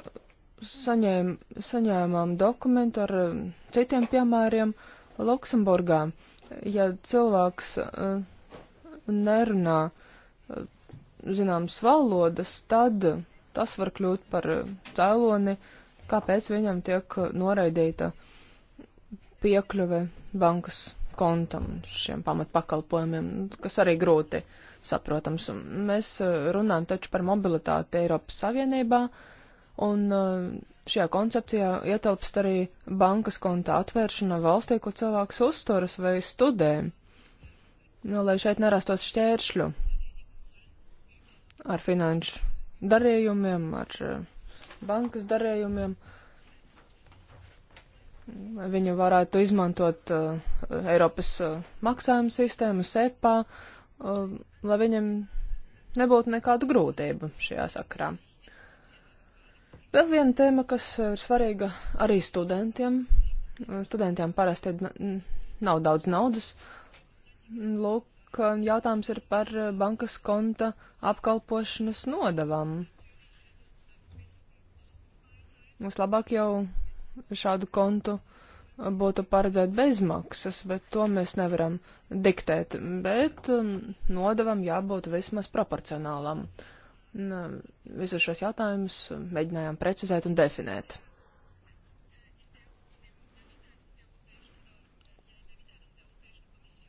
saņēm, saņēmām dokumentu ar um, citiem piemēriem Luksemburgā. Ja cilvēks uh, nerunā uh, zināmas valodas, tad tas var kļūt par uh, cēloni, kāpēc viņam tiek noraidīta piekļuve bankas kontam šiem pamatpakalpojumiem, kas arī grūti saprotams. Mēs e, runājam taču par mobilitāti Eiropas Savienībā, un e, šajā koncepcijā ietilpst arī bankas konta atvēršana valstī, kur cilvēks uzturas vai studē, nu, lai šeit nerastos šķēršļu ar finanšu darījumiem, ar e, bankas darījumiem. Uh, Viņi varētu izmantot uh, Eiropas uh, maksājumu sistēmu, SEPA, uh, lai viņiem nebūtu nekādu grūtību šajā sakrā. Vēl viena tēma, kas uh, ir svarīga arī studentiem. Uh, studentiem parasti nav daudz naudas. Lūk, uh, jautājums ir par bankas konta apkalpošanas nodavām. Mums labāk jau šādu kontu būtu paredzēt bezmaksas, bet to mēs nevaram diktēt. Bet um, nodevam jābūt vismaz proporcionālam. Um, visus šos jautājumus mēģinājām precizēt un definēt.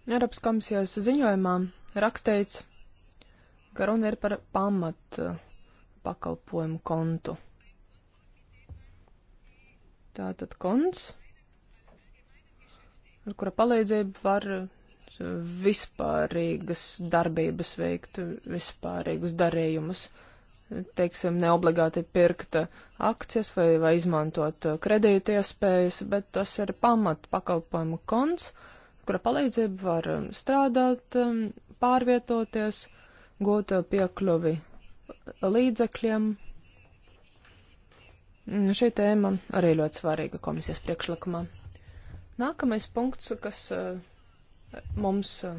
Eiropas komisijas ziņojumā rakstīts, ka runa ir par pamatu uh, pakalpojumu kontu. Tātad konts, ar kura palīdzību var vispārīgas darbības veikt, vispārīgus darījumus. Teiksim, neobligāti pirkt akcijas vai, vai izmantot kredīti iespējas, bet tas ir pamat pakalpojumu konts, kura palīdzību var strādāt, um, pārvietoties, gūt piekļuvi līdzekļiem, Mm, šī tēma arī ļoti svarīga komisijas priekšlikumā. Nākamais punkts, kas eh, mums eh,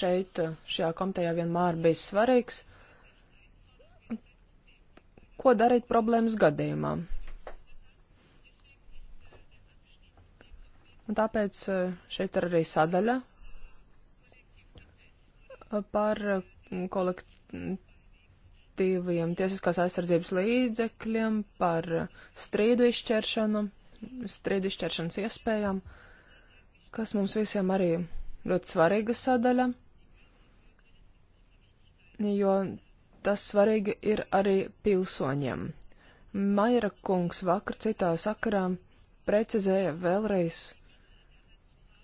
šeit, eh, šajā komitejā vienmēr bijis svarīgs, ko darīt problēmas gadījumā. Un tāpēc šeit ir arī sadaļa par kolektīvu efektīviem tiesiskās aizsardzības līdzekļiem, par strīdu izšķiršanu, strīdu izšķiršanas iespējām, kas mums visiem arī ļoti svarīga sadaļa, jo tas svarīgi ir arī pilsoņiem. Maira kungs vakar citā sakarā precizēja vēlreiz,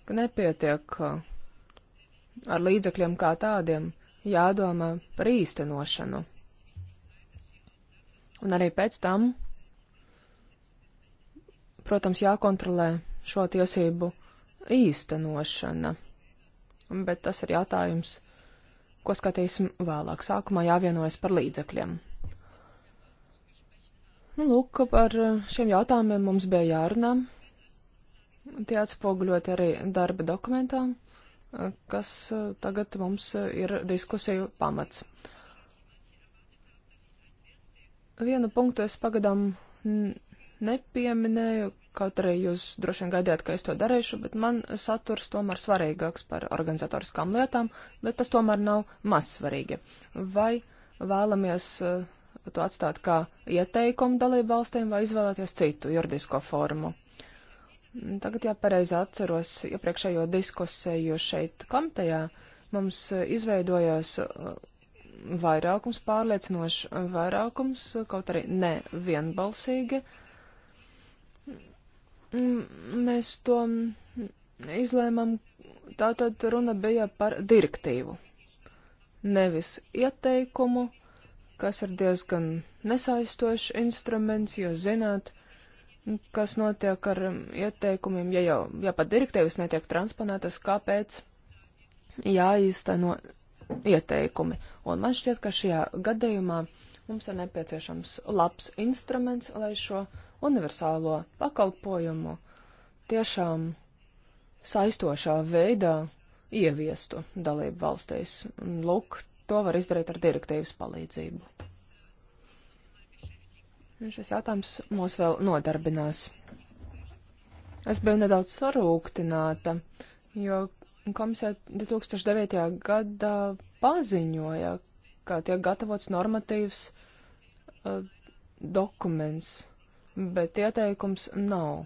ka nepietiek uh, ar līdzekļiem kā tādiem jādomā par īstenošanu. Un arī pēc tam, protams, jākontrolē šo tiesību īstenošana. Bet tas ir jautājums, ko skatīsim vēlāk. Sākumā jāvienojas par līdzekļiem. Nu, lūk, par šiem jautājumiem mums bija jārunā. Tie atspoguļot arī darba dokumentā, kas tagad mums ir diskusiju pamats. Vienu punktu es pagadām nepieminēju, kaut arī jūs droši vien gaidījāt, ka es to darīšu, bet man saturs tomēr svarīgāks par organizatoriskām lietām, bet tas tomēr nav maz svarīgi. Vai vēlamies uh, to atstāt kā ieteikumu dalību valstīm vai izvēlēties citu juridisko formu? Tagad, ja pareizi atceros iepriekšējo diskusiju šeit komitejā, mums uh, izveidojās uh, vairākums, pārliecinošs vairākums, kaut arī ne vienbalsīgi. Mēs to izlēmām, tātad runa bija par direktīvu, nevis ieteikumu, kas ir diezgan nesaistošs instruments, jo zināt, kas notiek ar ieteikumiem, ja jau ja pat direktīvas netiek transponētas, kāpēc jāīsteno ieteikumi. Un man šķiet, ka šajā gadījumā mums ir nepieciešams labs instruments, lai šo universālo pakalpojumu tiešām saistošā veidā ieviestu dalību valstīs. Un, lūk, to var izdarīt ar direktīvas palīdzību. Un šis jautājums mūs vēl nodarbinās. Es biju nedaudz sarūktināta, jo komisija 2009. gadā paziņoja, ka tiek gatavots normatīvs uh, dokuments, bet ieteikums nav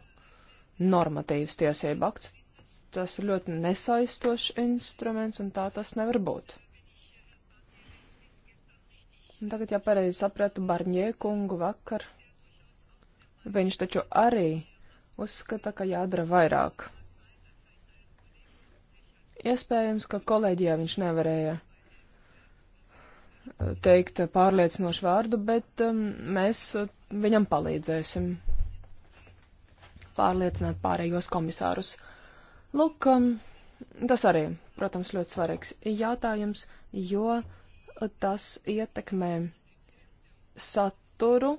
normatīvs tiesība akts. Tas ir ļoti nesaistošs instruments, un tā tas nevar būt. Un tagad, ja pareizi sapratu Barņē kungu vakar, viņš taču arī uzskata, ka jādara vairāk. Iespējams, ka kolēģijā viņš nevarēja teikt pārliecinošu vārdu, bet um, mēs uh, viņam palīdzēsim pārliecināt pārējos komisārus. Lūk, um, tas arī, protams, ļoti svarīgs jautājums, jo tas ietekmē saturu,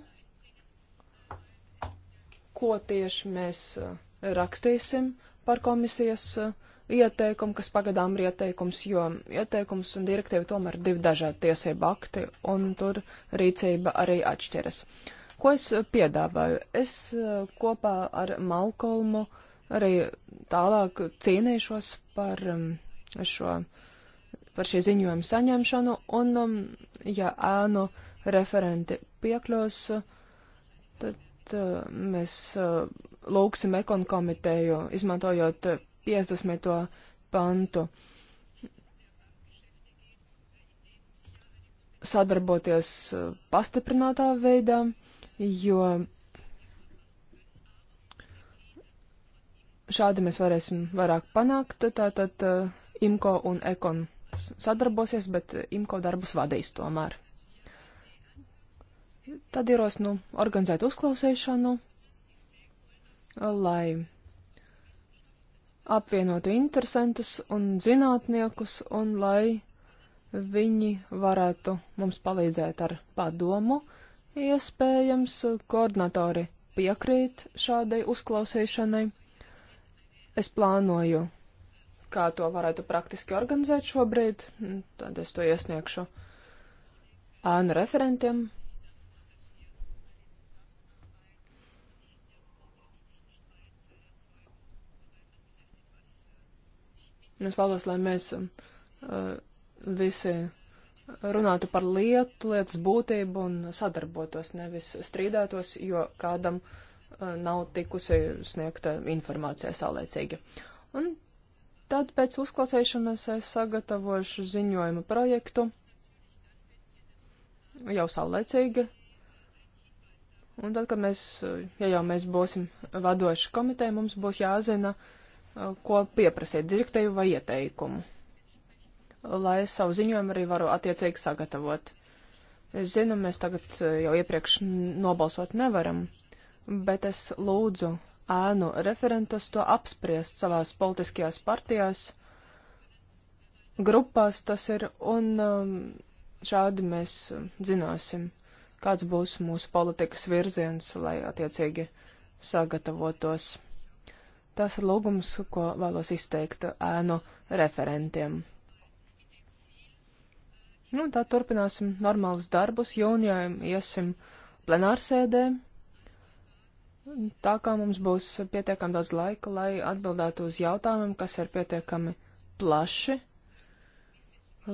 ko tieši mēs uh, rakstīsim par komisijas uh, ieteikumu, kas pagadām ir ieteikums, jo ieteikums un direktīva tomēr ir divi dažādi tiesība akti, un tur rīcība arī atšķiras. Ko es piedāvāju? Es eh, kopā ar Malkolmu arī tālāk cīnīšos par mm, šo, par šī ziņojuma saņemšanu, un, mm, ja ēnu referenti piekļos, tad eh, mēs eh, lūksim ekon komiteju, izmantojot 50. pantu. Sadarboties eh, pastiprinātā veidā, jo šādi mēs varēsim vairāk panākt, tātad eh, IMCO un EKON sadarbosies, bet eh, IMCO darbus vadīs tomēr. Tad ierosinu organizēt uzklausīšanu, lai apvienotu interesantus un zinātniekus, un lai viņi varētu mums palīdzēt ar padomu, iespējams, koordinatori piekrīt šādai uzklausīšanai. Es plānoju, kā to varētu praktiski organizēt šobrīd, tad es to iesniegšu ānu referentiem Un es vēlos, lai mēs uh, visi runātu par lietu, lietas būtību un sadarbotos, nevis strīdētos, jo kādam uh, nav tikusi sniegta informācija saulēcīgi. Un tad pēc uzklausīšanas es sagatavošu ziņojumu projektu jau saulēcīgi. Un tad, kad mēs, uh, ja jau mēs būsim vadoši komiteja, mums būs jāzina, uh, Uh, ko pieprasīt, direktīvu vai ieteikumu, lai savu ziņojumu arī varu attiecīgi sagatavot. Es zinu, mēs tagad uh, jau iepriekš nobalsot nevaram, bet es lūdzu ēnu referentus to apspriest savās politiskajās partijās, grupās tas ir, un um, šādi mēs um, zināsim, kāds būs mūsu politikas virziens, lai attiecīgi sagatavotos. Tas ir lūgums, ko vēlos izteikt ēnu referentiem. Nu, tā turpināsim normālus darbus. Jūnijā iesim plenārsēdē. Tā kā mums būs pietiekami daudz laika, lai atbildētu uz jautājumiem, kas ir pietiekami plaši,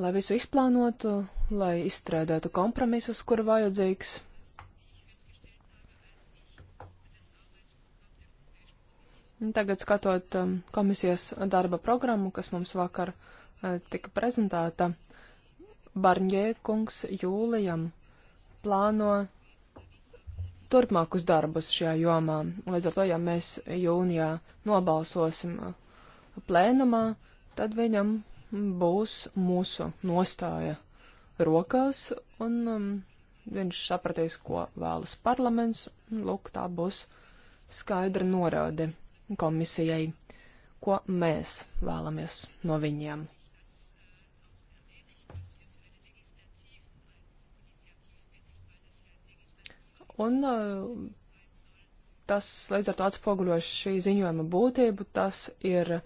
lai visu izplānotu, lai izstrādātu kompromisus, kur vajadzīgs. Tagad skatot um, komisijas darba programmu, kas mums vakar uh, tika prezentēta, Barņē kungs jūlijam plāno turpmākus darbus šajā jomā. Līdz ar to, ja mēs jūnijā nobalsosim uh, plēnumā, tad viņam būs mūsu nostāja rokās, un um, viņš sapratīs, ko vēlas parlaments. Lūk, tā būs skaidra norāde komisijai, ko mēs vēlamies no viņiem. Un eh, tas līdz ar to atspoguļo šī ziņojuma būtību, tas ir eh,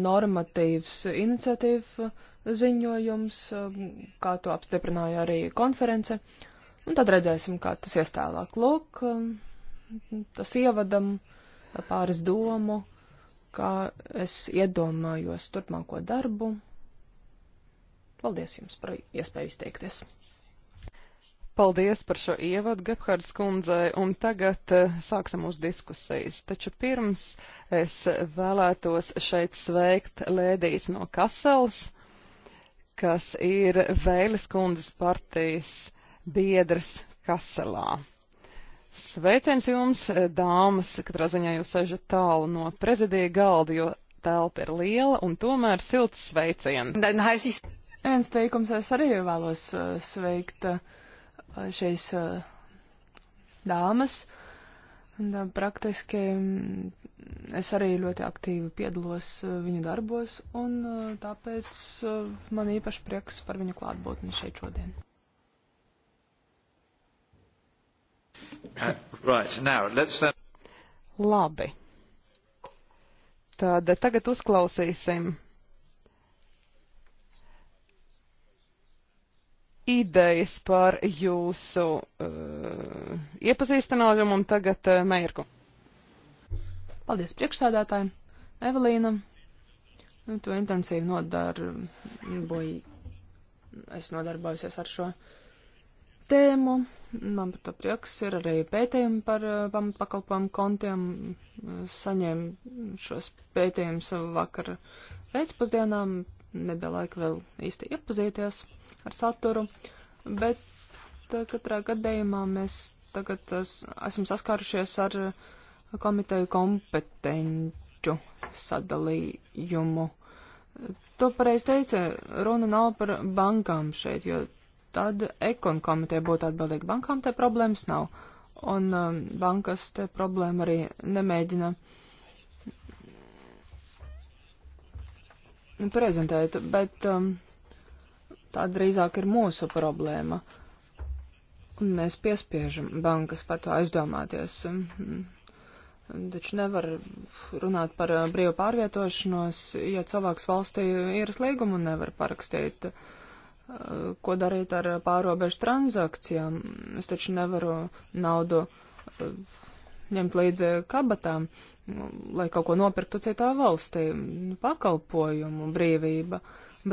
normatīvs iniciatīva ziņojums, eh, kā to apstiprināja arī konference. Un tad redzēsim, kā tas ies tālāk. Lūk, tas ievadam. Uh, pāris domu, kā es iedomājos turpmāko darbu. Paldies jums par iespēju izteikties. Paldies par šo ievadu, Gebhards kundzei, un tagad uh, sāksim mūsu diskusijas. Taču pirms es vēlētos šeit sveikt lēdīs no Kasels, kas ir Vēles kundzes partijas biedrs Kaselā. Sveiciens jums, eh, dāmas, katrā ziņā jūs sežat tālu no prezidija galda, jo telpa ir liela un tomēr silts sveiciens. Viens teikums es arī vēlos eh, sveikt eh, šīs dāmas. Un, praktiski mm, es arī ļoti aktīvi piedalos viņu darbos, un tāpēc man īpaši prieks par viņu klātbūtni šeit šodien. Uh, right, now, let's... Uh, Labi. Tad tagad uzklausīsim idejas par jūsu uh, iepazīstinājumu un tagad uh, Meirku. Paldies priekšsēdētājiem, Evelīnam. Nu, tu intensīvi nodar, boji, es nodarbojusies ar šo uh, tēmu. Man par to prieks ir arī pētījumi par eh, pamatpakalpojumu kontiem. Saņēmu šos pētījumus vakar pēcpusdienām. Nebija laika vēl īsti iepazīties ar saturu, bet eh, katrā gadījumā mēs tagad esam saskārušies ar eh, komiteju kompetenču sadalījumu. To pareiz teica, runa nav par bankām šeit, jo tad ekonu komiteja būtu atbildīga. Bankām te problēmas nav. Un um, bankas te problēma arī nemēģina prezentēt, bet um, tā drīzāk ir mūsu problēma. Un mēs piespiežam bankas par to aizdomāties. Um, Taču nevar runāt par uh, brīvu pārvietošanos, ja cilvēks valstī ir slīgumu un nevar parakstīt uh, ko darīt ar pārobežu transakcijām. Es taču nevaru naudu eh, ņemt līdzi kabatām, lai kaut ko nopirktu citā valstī. Nu, pakalpojumu brīvība,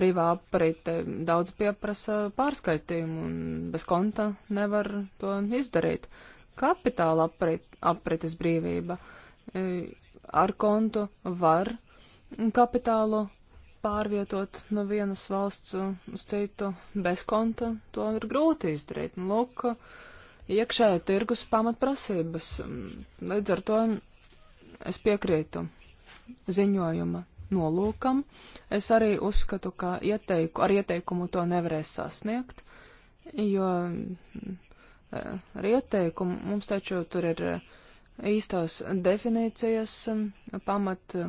brīvā aprite daudz pieprasa pārskaitījumu, un bez konta nevar to izdarīt. Kapitāla aprit, aprites brīvība. Eh, ar kontu var kapitālu pārvietot no vienas valsts uz citu bez konta, to ir grūti izdarīt. Un, nu, lūk, iekšējā tirgus pamatprasības. Līdz ar to es piekrītu ziņojuma nolūkam. Es arī uzskatu, ka ieteiku, ar ieteikumu to nevarēs sasniegt, jo eh, ar ieteikumu mums taču tur ir eh, īstās definīcijas mm, pamat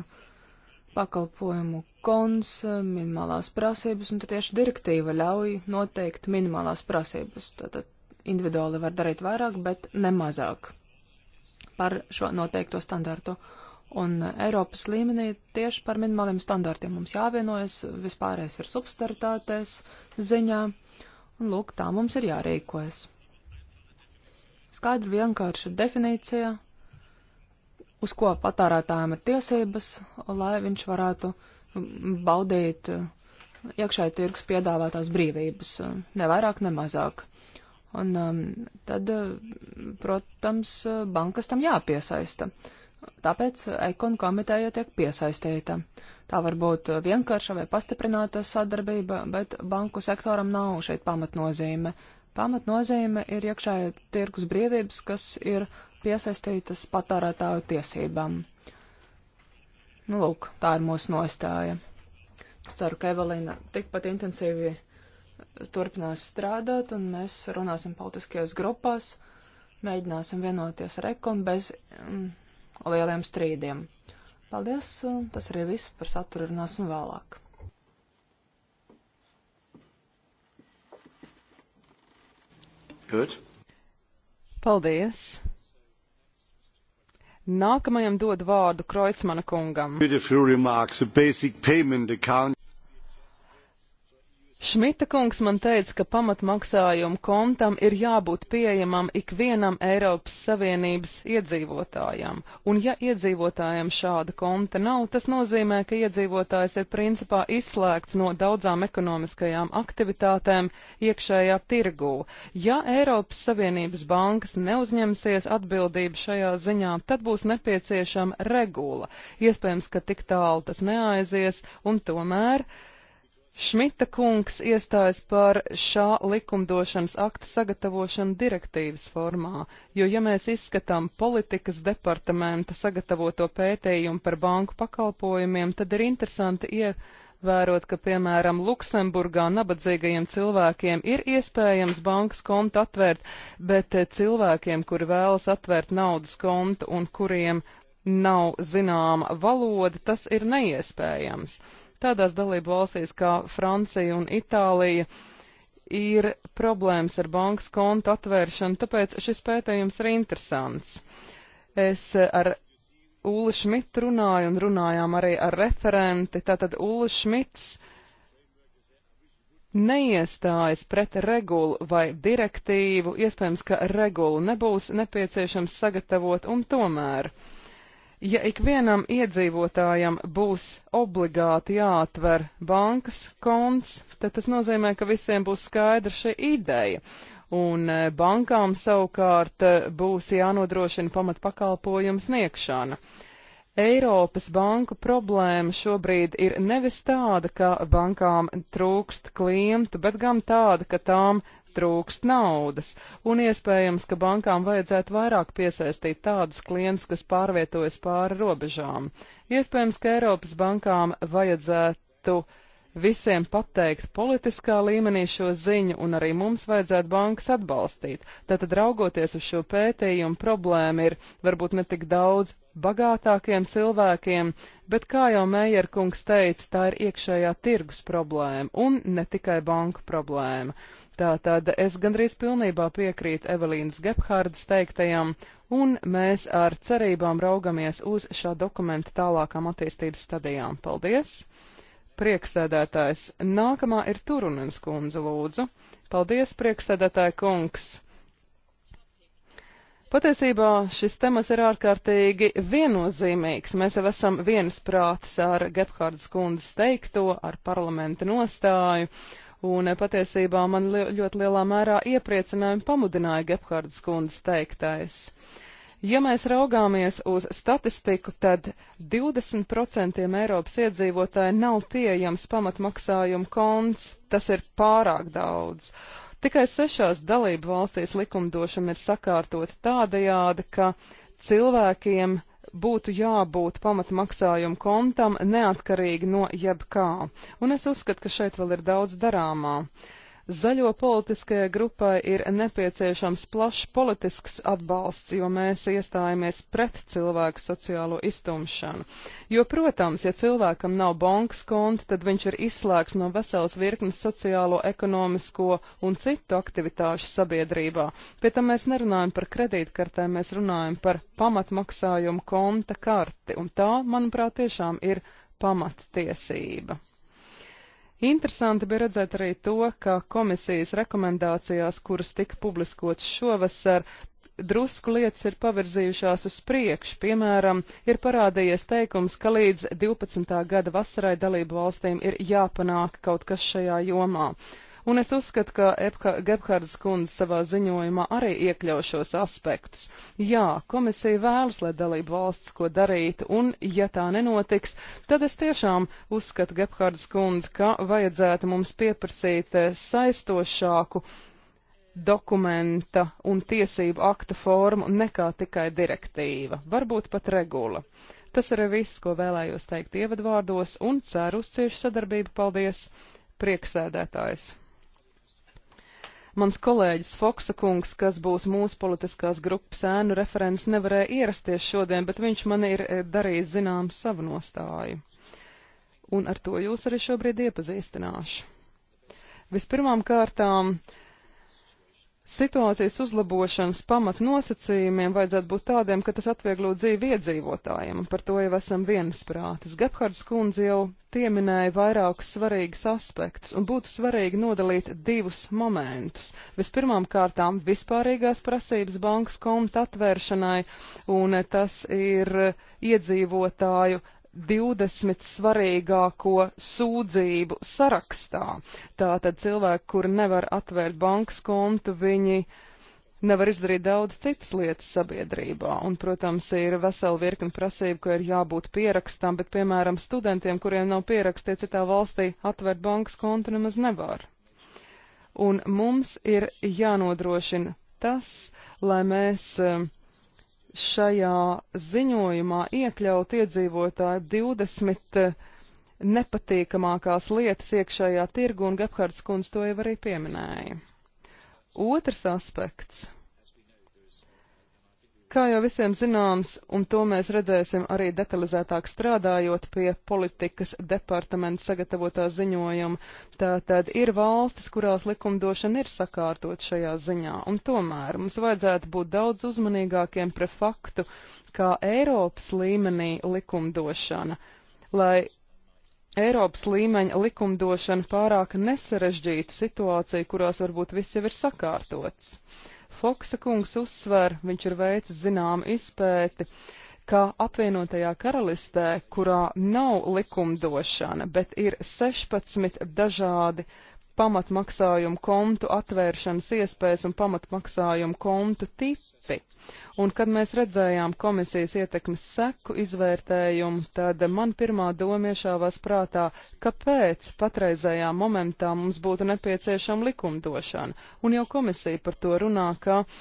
pakalpojumu kons, minimālās prasības, un tad tieši direktīva ļauj noteikt minimālās prasības. Tātad individuāli var darīt vairāk, bet ne mazāk par šo noteikto standārtu. Un Eiropas līmenī tieši par minimāliem standārtiem mums jāvienojas, vispārējais ir substaritātēs ziņā, un lūk, tā mums ir jārīkojas. Skaidra vienkārša definīcija, uz ko patērētājiem ir tiesības, lai viņš varētu baudīt eh, iekšēji tirgus piedāvātās brīvības, eh, ne vairāk, ne mazāk. Un um, tad, eh, protams, bankas tam jāpiesaista. Tāpēc ekon komiteja tiek piesaistīta. Tā var būt vienkārša vai pastiprināta sadarbība, bet banku sektoram nav šeit pamatnozīme. Pamatnozīme ir iekšēja tirgus brīvības, kas ir uh, piesaistītas patērētāju tiesībām. Nu, lūk, tā ir mūsu nostāja. Es ceru, ka Evelīna tikpat intensīvi turpinās strādāt, un mēs runāsim politiskajās grupās, mēģināsim vienoties ar ekom bez mm, lieliem strīdiem. Paldies, un tas arī viss par saturu runāsim vēlāk. Good. Paldies! Nākamajam dod vārdu Kreutzmana kungam. Šmita kungs man teica, ka pamatmaksājumu kontam ir jābūt pieejamam ikvienam Eiropas Savienības iedzīvotājam, un ja iedzīvotājiem šāda konta nav, tas nozīmē, ka iedzīvotājs ir principā izslēgts no daudzām ekonomiskajām aktivitātēm iekšējā tirgū. Ja Eiropas Savienības bankas neuzņemsies atbildību šajā ziņā, tad būs nepieciešama regula. Iespējams, ka tik tālu tas neaizies, un tomēr. Šmita kungs iestājas par šā likumdošanas akta sagatavošanu direktīvas formā, jo, ja mēs izskatām politikas departamenta sagatavoto pētījumu par banku pakalpojumiem, tad ir interesanti ievērot, ka, piemēram, Luksemburgā nabadzīgajiem cilvēkiem ir iespējams bankas kontu atvērt, bet eh, cilvēkiem, kuri vēlas atvērt naudas kontu un kuriem nav zināma valoda, tas ir neiespējams. Tādās dalību valstīs kā Francija un Itālija ir problēmas ar bankas kontu atvēršanu, tāpēc šis pētījums ir interesants. Es ar Ulu Šmitu runāju un runājām arī ar referenti, tātad Ulu Šmits neiestājas pret regulu vai direktīvu, iespējams, ka regulu nebūs nepieciešams sagatavot un tomēr. Ja ikvienam iedzīvotājam būs obligāti jāatver bankas konts, tad tas nozīmē, ka visiem būs skaidra šī ideja. Un e, bankām savukārt e, būs jānodrošina pamatpakalpojumu sniegšana. Eiropas banku problēma šobrīd ir nevis tāda, ka bankām trūkst klientu, bet gan tāda, ka tām trūkst naudas, un iespējams, ka bankām vajadzētu vairāk piesaistīt tādus klientus, kas pārvietojas pāri robežām. Iespējams, ka Eiropas bankām vajadzētu visiem pateikt politiskā līmenī šo ziņu, un arī mums vajadzētu bankas atbalstīt. Tātad, raugoties uz šo pētījumu, problēma ir varbūt ne tik daudz bagātākiem cilvēkiem, bet, kā jau Meijerkungs teica, tā ir iekšējā tirgus problēma un ne tikai banku problēma. Tātad es gandrīz pilnībā piekrītu Evelīnas Gebhārdas teiktajam, un mēs ar cerībām raugamies uz šā dokumenta tālākām attīstības stadijām. Paldies! Prieksēdētājs. Nākamā ir Turunens kundze, lūdzu. Paldies, prieksēdētāja kungs! Patiesībā šis temats ir ārkārtīgi viennozīmīgs. Mēs jau esam viensprātis ar Gebhārdas kundzes teikto, ar parlamenta nostāju un eh, patiesībā man li ļoti lielā mērā iepriecinājumu pamudināja Gebhardas kundas teiktais. Ja mēs raugāmies uz statistiku, tad 20% Eiropas iedzīvotāji nav pieejams pamatmaksājumu konts. Tas ir pārāk daudz. Tikai sešās dalību valstīs likumdošana ir sakārtota tādajādi, ka cilvēkiem būtu jābūt pamatmaksājumu kontam neatkarīgi no jebkā. Un es uzskatu, ka šeit vēl ir daudz darāmā. Uh, Zaļo politiskajai grupai ir nepieciešams plašs politisks atbalsts, jo mēs iestājamies pret cilvēku sociālo iztumšanu. Jo, protams, ja cilvēkam nav bankas konta, tad viņš ir izslēgts no veselas virknes sociālo, ekonomisko un citu aktivitāšu sabiedrībā. Pie tam mēs nerunājam par kredītkartēm, mēs runājam par pamatmaksājumu konta karti, un tā, manuprāt, tiešām ir pamattiesība. Interesanti bija redzēt arī to, ka komisijas rekomendācijās, kuras tika publiskotas šovasar, drusku lietas ir pavirzījušās uz priekšu. Piemēram, ir parādījies teikums, ka līdz 12. gada vasarai dalību valstīm ir jāpanāk kaut kas šajā jomā un es uzskatu, ka Gebhardas kundze savā ziņojumā arī iekļauj šos aspektus. Jā, komisija vēlas, lai dalību valsts ko darītu, un ja tā nenotiks, tad es tiešām uzskatu Gebhardas kundze, ka vajadzētu mums pieprasīt eh, saistošāku dokumenta un tiesību akta formu nekā tikai direktīva, varbūt pat regula. Tas arī viss, ko vēlējos teikt ievadvārdos, un ceru uz ciešu sadarbību. Paldies, prieksēdētājs! Mans kolēģis Foksa kungs, kas būs mūsu politiskās grupas ēnu referents, nevarēja ierasties šodien, bet viņš man ir eh, darījis zinām savu nostāju. Un ar to jūs arī šobrīd iepazīstināšu. Vispirmām kārtām, uh, Situācijas uzlabošanas pamatnosacījumiem vajadzētu būt tādiem, ka tas atvieglo dzīvi iedzīvotājiem, un par to jau esam viensprātis. Gebhards kundze jau pieminēja vairākus svarīgus aspektus, un būtu svarīgi nodalīt divus momentus. Vispirmām kārtām vispārīgās prasības bankas konta atvēršanai, un tas ir iedzīvotāju 20 svarīgāko sūdzību sarakstā. Tātad cilvēki, kuri nevar atvērt bankas kontu, viņi nevar izdarīt daudz citas lietas sabiedrībā. Un, protams, ir vesela virkni prasību, ka ir jābūt pierakstam, bet, piemēram, studentiem, kuriem nav pierakstie citā valstī, atvērt bankas kontu nemaz nevar. Un mums ir jānodrošina tas, lai mēs uh, šajā ziņojumā iekļaut iedzīvotāju 20 eh, nepatīkamākās lietas iekšējā tirgu, un Gephards kundze to jau arī pieminēja. Otrs aspekts Kā jau visiem zināms, un to mēs redzēsim arī detalizētāk strādājot pie politikas departamenta sagatavotā ziņojuma, tātad ir valstis, kurās likumdošana ir sakārtot šajā ziņā, un tomēr mums vajadzētu būt daudz uzmanīgākiem pre faktu, kā Eiropas līmenī likumdošana, lai Eiropas līmeņa likumdošana pārāk nesarežģītu situāciju, kurās varbūt viss jau ir sakārtots. Foksa kungs uzsver, viņš ir veicis zinām izpēti, ka apvienotajā karalistē, kurā nav likumdošana, bet ir 16 dažādi uh, pamatmaksājumu kontu atvēršanas iespējas un pamatmaksājumu kontu tipi. Un, kad mēs redzējām komisijas ietekmes seku izvērtējumu, tad man pirmā doma iešāvās prātā, kāpēc patreizējā momentā mums būtu nepieciešama likumdošana. Un jau komisija par to runā, ka uh,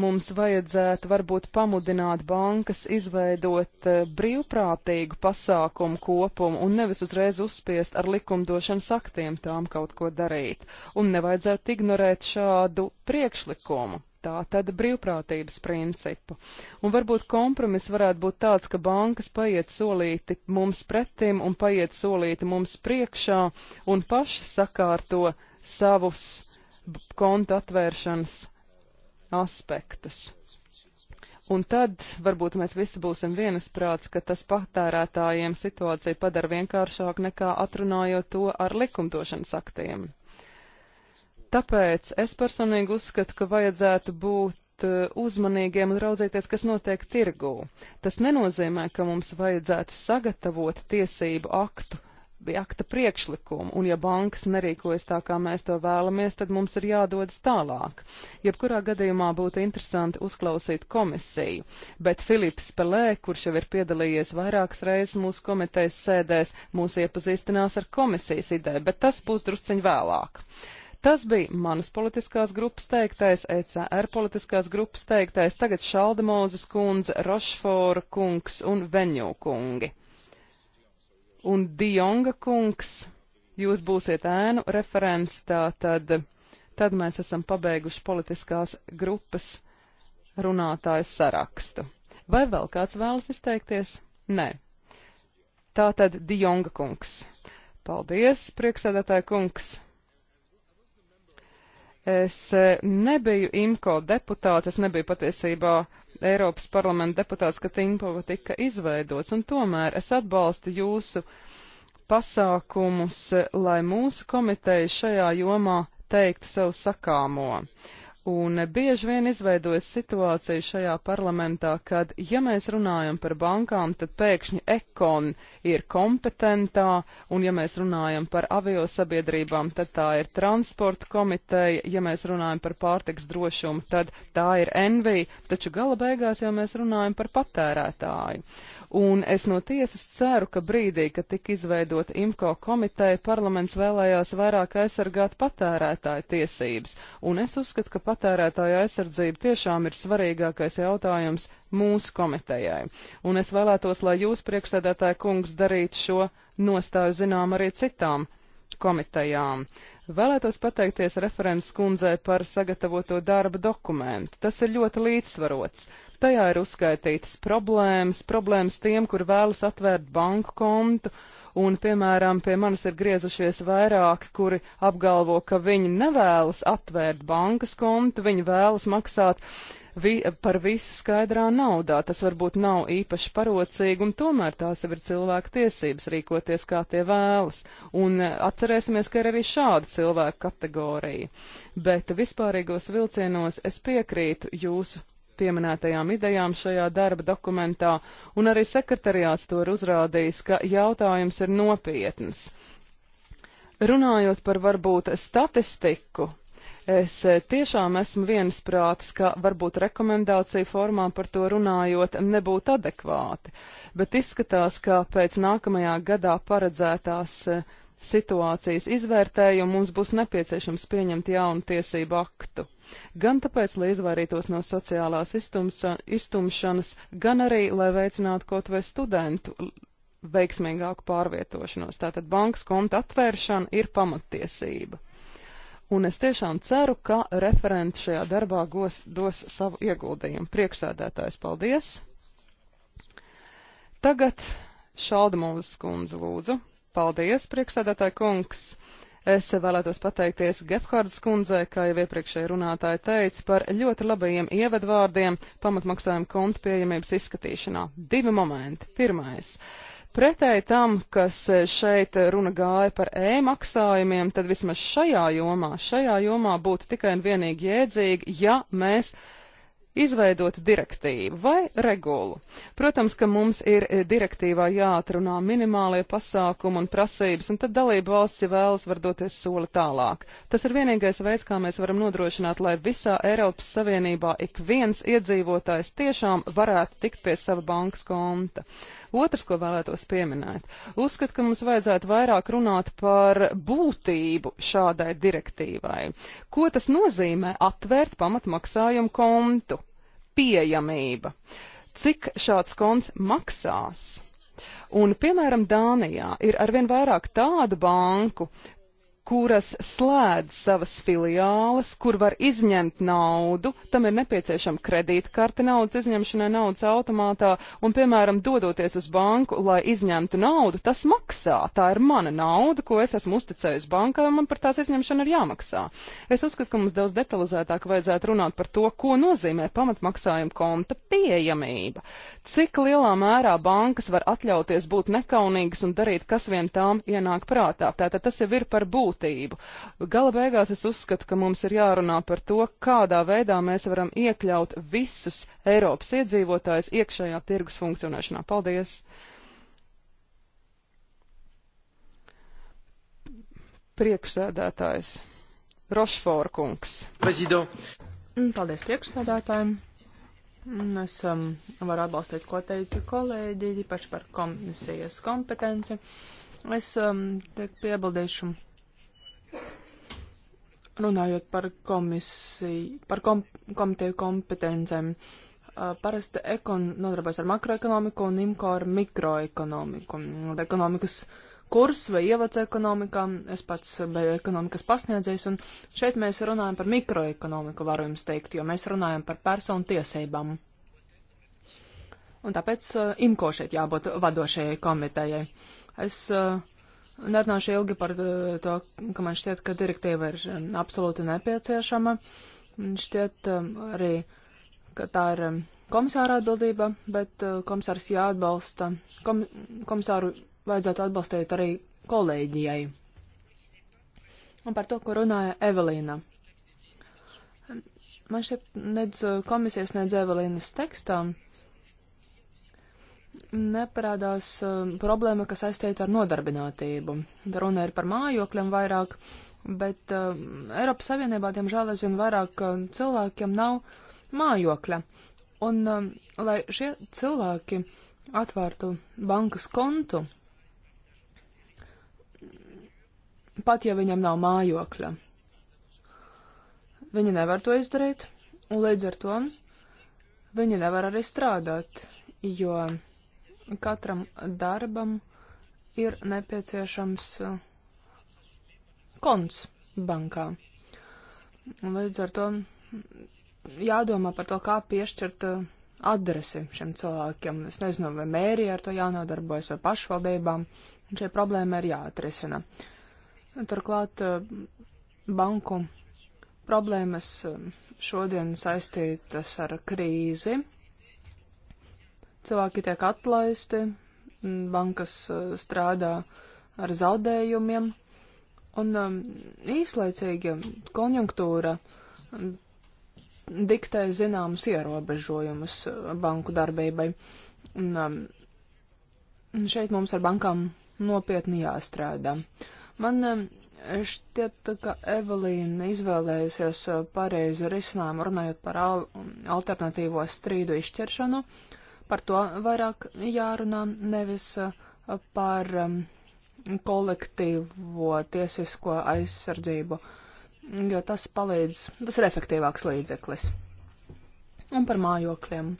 mums vajadzētu varbūt pamudināt bankas izveidot eh, brīvprātīgu pasākumu kopumu un nevis uzreiz uzspiest ar likumdošanas aktiem tām kaut ko darīt. Un nevajadzētu ignorēt šādu priekšlikumu. Tā tad brīvprātības principu. Un varbūt kompromiss varētu būt tāds, ka bankas paiet solīti mums pretim un paiet solīti mums priekšā un paši sakārto savus kontu atvēršanas aspektus. Un tad varbūt mēs visi būsim vienasprāts, ka tas patērētājiem situācija padara vienkāršāk nekā atrunājot to ar likumdošanas aktiem. Tāpēc es personīgi uzskatu, ka vajadzētu būt uh, uzmanīgiem un raudzīties, kas notiek tirgū. Tas nenozīmē, ka mums vajadzētu sagatavot tiesību aktu akta priekšlikumu, un ja bankas nerīkojas tā, kā mēs to vēlamies, tad mums ir jādodas tālāk. Jebkurā gadījumā būtu interesanti uzklausīt komisiju, bet Filips Pelē, kurš jau ir piedalījies vairākas reizes mūsu komitejas sēdēs, mūs iepazīstinās ar komisijas ideju, bet tas būs drusciņ vēlāk. Tas bija manas politiskās grupas teiktais, ECR politiskās grupas teiktais, tagad Šaldemozes kundze, Rošfora kungs un Veņo kungi un Dionga kungs, jūs būsiet ēnu referents, tā tad, tad mēs esam pabeiguši politiskās grupas runātājs sarakstu. Vai vēl kāds vēlas izteikties? Nē. Tā tad Dionga kungs. Paldies, prieksēdētāja kungs. Es eh, nebiju IMCO deputāts, es nebiju patiesībā Eiropas parlamenta deputāts Katinkova tika izveidots, un tomēr es atbalstu jūsu pasākumus, lai mūsu komiteja šajā jomā teiktu sev sakāmo. Un bieži vien izveidojas situācija šajā parlamentā, kad, ja mēs runājam par bankām, tad pēkšņi ekon uh, ir kompetentā, un ja mēs runājam par aviosabiedrībām, tad tā ir transporta komiteja, ja mēs runājam par pārtiks drošumu, tad tā ir NV, taču gala beigās jau mēs runājam par patērētāju. Un es no tiesas ceru, ka brīdī, kad tika izveidota IMCO komiteja, parlaments vēlējās vairāk aizsargāt patērētāju tiesības, un es uzskatu, ka patērētāja aizsardzība tiešām ir svarīgākais jautājums mūsu komitejai. Un es vēlētos, lai jūs, priekšsēdētāja kungs, darīt šo nostāju zinām arī citām komitejām. Vēlētos pateikties referents kundzei par sagatavoto darba dokumentu. Tas ir ļoti līdzsvarots. Tajā ir uzskaitītas problēmas, problēmas tiem, kur vēlas atvērt banku kontu, un, piemēram, pie manis ir griezušies vairāki, kuri apgalvo, ka viņi nevēlas atvērt bankas kontu, viņi vēlas maksāt uh, vi, par visu skaidrā naudā. Tas varbūt nav īpaši parocīgi, un tomēr tās jau ir cilvēku tiesības rīkoties, kā tie vēlas. Un eh, atcerēsimies, ka ir arī šāda cilvēku kategorija. Bet vispārīgos vilcienos es piekrītu jūsu pieminētajām idejām šajā darba dokumentā, un arī sekretariāts to ir uzrādījis, ka jautājums ir nopietns. Runājot par varbūt statistiku, Es e, tiešām esmu viensprātis, ka varbūt rekomendāciju formā par to runājot nebūtu adekvāti, bet izskatās, ka pēc nākamajā gadā paredzētās e, situācijas izvērtējumu mums būs nepieciešams pieņemt jaunu tiesību aktu gan tāpēc, lai izvairītos no sociālās iztumsa, e, iztumšanas, gan arī, lai veicinātu kaut vai studentu veiksmīgāku pārvietošanos. Tātad bankas konta atvēršana ir pamatiesība un es tiešām ceru, ka referents šajā darbā gos, dos savu ieguldījumu. Priekšsēdētājs, paldies! Tagad šalda mūzes kundze lūdzu. Paldies, priekšsēdētāji kungs! Es vēlētos pateikties Gephardas kundzei, kā jau iepriekšēji runātāji teica, par ļoti labajiem ievadvārdiem pamatmaksājuma konta pieejamības izskatīšanā. Divi momenti. Pirmais. Uh, Pretēji tam, kas eh, šeit eh, runa gāja par e-maksājumiem, tad vismaz šajā jomā, šajā jomā būtu tikai un vienīgi jēdzīgi, ja mēs izveidot direktīvu vai regulu. Protams, ka mums ir e, direktīvā jāatrunā minimālie pasākumi un prasības, un tad dalība valsts, ja vēlas, var doties soli tālāk. Tas ir vienīgais veids, kā mēs varam nodrošināt, lai visā Eiropas Savienībā ik viens iedzīvotājs tiešām varētu tikt pie sava bankas konta. Otrs, ko vēlētos pieminēt, uzskat, ka mums vajadzētu vairāk runāt par būtību šādai direktīvai. Ko tas nozīmē atvērt pamatmaksājumu kontu? pieejamība. Cik šāds konts maksās? Un, piemēram, Dānijā ir arvien vairāk tādu banku, kuras slēdz savas filiāles, kur var izņemt naudu, tam ir nepieciešama kredītkarte naudas izņemšanai naudas automātā, un, piemēram, dodoties uz banku, lai izņemtu naudu, tas maksā. Tā ir mana nauda, ko es esmu uzticējis bankai, un man par tās izņemšanu ir jāmaksā. Es uzskatu, ka mums daudz detalizētāk vajadzētu runāt par to, ko nozīmē pamatsmaksājuma konta pieejamība. Cik lielā mērā bankas var atļauties būt nekaunīgas un darīt, kas vien tām ienāk prātā. Tātad tas jau ir par būtību būtību. Gala beigās es uzskatu, ka mums ir jārunā par to, kādā veidā mēs varam iekļaut visus Eiropas iedzīvotājus iekšējā tirgus funkcionēšanā. Paldies! Priekšsēdētājs Rošfora kungs. Prezident. Paldies priekšsēdētājiem. Es um, varu atbalstīt, ko teica kolēģi, īpaši par komisijas kompetenci. Es um, tiek piebildīšu Runājot par komisiju, par kom, komiteju kompetencēm, parasti ekon nodarbojas ar makroekonomiku un imko ar mikroekonomiku. Ekonomikas kurs vai ievads ekonomikā, es pats biju ekonomikas pasniedzējs, un šeit mēs runājam par mikroekonomiku, varu jums teikt, jo mēs runājam par personu tiesībām. Un tāpēc uh, imko šeit jābūt vadošajai komitejai. Es uh, Nerunāšu ilgi par eh, to, ka man šķiet, ka direktīva ir eh, absolūti nepieciešama. Šķiet eh, arī, ka tā ir komisāra atbildība, bet komisārs jāatbalsta, kom, komisāru vajadzētu atbalstīt arī kolēģijai. Un par to, ko runāja Evelīna. Man šķiet, nedz komisijas, nedz Evelīnas tekstām neparādās um, problēma, kas aizstīta ar nodarbinātību. Runa ir par mājokļiem vairāk, bet um, Eiropas Savienībā, diemžēl, aizvien vairāk um, cilvēkiem nav mājokļa. Un, lai šie cilvēki atvērtu bankas kontu, pat ja viņam nav mājokļa, viņi nevar to izdarīt, un līdz ar to viņi nevar arī strādāt, jo Katram darbam ir nepieciešams eh, konts bankā. Līdz ar to jādomā par to, kā piešķirt eh, adresi šiem cilvēkiem. Es nezinu, vai mērija ar to jānodarbojas vai pašvaldībām. Šie problēma ir jāatrisina. Turklāt eh, banku problēmas šodien saistītas ar krīzi Cilvēki tiek atlaisti, bankas eh, strādā ar zaudējumiem, un um, īslaicīgi konjunktūra um, diktē zināmus ierobežojumus eh, banku darbībai. Um, un, šeit mums ar bankām nopietni jāstrādā. Man šķiet, ka Evelīna izvēlējusies eh, pareizu risinājumu runājot par al alternatīvo strīdu izšķiršanu. Uh, Par to vairāk jārunā, nevis uh, par um, kolektīvo tiesisko aizsardzību, jo tas palīdz, tas ir efektīvāks līdzeklis. Un par mājokļiem.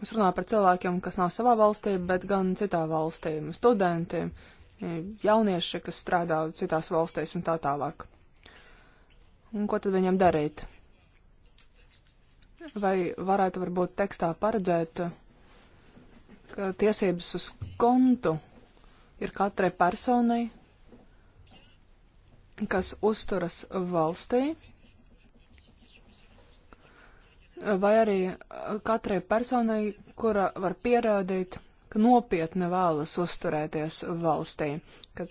Es runāju par cilvēkiem, kas nav savā valstī, bet gan citā valstī - studentiem, jaunieši, kas strādā citās valstīs un tā tālāk. Un ko tad viņam darīt? Vai varētu varbūt tekstā paredzēt, ka tiesības uz kontu ir katrai personai, kas uzturas valstī, vai arī katrai personai, kura var pierādīt, ka nopietni vēlas uzturēties valstī, ka,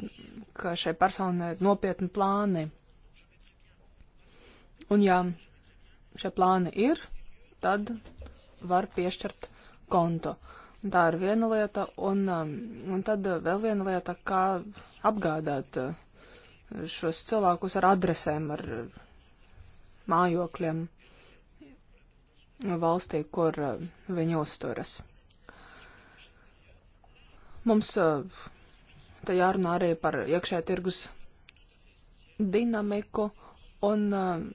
ka šai personai ir nopietni plāni. Un ja šie plāni ir, tad var piešķirt kontu. Tā ir viena lieta, un, um, un tad vēl viena lieta, kā apgādāt uh, šos cilvēkus ar adresēm, ar uh, mājokļiem valstī, kur uh, viņi uzturas. Mums te jārunā arī par iekšē tirgus dinamiku un uh,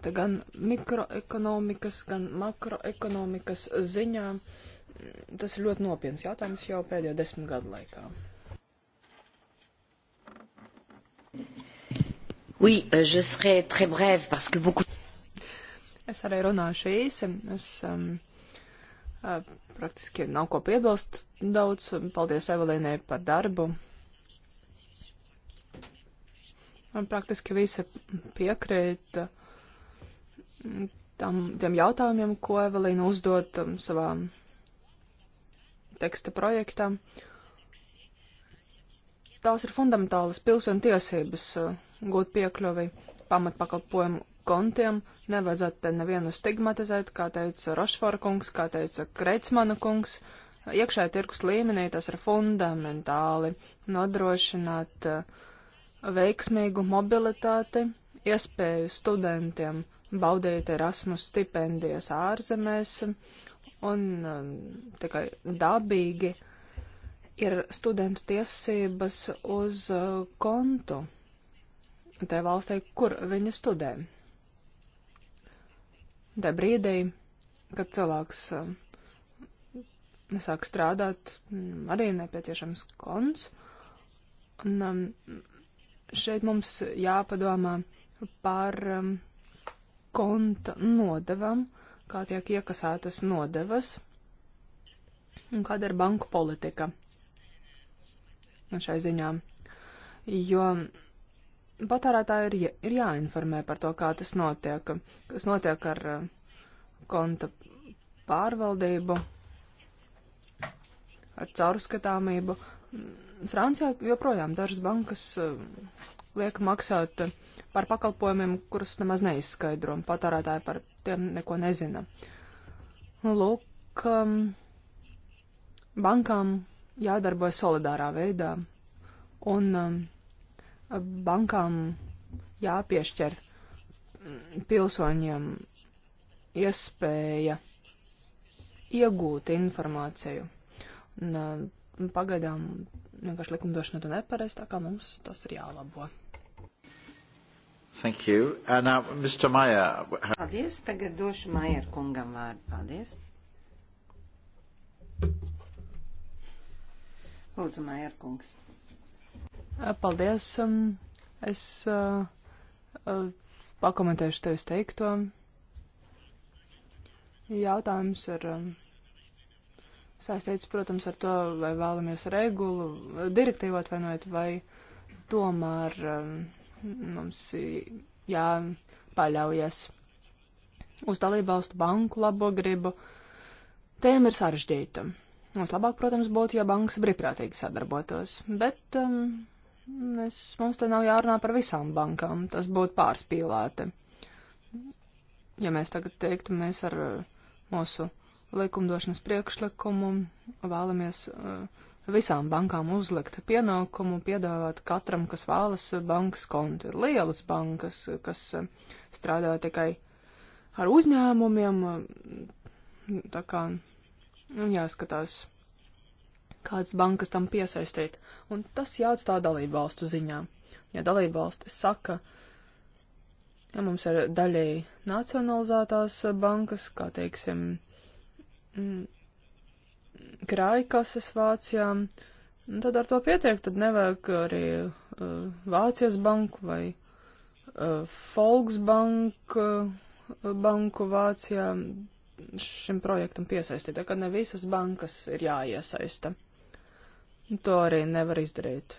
te gan mikroekonomikas, gan makroekonomikas ziņā. Mm, tas ir ļoti nopietns jautājums jau pēdējo desmit gadu laikā. Oui, euh, je serai très brève parce que beaucoup. Es arī runāšu īsi. Es um, uh, praktiski nav ko piebilst daudz. Paldies Evelīnai par darbu. Un praktiski visi piekrīta. Uh, tam, tiem jautājumiem, ko Evelīna uzdod um, savā teksta projektā. Tās ir fundamentālas pilsēnu tiesības uh, gūt piekļuvi pamatpakalpojumu kontiem. Nevajadzētu te nevienu stigmatizēt, kā teica Rošfora kungs, kā teica Kreitsmana kungs. Iekšē tirkus līmenī tas ir fundamentāli nodrošināt uh, veiksmīgu mobilitāti, iespēju studentiem baudīt Erasmus stipendijas ārzemēs, un um, tikai dabīgi ir studentu tiesības uz uh, kontu tajā valstī, kur viņi studē. Tā brīdī, kad cilvēks um, sāk strādāt, mm, arī nepieciešams konts. Un um, šeit mums jāpadomā par konta nodevam, kā tiek iekasētas nodevas un kāda ir banku politika nu, šai ziņā. Jo patērētāji ir, ir jāinformē par to, kā tas notiek, kas notiek ar uh, konta pārvaldību, ar caurskatāmību. Francijā joprojām dažas bankas uh, liek maksāt uh, par pakalpojumiem, kurus nemaz neizskaidro, un patērētāji par tiem neko nezina. Nu, lūk, um, bankām jādarbojas solidārā veidā, un um, bankām jāpiešķir mm, pilsoņiem iespēja iegūt informāciju. Un, um, pagaidām vienkārši likumdošana to nepareiz, tā kā mums tas ir jālabo. Thank you. Uh, now, Mr. Mayer. Paldies. Tagad došu Mayer kungam vārdu. Paldies. Lūdzu, Mayer kungs. Uh, paldies. Um, es uh, uh, pakomentēšu tevis teikto. Jautājums ir um, saistīts, protams, ar to, vai vēlamies regulu, direktīvu atvainojot, vai tomēr. Um, Mums jāpaļaujas uz dalībvalstu banku labo gribu. Tēma ir sarežģīta. Mums labāk, protams, būtu, ja bankas brīvprātīgi sadarbotos, bet um, es, mums te nav jārunā par visām bankām, tas būtu pārspīlēti. Ja mēs tagad teiktu, mēs ar uh, mūsu likumdošanas priekšlikumu vēlamies uh, visām bankām uzlikt pienākumu piedāvāt katram, kas vēlas bankas kontu. Ir lielas bankas, kas eh, strādā tikai ar uzņēmumiem, eh, tā kā nu, jāskatās, kādas bankas tam piesaistīt. Un tas jāatstā dalību valstu ziņā. Ja dalību valsti saka, ja mums ir daļēji nacionalizētās bankas, kā teiksim, mm, krājkases Vācijā. Un tad ar to pietiek, tad nevajag arī uh, Vācijas banku vai uh, eh, Volksbanku uh, eh, banku Vācijā šim projektam piesaistīt, tā kā ne visas bankas ir jāiesaista. Un to arī nevar izdarīt.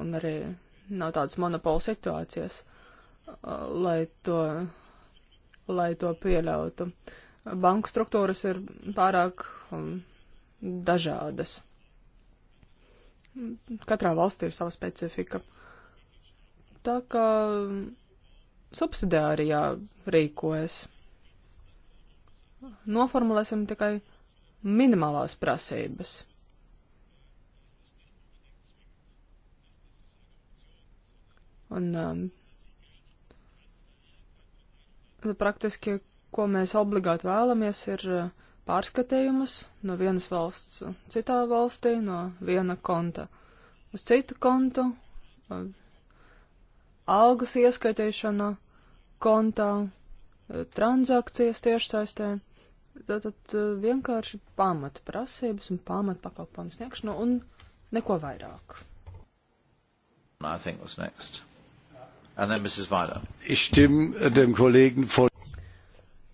Un arī nav tādas monopola situācijas, uh, lai to, lai to pieļautu. Banku struktūras ir pārāk um, dažādas. Katrā valstī ir sava specifika. Tā kā subsidiārijā rīkojas. Noformulēsim tikai minimālās prasības. Un um, praktiski, ko mēs obligāti vēlamies, ir uh, pārskatījumus no vienas valsts citā valstī, no viena konta uz citu kontu, eh, algas ieskaitīšana kontā, eh, transakcijas tiešsaistē. Tātad eh, vienkārši pamata prasības un pamata pakalpojumu sniegšana un neko vairāk. I think was next. And then Mrs. Weiler. Ich stimme dem Kollegen voll.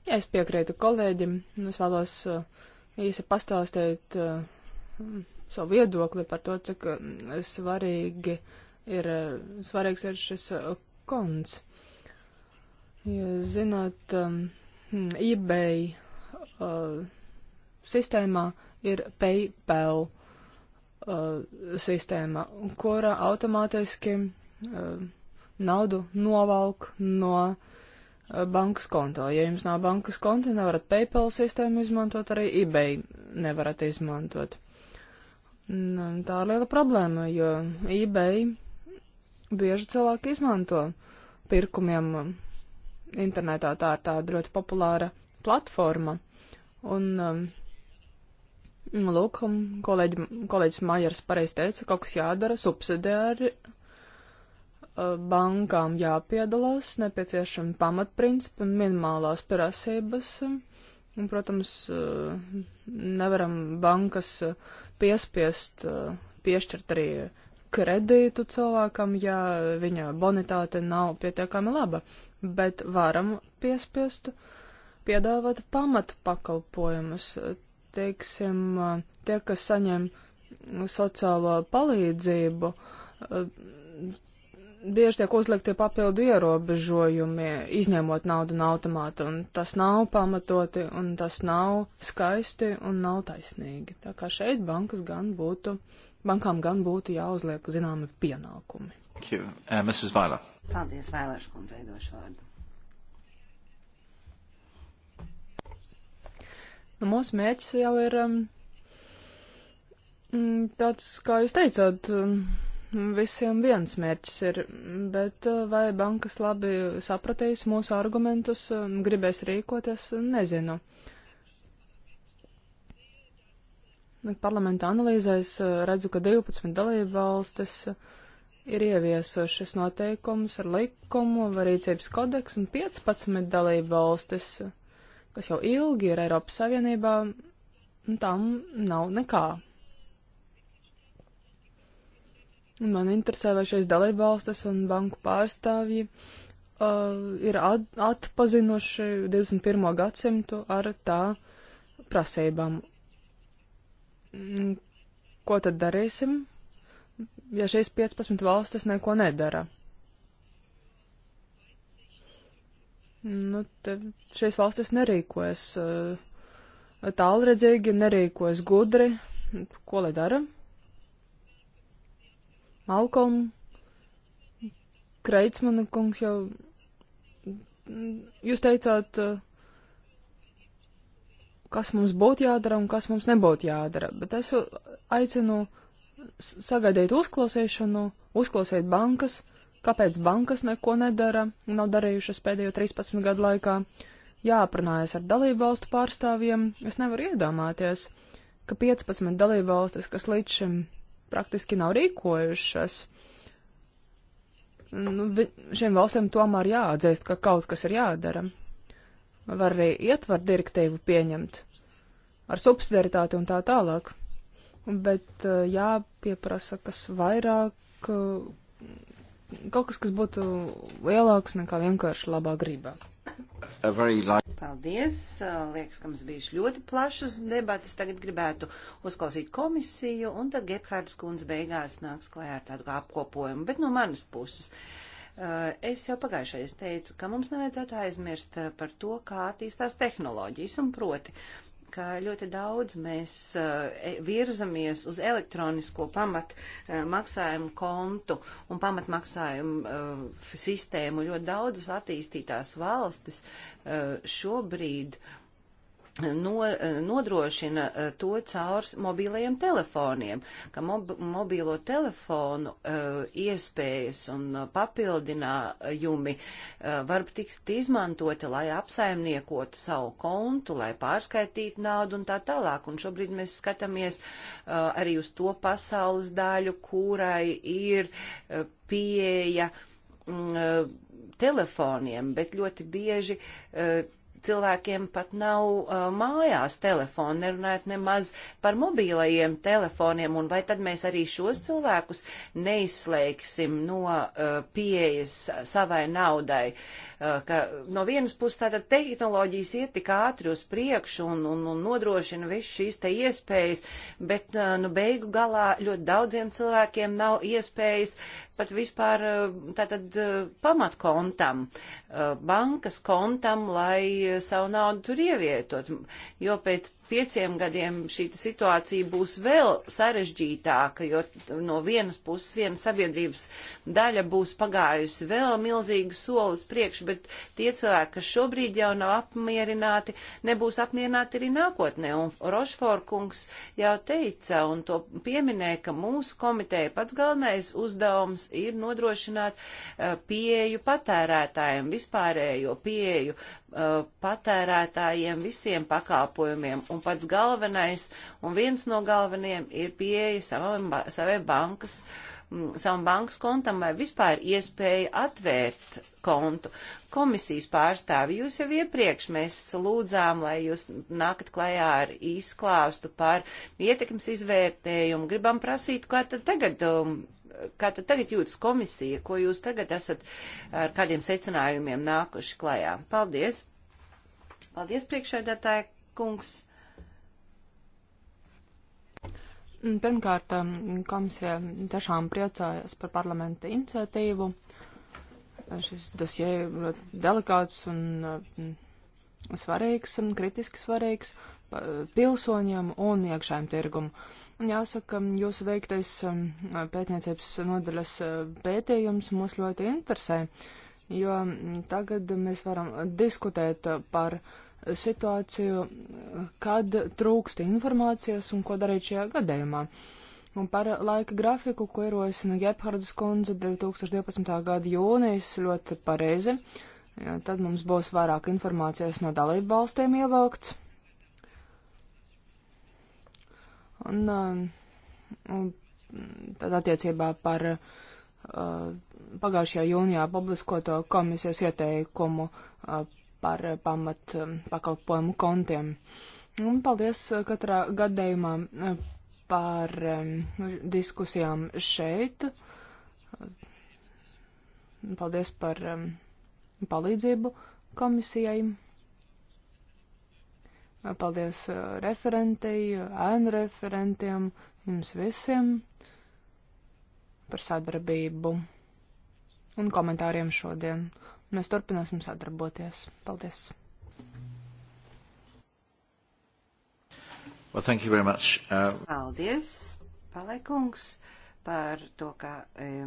Jā, es piekrītu kolēģim, un es vēlos uh, īsi pastāstīt uh, savu viedokli par to, cik uh, svarīgi ir, svarīgs ir šis konts. Ja zināt, um, eBay sistēmā ir PayPal sistēma, kura automātiski naudu novalk no uh, Uh, bankas konto. Ja jums nav bankas konta, nevarat PayPal sistēmu izmantot, arī eBay nevarat izmantot. Nu, tā ir liela problēma, jo eBay bieži cilvēki izmanto pirkumiem internetā. Tā ir tāda ļoti populāra platforma. Un, um, lūk, kolēģi, kolēģis Majers pareiz teica, kaut kas jādara subsidiāri Uh, bankām jāpiedalās, nepieciešami pamatprincipi un minimālās prasības. Un, protams, uh, nevaram bankas uh, piespiest, piešķirt arī kredītu cilvēkam, ja viņa bonitāte nav pietiekami laba, bet varam piespiest piedāvāt pamatu pakalpojumus. Teiksim, tie, kas saņem sociālo palīdzību, bieži tiek uzlikti papildu ierobežojumi, izņemot naudu no automāta, un tas nav pamatoti, un tas nav skaisti un nav taisnīgi. Tā kā šeit bankas gan būtu, bankām gan būtu jāuzliek zināmi pienākumi. Thank you. Uh, Mrs. Vailer. Paldies, Vailers kundzei došu vārdu. Nu, mūsu mērķis jau ir um, mm, tāds, kā jūs teicāt, um, visiem viens mērķis ir, bet eh, vai bankas labi sapratījusi mūsu argumentus, eh, gribēs rīkoties, nezinu. Parlamenta analīzēs eh, redzu, ka 12 dalību valstis ir ieviesušas noteikumus ar likumu vai rīcības kodeksu, un 15 dalību valstis, kas jau ilgi ir Eiropas Savienībā, tam nav nekā. Man interesē, vai šīs dalībvalstis un banku pārstāvji uh, ir at atpazinuši 21. gadsimtu ar tā prasībām. Mm, ko tad darīsim, ja šīs 15 valstis neko nedara? Nu, šīs valstis nerīkojas uh, tālredzīgi, nerīkojas gudri. Ko lai dara? Malkolm, Kreitsmana kungs jau. Jūs teicāt, eh, kas mums būtu jādara un kas mums nebūtu jādara, bet es aicinu sagaidīt uzklausīšanu, uzklausīt bankas, kāpēc bankas neko nedara, nav darījušas pēdējo 13 gadu laikā, jāaprunājas ar dalību valstu pārstāvjiem. Es nevaru iedomāties, ka 15 dalību valstis, kas līdz šim praktiski nav rīkojušas. Nu, šiem valstīm tomēr jāatdzīst, ka kaut kas ir jādara. Var arī ietvar direktīvu pieņemt ar subsidiaritāti un tā tālāk. Bet eh, jāpieprasa, kas vairāk eh, kaut kas, kas būtu lielāks nekā vienkārši labā grība. Paldies! Uh, liekas, ka mums bija ļoti plašas debatas. Tagad gribētu uzklausīt komisiju, un tad Gebhārdas kundze beigās nāks klajā ar tādu kā apkopojumu, bet no manas puses. Uh, es jau pagājušajā teicu, ka mums nevajadzētu aizmirst par to, kā attīstās tehnoloģijas, un proti ka ļoti daudz mēs eh, e, virzamies uz elektronisko pamat eh, maksājumu kontu un pamat maksājumu eh, sistēmu. Ļoti daudzas attīstītās valstis šobrīd no, nodrošina eh, to caur mobīlajiem telefoniem, ka mob, mobīlo telefonu uh, iespējas un papildinājumi uh, var tikt izmantoti, lai apsaimniekotu savu kontu, lai pārskaitītu naudu un tā tālāk. Un šobrīd mēs skatāmies uh, arī uz to pasaules daļu, kurai ir pieeja mm, telefoniem, bet ļoti bieži uh, cilvēkiem pat nav uh, mājās telefoni, nerunājot nemaz par mobīlajiem telefoniem, un vai tad mēs arī šos cilvēkus neizslēgsim no uh, pieejas savai naudai, uh, ka no vienas puses tātad tehnoloģijas iet tik ātri uz priekšu un, un, un nodrošina visu šīs te iespējas, bet uh, nu beigu galā ļoti daudziem cilvēkiem nav iespējas pat vispār uh, tātad uh, pamatkontam, uh, bankas kontam, lai savu naudu tur ievietot, jo pēc pieciem gadiem šī situācija būs vēl sarežģītāka, jo no vienas puses viena sabiedrības daļa būs pagājusi vēl milzīgu soli uz priekšu, bet tie cilvēki, kas šobrīd jau nav apmierināti, nebūs apmierināti arī nākotnē. Un Rošforkungs jau teica un to pieminēja, ka mūsu komiteja pats galvenais uzdevums ir nodrošināt uh, pieju patērētājiem, vispārējo pieju uh, patērētājiem visiem pakalpojumiem. Un un pats galvenais un viens no galvenajiem ir pieeja savam, savai bankas savam bankas kontam vai vispār iespēja atvērt kontu. Komisijas pārstāvi, jūs jau iepriekš mēs lūdzām, lai jūs nākat klajā ar izklāstu par ietekmes izvērtējumu. Gribam prasīt, kā tad tagad um, kā tad tagad jūtas komisija, ko jūs tagad esat ar kādiem secinājumiem nākuši klajā? Paldies! Paldies, priekšēdētāja kungs! Mm, pirmkārt, um, komisija tiešām priecājas par parlamenta iniciatīvu. Uh, šis dosie ir delikāts un uh, svarīgs, kritiski svarīgs pilsoņiem un iekšējiem tirgumam. Jāsaka, um, jūsu veiktais um, pētniecības nodaļas uh, pētījums mūs ļoti interesē, jo mm, tagad mēs varam diskutēt par uh, situāciju, kad trūkst informācijas un ko darīt šajā gadījumā. Un par laika grafiku, ko ierosina Gebhardas kundze 2012. gada jūnijas, ļoti pareizi. Ja, tad mums būs vairāk informācijas no dalību valstīm ievilkts. Un, uh, un tad attiecībā par uh, pagājušajā jūnijā publiskoto komisijas ieteikumu uh, par eh, pamat eh, pakalpojumu kontiem. Un paldies eh, katrā gadījumā par diskusijām šeit. Paldies par palīdzību komisijai. Paldies referentei, ēnu referentiem, jums visiem par sadarbību un komentāriem šodien. Mēs turpināsim sadarboties. Paldies! Well, thank you very much. Uh... Paldies, Palaikungs, par to, ka e,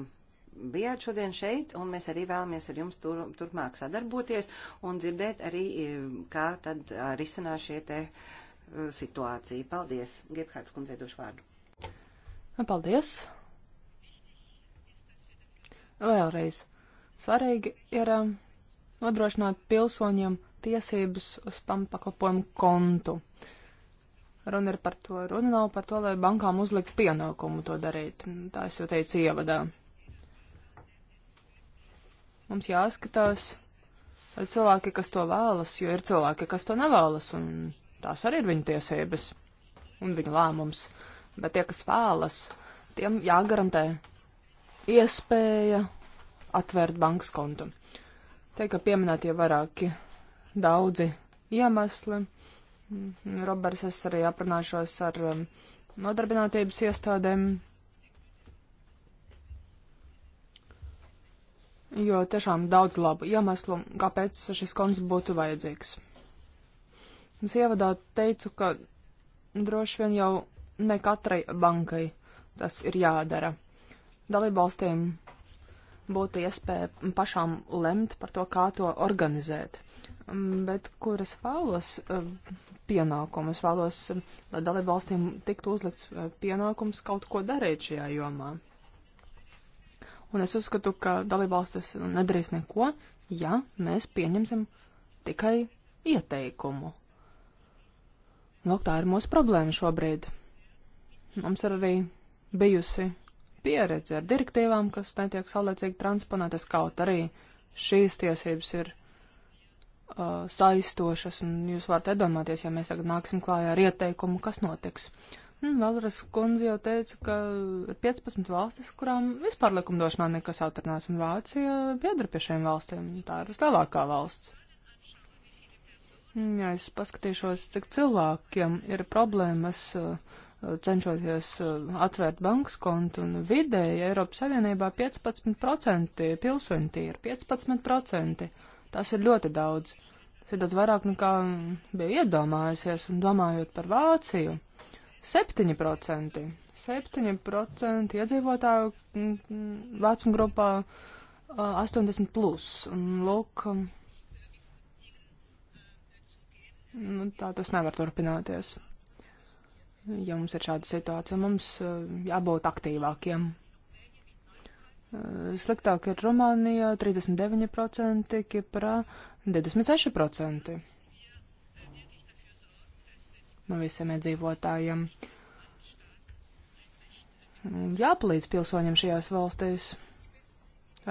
bijāt šodien šeit, un mēs arī vēlamies ar jums tur, turpmāk sadarboties un dzirdēt arī, e, kā tad risinās šie te e, situācija. Paldies, Gebhārds kundzei došu vārdu. Paldies. Vēlreiz Svarīgi ir um, nodrošināt pilsoņiem tiesības uz pamatpakalpojumu kontu. Runa ir par to, runa nav par to, lai bankām uzlikt pienākumu to darīt. Tā es jau teicu ievadā. Mums jāskatās cilvēki, kas to vēlas, jo ir cilvēki, kas to nevēlas, un tās arī ir viņa tiesības un viņa lēmums. Bet tie, kas vēlas, tiem jāgarantē iespēja atvērt bankas kontu. Teika pieminētie vairāki daudzi iemesli. Mm, Roberts, es arī aprunāšos ar um, nodarbinātības iestādēm, jo tiešām daudz labu iemeslu, kāpēc šis konts būtu vajadzīgs. Es ievadā teicu, ka droši vien jau ne katrai bankai tas ir jādara. Dalībvalstīm būtu iespēja pašām lemt par to, kā to organizēt. Mm, bet kur es vēlos eh, pienākumu? Es vēlos, eh, lai dalību valstīm tiktu uzlikts eh, pienākums kaut ko darīt šajā jomā. Un es uzskatu, ka dalību valstis nedarīs neko, ja mēs pieņemsim tikai ieteikumu. Lūk, tā ir mūsu problēma šobrīd. Mums ir arī bijusi pieredzi ar direktīvām, kas netiek saulēcīgi transponētas, kaut arī šīs tiesības ir uh, saistošas, un jūs varat iedomāties, ja mēs tagad nāksim klājā ar ieteikumu, kas notiks. Un Valras kundze jau teica, ka ir 15 valstis, kurām vispār likumdošanā nekas atrinās, un Vācija biedra pie šiem valstīm, tā ir vislielākā valsts. Ja es paskatīšos, cik cilvēkiem ir problēmas eh, cenšoties eh, atvērt bankas kontu un vidēji Eiropas Savienībā 15% pilsoņu tie ir 15%. Tas ir ļoti daudz. Tas ir daudz vairāk nekā bija iedomājusies un domājot par Vāciju. 7%. 7% iedzīvotāju mm, mm, vecuma grupā 80 eh, plus. Un, lūk, Nu, tā tas nevar turpināties. Ja mums ir šāda situācija, mums eh, jābūt aktīvākiem. Eh, sliktāk ir Rumānijā 39%, Kiprā 26% no visiem iedzīvotājiem. Jāpalīdz pilsoņiem šajās valstīs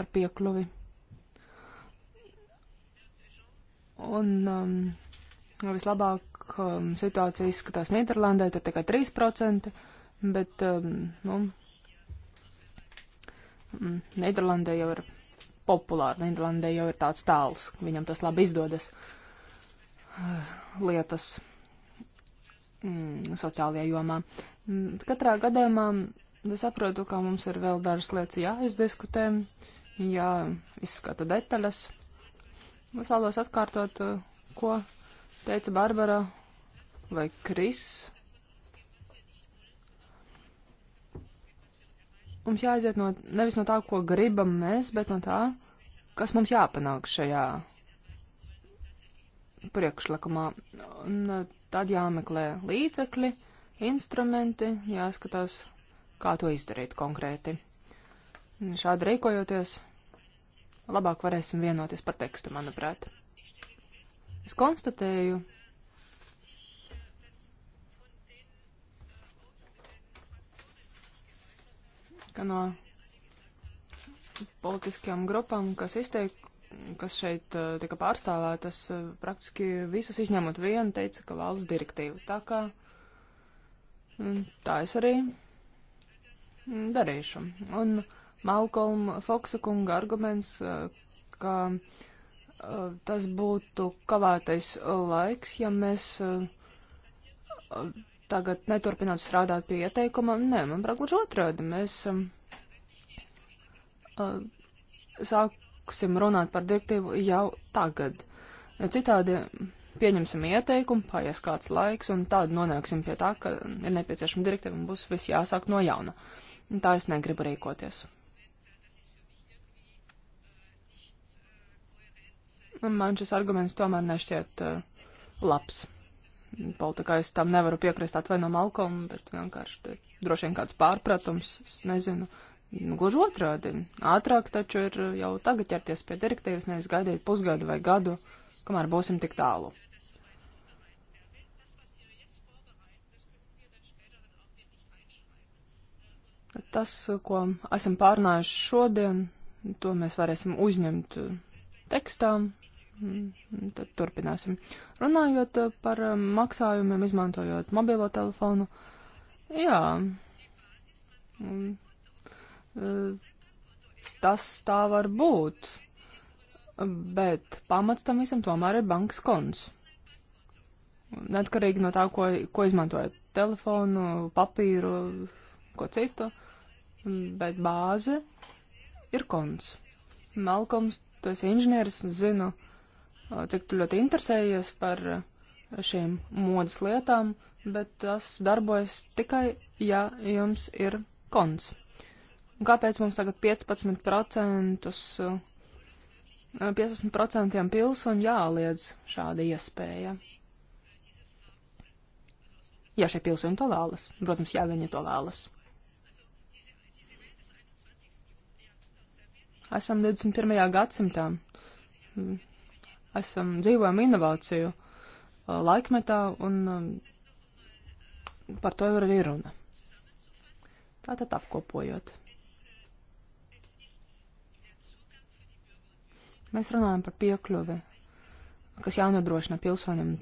ar piekļuvi. Un um, Vislabāk um, situācija izskatās Nīderlandē, tur tikai 3%, bet um, nu, mm, Nīderlandē jau ir populāra, Nīderlandē jau ir tāds tāls, viņam tas labi izdodas uh, lietas mm, sociālajā jomā. Mm, katrā gadījumā es saprotu, ka mums ir vēl dažas lietas jāizdiskutē, jāizskata detaļas. Es vēlos atkārtot, uh, ko teica Barbara vai Kris. Mums jāaiziet no, nevis no tā, ko gribam mēs, bet no tā, kas mums jāpanāk šajā priekšlikumā. Un e, tad jāmeklē līdzekļi, instrumenti, jāskatās, kā to izdarīt konkrēti. Šādi rīkojoties, labāk varēsim vienoties par tekstu, manuprāt. Es konstatēju, ka no politiskajām grupām, kas izteik, kas šeit eh, tika pārstāvētas, eh, praktiski visas izņemot vienu, teica, ka valsts direktīva. Tā kā mm, tā es arī mm, darīšu. Un Malcolm Foksa kunga arguments, eh, ka uh, Eh, tas būtu kavētais laiks, ja mēs eh, tagad neturpinātu strādāt pie ieteikuma. Nē, man prāt, gluži otrādi. Mēs eh, sāksim runāt par direktīvu jau tagad. Citādi pieņemsim ieteikumu, paies kāds laiks, un tādu nonāksim pie tā, ka ir nepieciešama direktīva un būs viss jāsāk no jauna. Tā es negribu rīkoties. Man šis arguments tomēr nešķiet uh, labs. Politikā es tam nevaru piekrist atvaino Malkomu, bet vienkārši droši vien kāds pārpratums, es nezinu. Nu, gluži otrādi, ātrāk taču ir jau tagad ķerties pie direktīvas, nevis gaidīt pusgadu vai gadu, kamēr būsim tik tālu. Tas, ko esam pārnājuši šodien, to mēs varēsim uzņemt tekstām, Mm, tad turpināsim. Runājot par um, maksājumiem, izmantojot mobilo telefonu. Jā. Mm, uh, tas tā var būt. Bet pamats tam visam tomēr ir bankas konts. Neatkarīgi no tā, ko, ko izmantojat - telefonu, papīru, ko citu, bet bāze ir konts. Melkoms, tu esi inženieris, zinu, uh, tik ļoti interesējies par šīm modas lietām, bet tas darbojas tikai, ja jums ir konts. Un kāpēc mums tagad 15%, 15% pilsoņu jāliedz šāda iespēja? Ja šie pilsoņi to vēlas, protams, ja viņi to vēlas. Esam 21. gadsimtā. Esam dzīvojam inovāciju uh, laikmetā, un uh, par to ir arī runa. Tātad apkopojot. Mēs runājam par piekļuvi, kas jānodrošina pilsoņiem.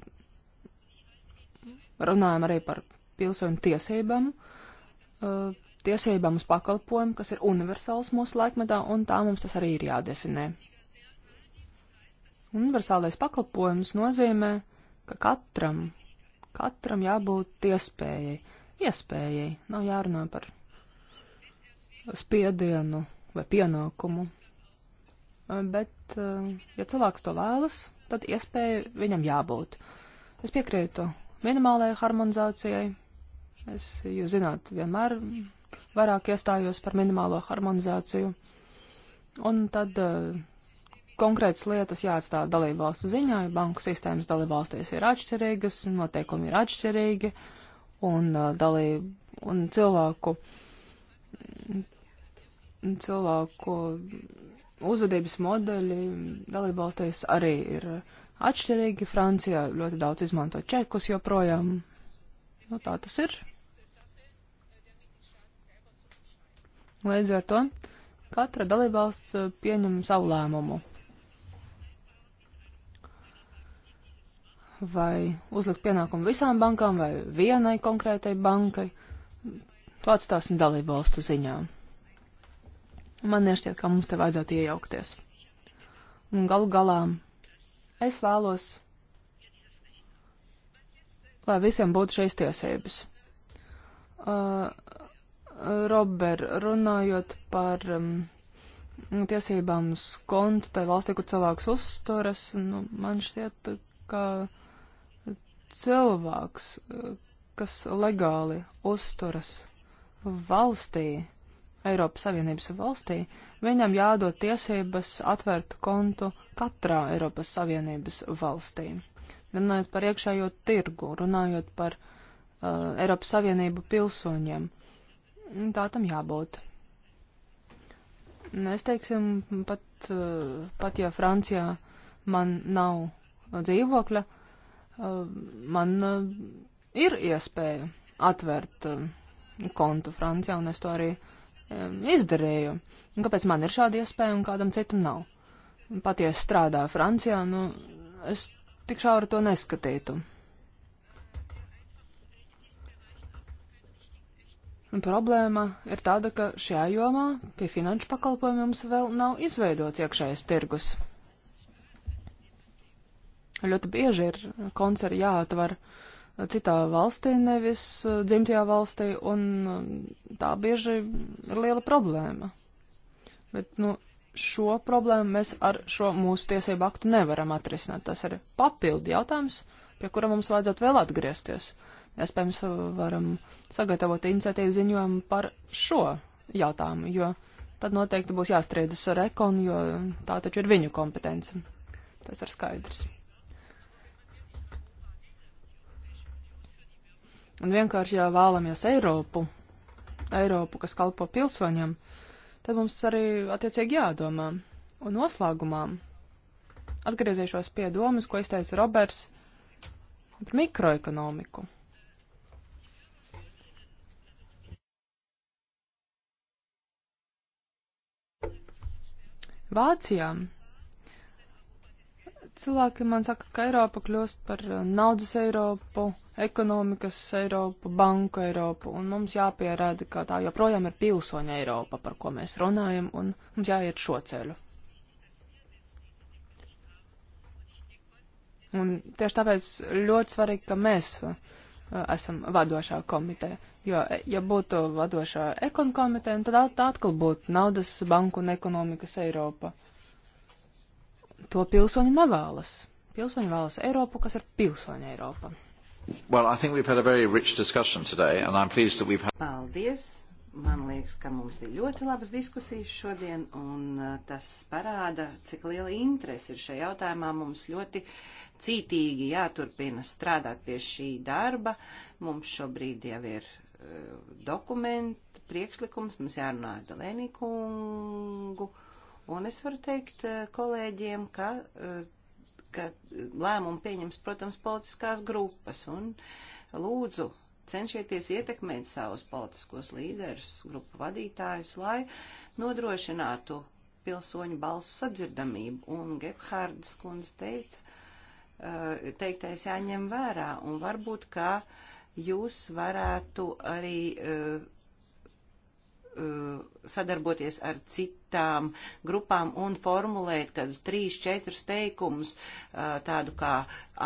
Runājam arī par pilsoņu tiesībām, uh, tiesībām uz pakalpojumu, kas ir universāls mūsu laikmetā, un tā mums tas arī ir jādefinē. Universālais pakalpojums nozīmē, ka katram, katram jābūt iespējai, iespējai, nav jārunā par spiedienu vai pienākumu. Bet, eh, ja cilvēks to vēlas, tad iespēja viņam jābūt. Es piekrītu minimālajai harmonizācijai. Es, jūs zināt, vienmēr vairāk iestājos par minimālo harmonizāciju. Un tad uh, konkrētas lietas jāatstāj dalībvalstu ziņā, jo banku sistēmas dalībvalstīs ir atšķirīgas, noteikumi ir atšķirīgi, un, uh, dalību, un cilvēku, cilvēku uzvedības modeļi dalībvalstīs arī ir atšķirīgi. Francijā ļoti daudz izmanto čekus joprojām. Nu, tā tas ir. Līdz ar to katra dalībvalsts uh, pieņem savu lēmumu. vai uzlikt pienākumu visām bankām vai vienai konkrētai bankai. To atstāsim dalību valstu ziņā. Man nešķiet, ka mums te vajadzētu iejaukties. Un galu galā es vēlos, lai visiem būtu šīs tiesības. Uh, Robert, runājot par um, tiesībām uz kontu, tai valstī, kur cilvēks uzturas, nu, man šķiet, ka cilvēks, eh, kas legāli uzturas valstī, Eiropas Savienības valstī, viņam jādod tiesības atvērt kontu katrā Eiropas Savienības valstī. Runājot par iekšējo tirgu, runājot par uh, Eiropas Savienību pilsoņiem, tā tam jābūt. Es teiksim, pat, uh, pat ja Francijā man nav dzīvokļa, uh, Ehm, man eh, ir iespēja atvērt eh, kontu Francijā, un es to arī ehm, izdarīju. Un kāpēc man ir šāda iespēja un kādam citam nav? Patiesi strādāju Francijā, nu, es tik šauri to neskatītu. Problēma ir tāda, ka šajā jomā pie finanšu pakalpojumiem mums vēl nav izveidots iekšējais tirgus. Ļoti bieži ir konceri jāatver citā valstī, nevis uh, dzimtajā valstī, un uh, tā bieži ir liela problēma. Bet, nu, šo problēmu mēs ar šo mūsu tiesību aktu nevaram atrisināt. Tas ir papildu jautājums, pie kura mums vajadzētu vēl atgriezties. Iespējams, varam sagatavot iniciatīvu ziņojumu par šo jautājumu, jo tad noteikti būs jāstrīdas ar ekonu, jo tā taču ir viņu kompetence. Tas ir skaidrs. un vienkārši, ja vēlamies Eiropu, Eiropu, kas kalpo pilsoņiem, tad mums arī attiecīgi jādomā. Un noslēgumā atgriezīšos pie domas, ko izteica Roberts par mikroekonomiku. Vācijā Cilvēki man saka, ka Eiropa kļūst par eh, naudas Eiropu, ekonomikas Eiropu, banku Eiropu, un mums jāpierāda, ka tā joprojām ir pilsoņa Eiropa, par ko mēs runājam, un mums jāiet šo ceļu. Un tieši tāpēc ļoti svarīgi, ka mēs uh, esam vadošā komiteja. Jo, eh, ja būtu vadošā ekonomika komiteja, tad tā atkal būtu naudas, banku un ekonomikas Eiropa. Uh, to pilsoņi nevēlas. Pilsoņi vēlas Eiropu, kas ir pilsoņa Eiropa. Well, I think we've had a very rich discussion today, and I'm pleased that we've had... Paldies! Man liekas, ka mums bija ļoti labas diskusijas šodien, un uh, tas parāda, cik liela interese ir šajā jautājumā. Mums ļoti cītīgi jāturpina strādāt pie šī darba. Mums šobrīd jau ir uh, dokumenti, priekšlikums, mums jārunā ar Dalēnī kungu. Uh, Un es varu teikt eh, kolēģiem, ka, eh, ka lēmumu pieņems, protams, politiskās grupas. Un lūdzu, cenšieties ietekmēt savus politiskos līderus, grupu vadītājus, lai nodrošinātu pilsoņu balsu sadzirdamību. Un Gebhārdas kundze teica, eh, teiktais jāņem vērā. Un varbūt, ka jūs varētu arī sadarboties ar citu citām grupām un formulēt kādus trīs, četrus teikumus, tādu kā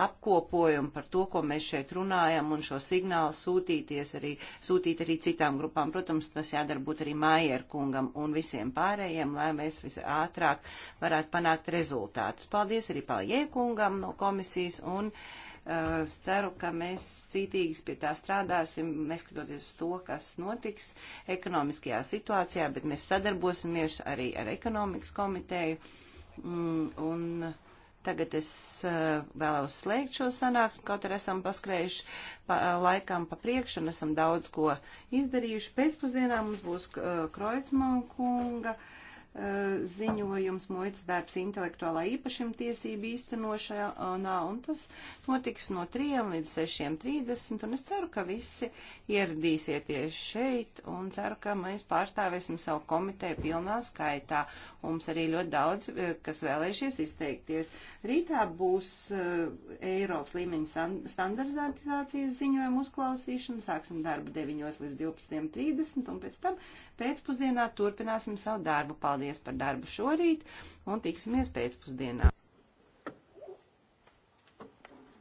apkopojumu par to, ko mēs šeit runājam un šo signālu sūtīties arī, sūtīt arī citām grupām. Protams, tas jādara būt arī Mājierkungam un visiem pārējiem, lai mēs visātrāk varētu panākt rezultātus. Paldies arī Paljēkungam no komisijas un. Uh, Eh, es ceru, ka mēs cītīgi pie tā strādāsim, neskatoties uz to, kas notiks ekonomiskajā situācijā, bet mēs sadarbosimies arī ar ekonomikas komiteju. Mm, un tagad es eh, vēlos slēgt šo sanāksmu, kaut arī esam paskrējuši pa, eh, laikam pa priekšu un esam daudz ko izdarījuši. Pēcpusdienā mums būs Kroicmankunga. Uh, Uh, ziņojums muitas darbs intelektuālā īpašuma tiesība īstenošanā, uh, un tas notiks no 3 līdz 6.30, un es ceru, ka visi ieradīsieties šeit, un ceru, ka mēs pārstāvēsim savu komiteju pilnā skaitā. Mums arī ļoti daudz, uh, kas vēlējušies izteikties. Rītā būs Eiropas līmeņa standartizācijas ziņojuma uzklausīšana, sāksim darbu 9 līdz 12.30, un pēc tam Pēcpusdienā turpināsim savu darbu. Paldies par darbu šorīt un tiksimies pēcpusdienā.